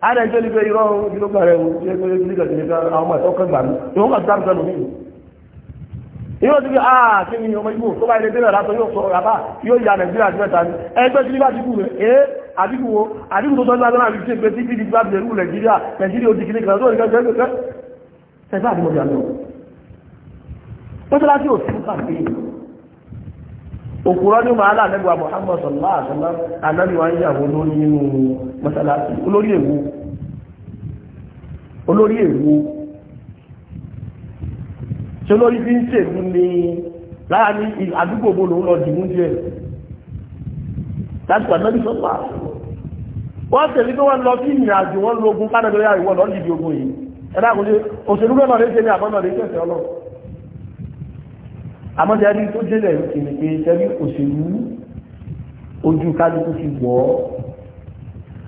ààrẹ ìjọ́ nígbẹ̀ irọ́ ìlókàn yóò ti fi ah kí ni ọmọ igbó tó bá ilé délẹ̀ látọ̀ yóò sọ ràbá yóò ya nàìjíríà sí mẹ́ta ní ẹgbẹ́ tí bá dìbò rẹ̀ ẹ́ eh, àdìbò wo àdìbò tó sọ́jú lágbára àti ṣègbè tí bíi bá bẹ̀rù nàìjíríà nàìjíríà òdì kìnnìkan tó nìkan jẹ́ gbẹ̀gbẹ́ ṣẹ̀fẹ́ àdìbò bí àná mọ́sálásí ò sí káàkiri òkúrọ́ ní màálà lẹ́gbà Muhammad sallallahu alaihi wasallam anábìwá ń yàwó lórí nínú mọ́sálásí olórí èwo olórí èwo ṣe lórí bí ń ṣèlú ni lára ní àdúgbò bó lòún lọ dìmú díẹ̀ láti wà lọ́dún sọ́pà wọ́n tẹ̀lé pé wọ́n lọ sí ìrìn àjò wọn lo ogun kánà lórí àìwọ̀ lọ́dún ìdí ogun yìí ẹ̀dá kò ṣe òṣèlú náà lè ṣe ní àbọ̀nà lè ṣẹ̀ṣẹ̀ ọlọ́ àmọ́ ṣe ẹni tó délẹ̀ ìkìlì pé ṣẹ́bí òṣèlú ojú kálukú ti wọ̀ ọ́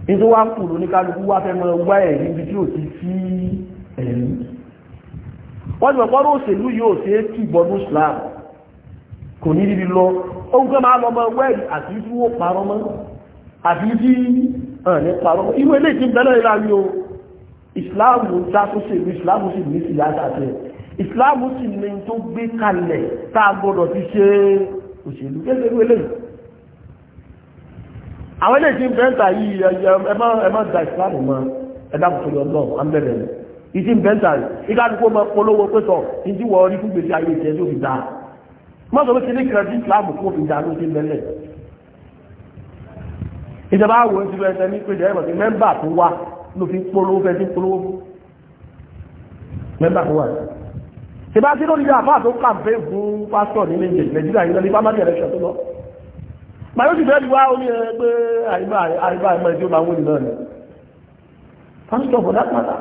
nítorí wá ń kù lóní kálukú wá ẹ̀rí wọ́n ti mọ̀pọ́rọ̀ òṣèlú yóò ṣe é kí ìbọnú Islam kò ní rírí lọ ohun kan máa lọ mọ wẹ́ẹ̀rì àti tí wọ́n parọ́ mọ́ àti tí hàn ní parọ́ mọ́ irú eléyìí ti ń bẹ́lẹ̀ ìlà ni o Islam dá sóṣèlú Islam sì ní sí yáta tẹ Islam sì ní tó gbé kalẹ̀ tá a gbọdọ̀ fi ṣe òṣèlú kékeré eléyìí àwọn eléyìí ti ń bẹ́ńtà yìí da Islam mọ́ ẹ Is bẹ́ńtà rẹ̀ ìdájúkó máa polówó pẹ́tọ̀ ìdí wọ orí fún gbèsè ayé ìjẹ́ tó fi dá mọ́tò ló ti ní kẹrẹ́tì ìsìláàmù kó fi dá ló ti bẹ́lẹ̀ ìjọba àwò ń tibẹ̀ ẹsẹ̀ ní péjọ ẹ̀mọ̀ sí mẹ́mbà tó wá ló fi polówó fẹ́ sí polówó fún mẹ́mbà tó wá ìbá tí lórí àfáà tó kàmpé fún pásítọ̀ ní Nàìjíríà yìí lọ ní pámánì ẹ̀rẹ́ṣọ̀ tó lọ màá sì bẹ́ẹ̀ wá for that matter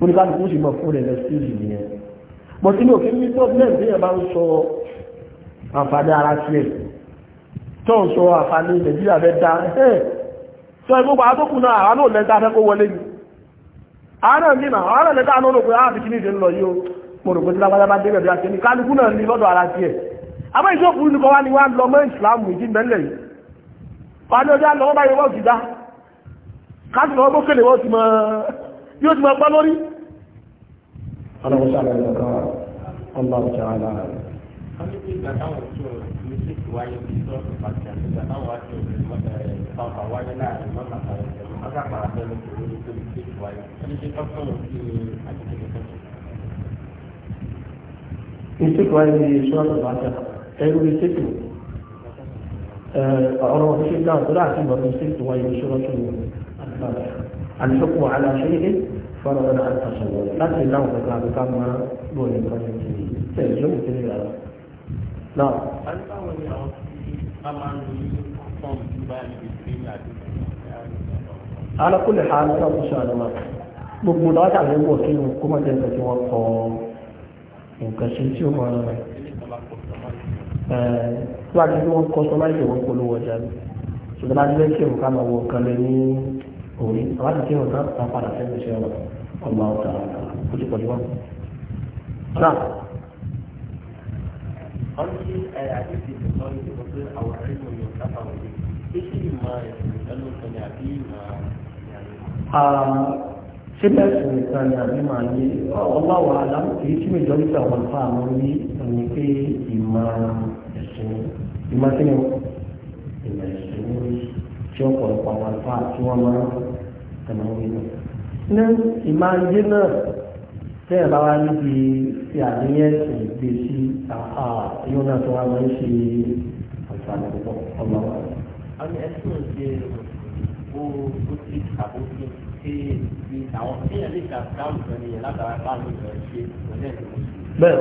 oníkàtí kó sì mọ̀ fún rẹ̀ lẹ́sìtìrì nìyẹn bọ̀ sínú òfin ní problem tí yẹn bá ń sọ àǹfààní ara sílẹ̀ tó ń sọ àǹfààní nàìjíríà fẹ́ dá ẹ̀ sọ ìgbógbà àtòkù náà àwọn náà lẹ́ta fẹ́ kó wọlé ni àárẹ̀ ní nà àárẹ̀ lẹ́ta náà rò pé á fi kíní ìdè ń lọ yìí o mo rò pé tí lágbájá bá dé bẹ̀rẹ̀ àti ní kálukú náà ní lọ́dọ̀ ara sí ẹ̀ àmọ́ ìṣòkùnrin nìkan wá ní wá ń lọ mọ́ ìsìlámù ìdí mẹ́lẹ̀ yìí wà ní ọjọ́ àlọ́wọ́ báyìí wọ́n ti dá káàkiri ọgbọ́kẹ́lẹ̀ wọ́n ti mọ́ yóò ti máa gbá lórí aláwọ̀sára ìlọ́kà ọlọ́ọ̀tà aláàrẹ Ìsìnkú wáyé ní ìṣọ́nà bàtà, ẹrù ìsìnkú ọ̀rọ̀ ìṣẹ́gbà tó láti mọ̀ ìsìnkú wáyé ní ìṣọ́nà tó lè bàtà. الحكم على شيء فرضا عن تصور لكن لو كان كما دون القسم تلزم تلزم لا على كل حال لا تسأل ما gbogbo dáwà tàbí ń bọ̀ kí n kó máa tẹ̀lé tí wọ́n kọ nǹkan sí tí ó máa rẹ̀ tí wọ́n kọ́ sọ́máìsì wọn polówó ọjà ṣùgbọ́n láti lẹ́kẹ̀ẹ́ nǹkan máa wọ kan lẹ́ ní òní àwọn àti ìṣẹ́wọ̀n náà ta padà sẹ́nu iṣẹ́ wọn ọgbà ọ̀tà ojú pọ̀jù wọn. náà. wọ́n ní àdéhùn ìsọ̀rọ̀ ìdìbò pé àwọn àrẹ́lú yóò dábàá wọlé kí sì máa ẹ̀sìn ìdánilóṣọ́ ni àbí ìmọ̀ síbẹ̀ ẹ̀sìn nìkan ni àbí máa yé ọláwà aláwọ̀ kìí sí mi jọ́rí sí àwọn fáàmù ní ẹni pé ìmọ̀ ẹ̀sìn ìmọ̀ sí ni tí ọ̀pọ̀lọpọ̀ àwọn àlùfà tí wọ́n máa tẹ̀lé wọn nínú. ní ìmáyé náà tẹ́ ẹ̀ bá wá níbi ti àníyàn ẹ̀sìn gbé sí yóò náà tó wá máa ń ṣe àǹfààní púpọ̀ ọmọ wa. àwọn ẹ̀sìn ṣe o o ti àbójú ṣe ti àwọn èèyàn lè gbà káàmù kan nìyẹn látara báàmù kan ṣe ọ̀dẹ́ ìṣòwò. bẹ́ẹ̀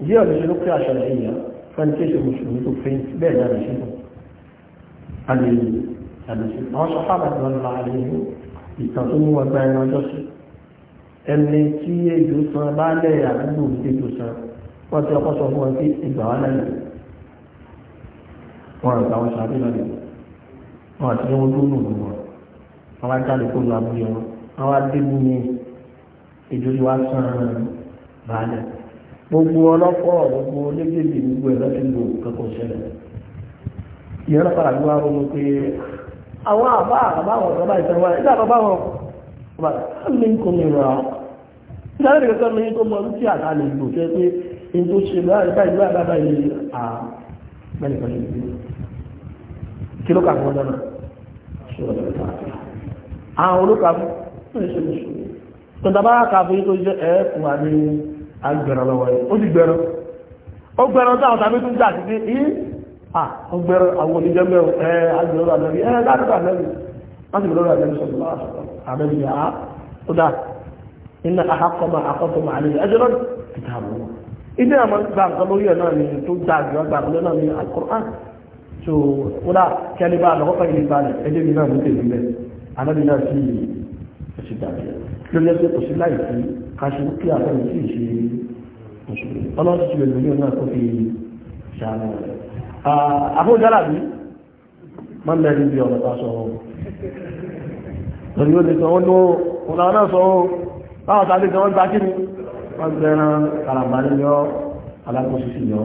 ìdí ọ̀dọ́ ṣe ló pé àṣà ìṣèyàn fẹ́ni tí èsì mùsùlùmí tó fẹ́ bẹ́ẹ̀ náà lè ṣe fún un alèyé àdùsí àwọn sọ́fàbà tó ń lọ àlèyé ìtàn tó mú wọn gba ẹran ọjọ́ sí ẹni tí ejò san bá lẹ̀ àdúgbò ejò san wọ́n ti ọkọ̀ sọ fún wọn pé ìgbà wà lẹ́yìn wọn àgbà wọn sàbí lọ́dẹ̀ wọn àti wọn dúró nù wọn wọn wá jáde kó lọ abúlé wọn wọn wá dé bú mi ejò tí wàá san bá lẹ̀ gbogbo ọlọ́pọ̀ gbogbo onígbèbè gbogbo ẹ̀ lọ́sìn lò kẹ́kọ̀ọ́ ṣẹlẹ̀ ìyẹn lọ́pàá àgbà wọn ronú pé àwọn àbá àbáwọn ọ̀dọ́bá ìtẹ́wọ́ ẹ̀ ìdá àbábá wọn ọba mi kò mi rà ọ́ ìdá lè kẹ́kẹ́ mi tó mọ lùtí àtà lè lò fẹ́ pé n tó ṣe lọ́wọ́ àdìbá ìlú àbábá yìí à mẹ́rin kan lè gbé kí ló kà fún ọjọ́ náà ṣé ọjọ́ ìta àwọn olóka fún ẹ̀ṣẹ̀ mùsùlùmí tọ́ntàbá kà fún yìí tó jẹ́ ẹ̀ẹ́kùn àmì agbẹ̀rẹ̀ lọ́wọ́ yìí ó ti gbẹ̀rẹ̀ ó gbẹ̀rẹ̀ táwọn tàbí tún dà sí pé ọgbẹ́rẹ́ àwọn oníjẹ́mẹ́ ẹ̀ agbẹ̀rọ̀ àlẹ́bí ẹ̀ dáadáa àlẹ́bí láti bẹ̀rẹ̀ àlẹ́bí ni a ó dá iná ilé ni tó dá àjọ àgbà àkọ́lẹ́ náà ni Al-Qur'an tó ó dá kẹ́lí bá àlọ́ kọ́kọ́ yìí balẹ̀ ẹjẹ́ mi náà mú tèmi bẹ́ àlẹ́bí náà sì ṣe dàbí lórí ẹgbẹ́ kò sí láì fi káṣí kí àtẹ̀yìn sì ṣe mùsùlùmí ọlọ́run ti ṣe lè lóyún náà tó fi ṣàánú àbójára ah, bí eh? má mẹ́rin bí ọ̀rọ̀ ta sọ̀rọ̀ lórí ó lè sọ wọ́n ló ọ̀nà náà sọ báwọn tàbí gan wọ́n gba ni wọ́n gbẹ̀rán kàràmbà ní yọ alákòóṣìṣì yọ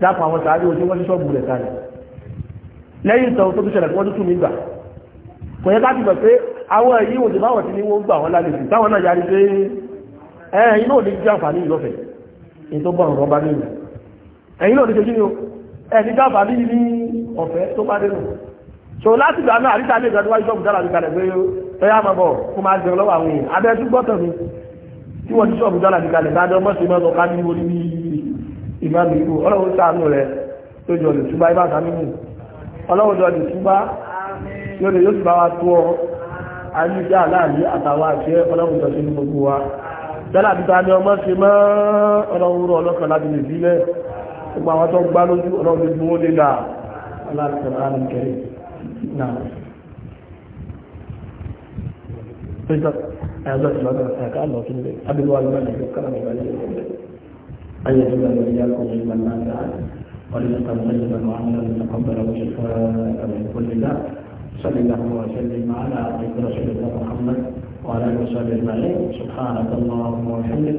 dápọ̀ àwọn tàbí ojú wọ́n sí ṣọ́ọ̀bù rẹ̀ kalẹ̀ lẹ́yìn ìtàn tó tó ṣẹlẹ̀ wọ́n tó tún mi gbà kò yẹ káàkiri pé àwọn èyí wò ti báwọn ti ní wọ́n gbà wọ́n lálejò táwọn náà yarí pé ẹ̀yìn náà ni ẹni tó àbábí ní ọ̀fẹ́ tó bá dé so láti ìgbà náà àríkà lè gbàdúrà ìṣọ́bù dára àríkà lẹ̀ gbéyó ẹyà máa bọ̀ kó máa jẹun lọ́wọ́ àwọn èèyàn abẹ́ tún gbọ́tọ̀ mi tí wọ́n ti ṣọ́bù dára àríkà lẹ̀ dáadọ́ mọ́sí mọ́sọ ká ní orí ìmá mi kú ọlọ́run ṣàánú rẹ̀ tó jọ lè túbá ibà ọ aláàlú àtàwọn àṣẹ jọ gbogbo àwọn tó gbá lójú ọlọ́run lójú wọn lè dà aláàtẹ̀lá ní kẹrì náà pẹ́sà ẹ̀yàzọ́ ìlọ́dọ̀ ẹ̀ká lọ sí ilé abẹ́lúwà lọ́wọ́ ẹ̀yọ́ kára lọ́wọ́ ẹ̀yọ́ ayé tó gbà lórí yàtọ̀ ní ìgbà náà dáa ولنا تنزل وعملا تقبل وشفاء وسلم على رسول الله محمد وعلى اله وصحبه اجمعين سبحانك اللهم وبحمدك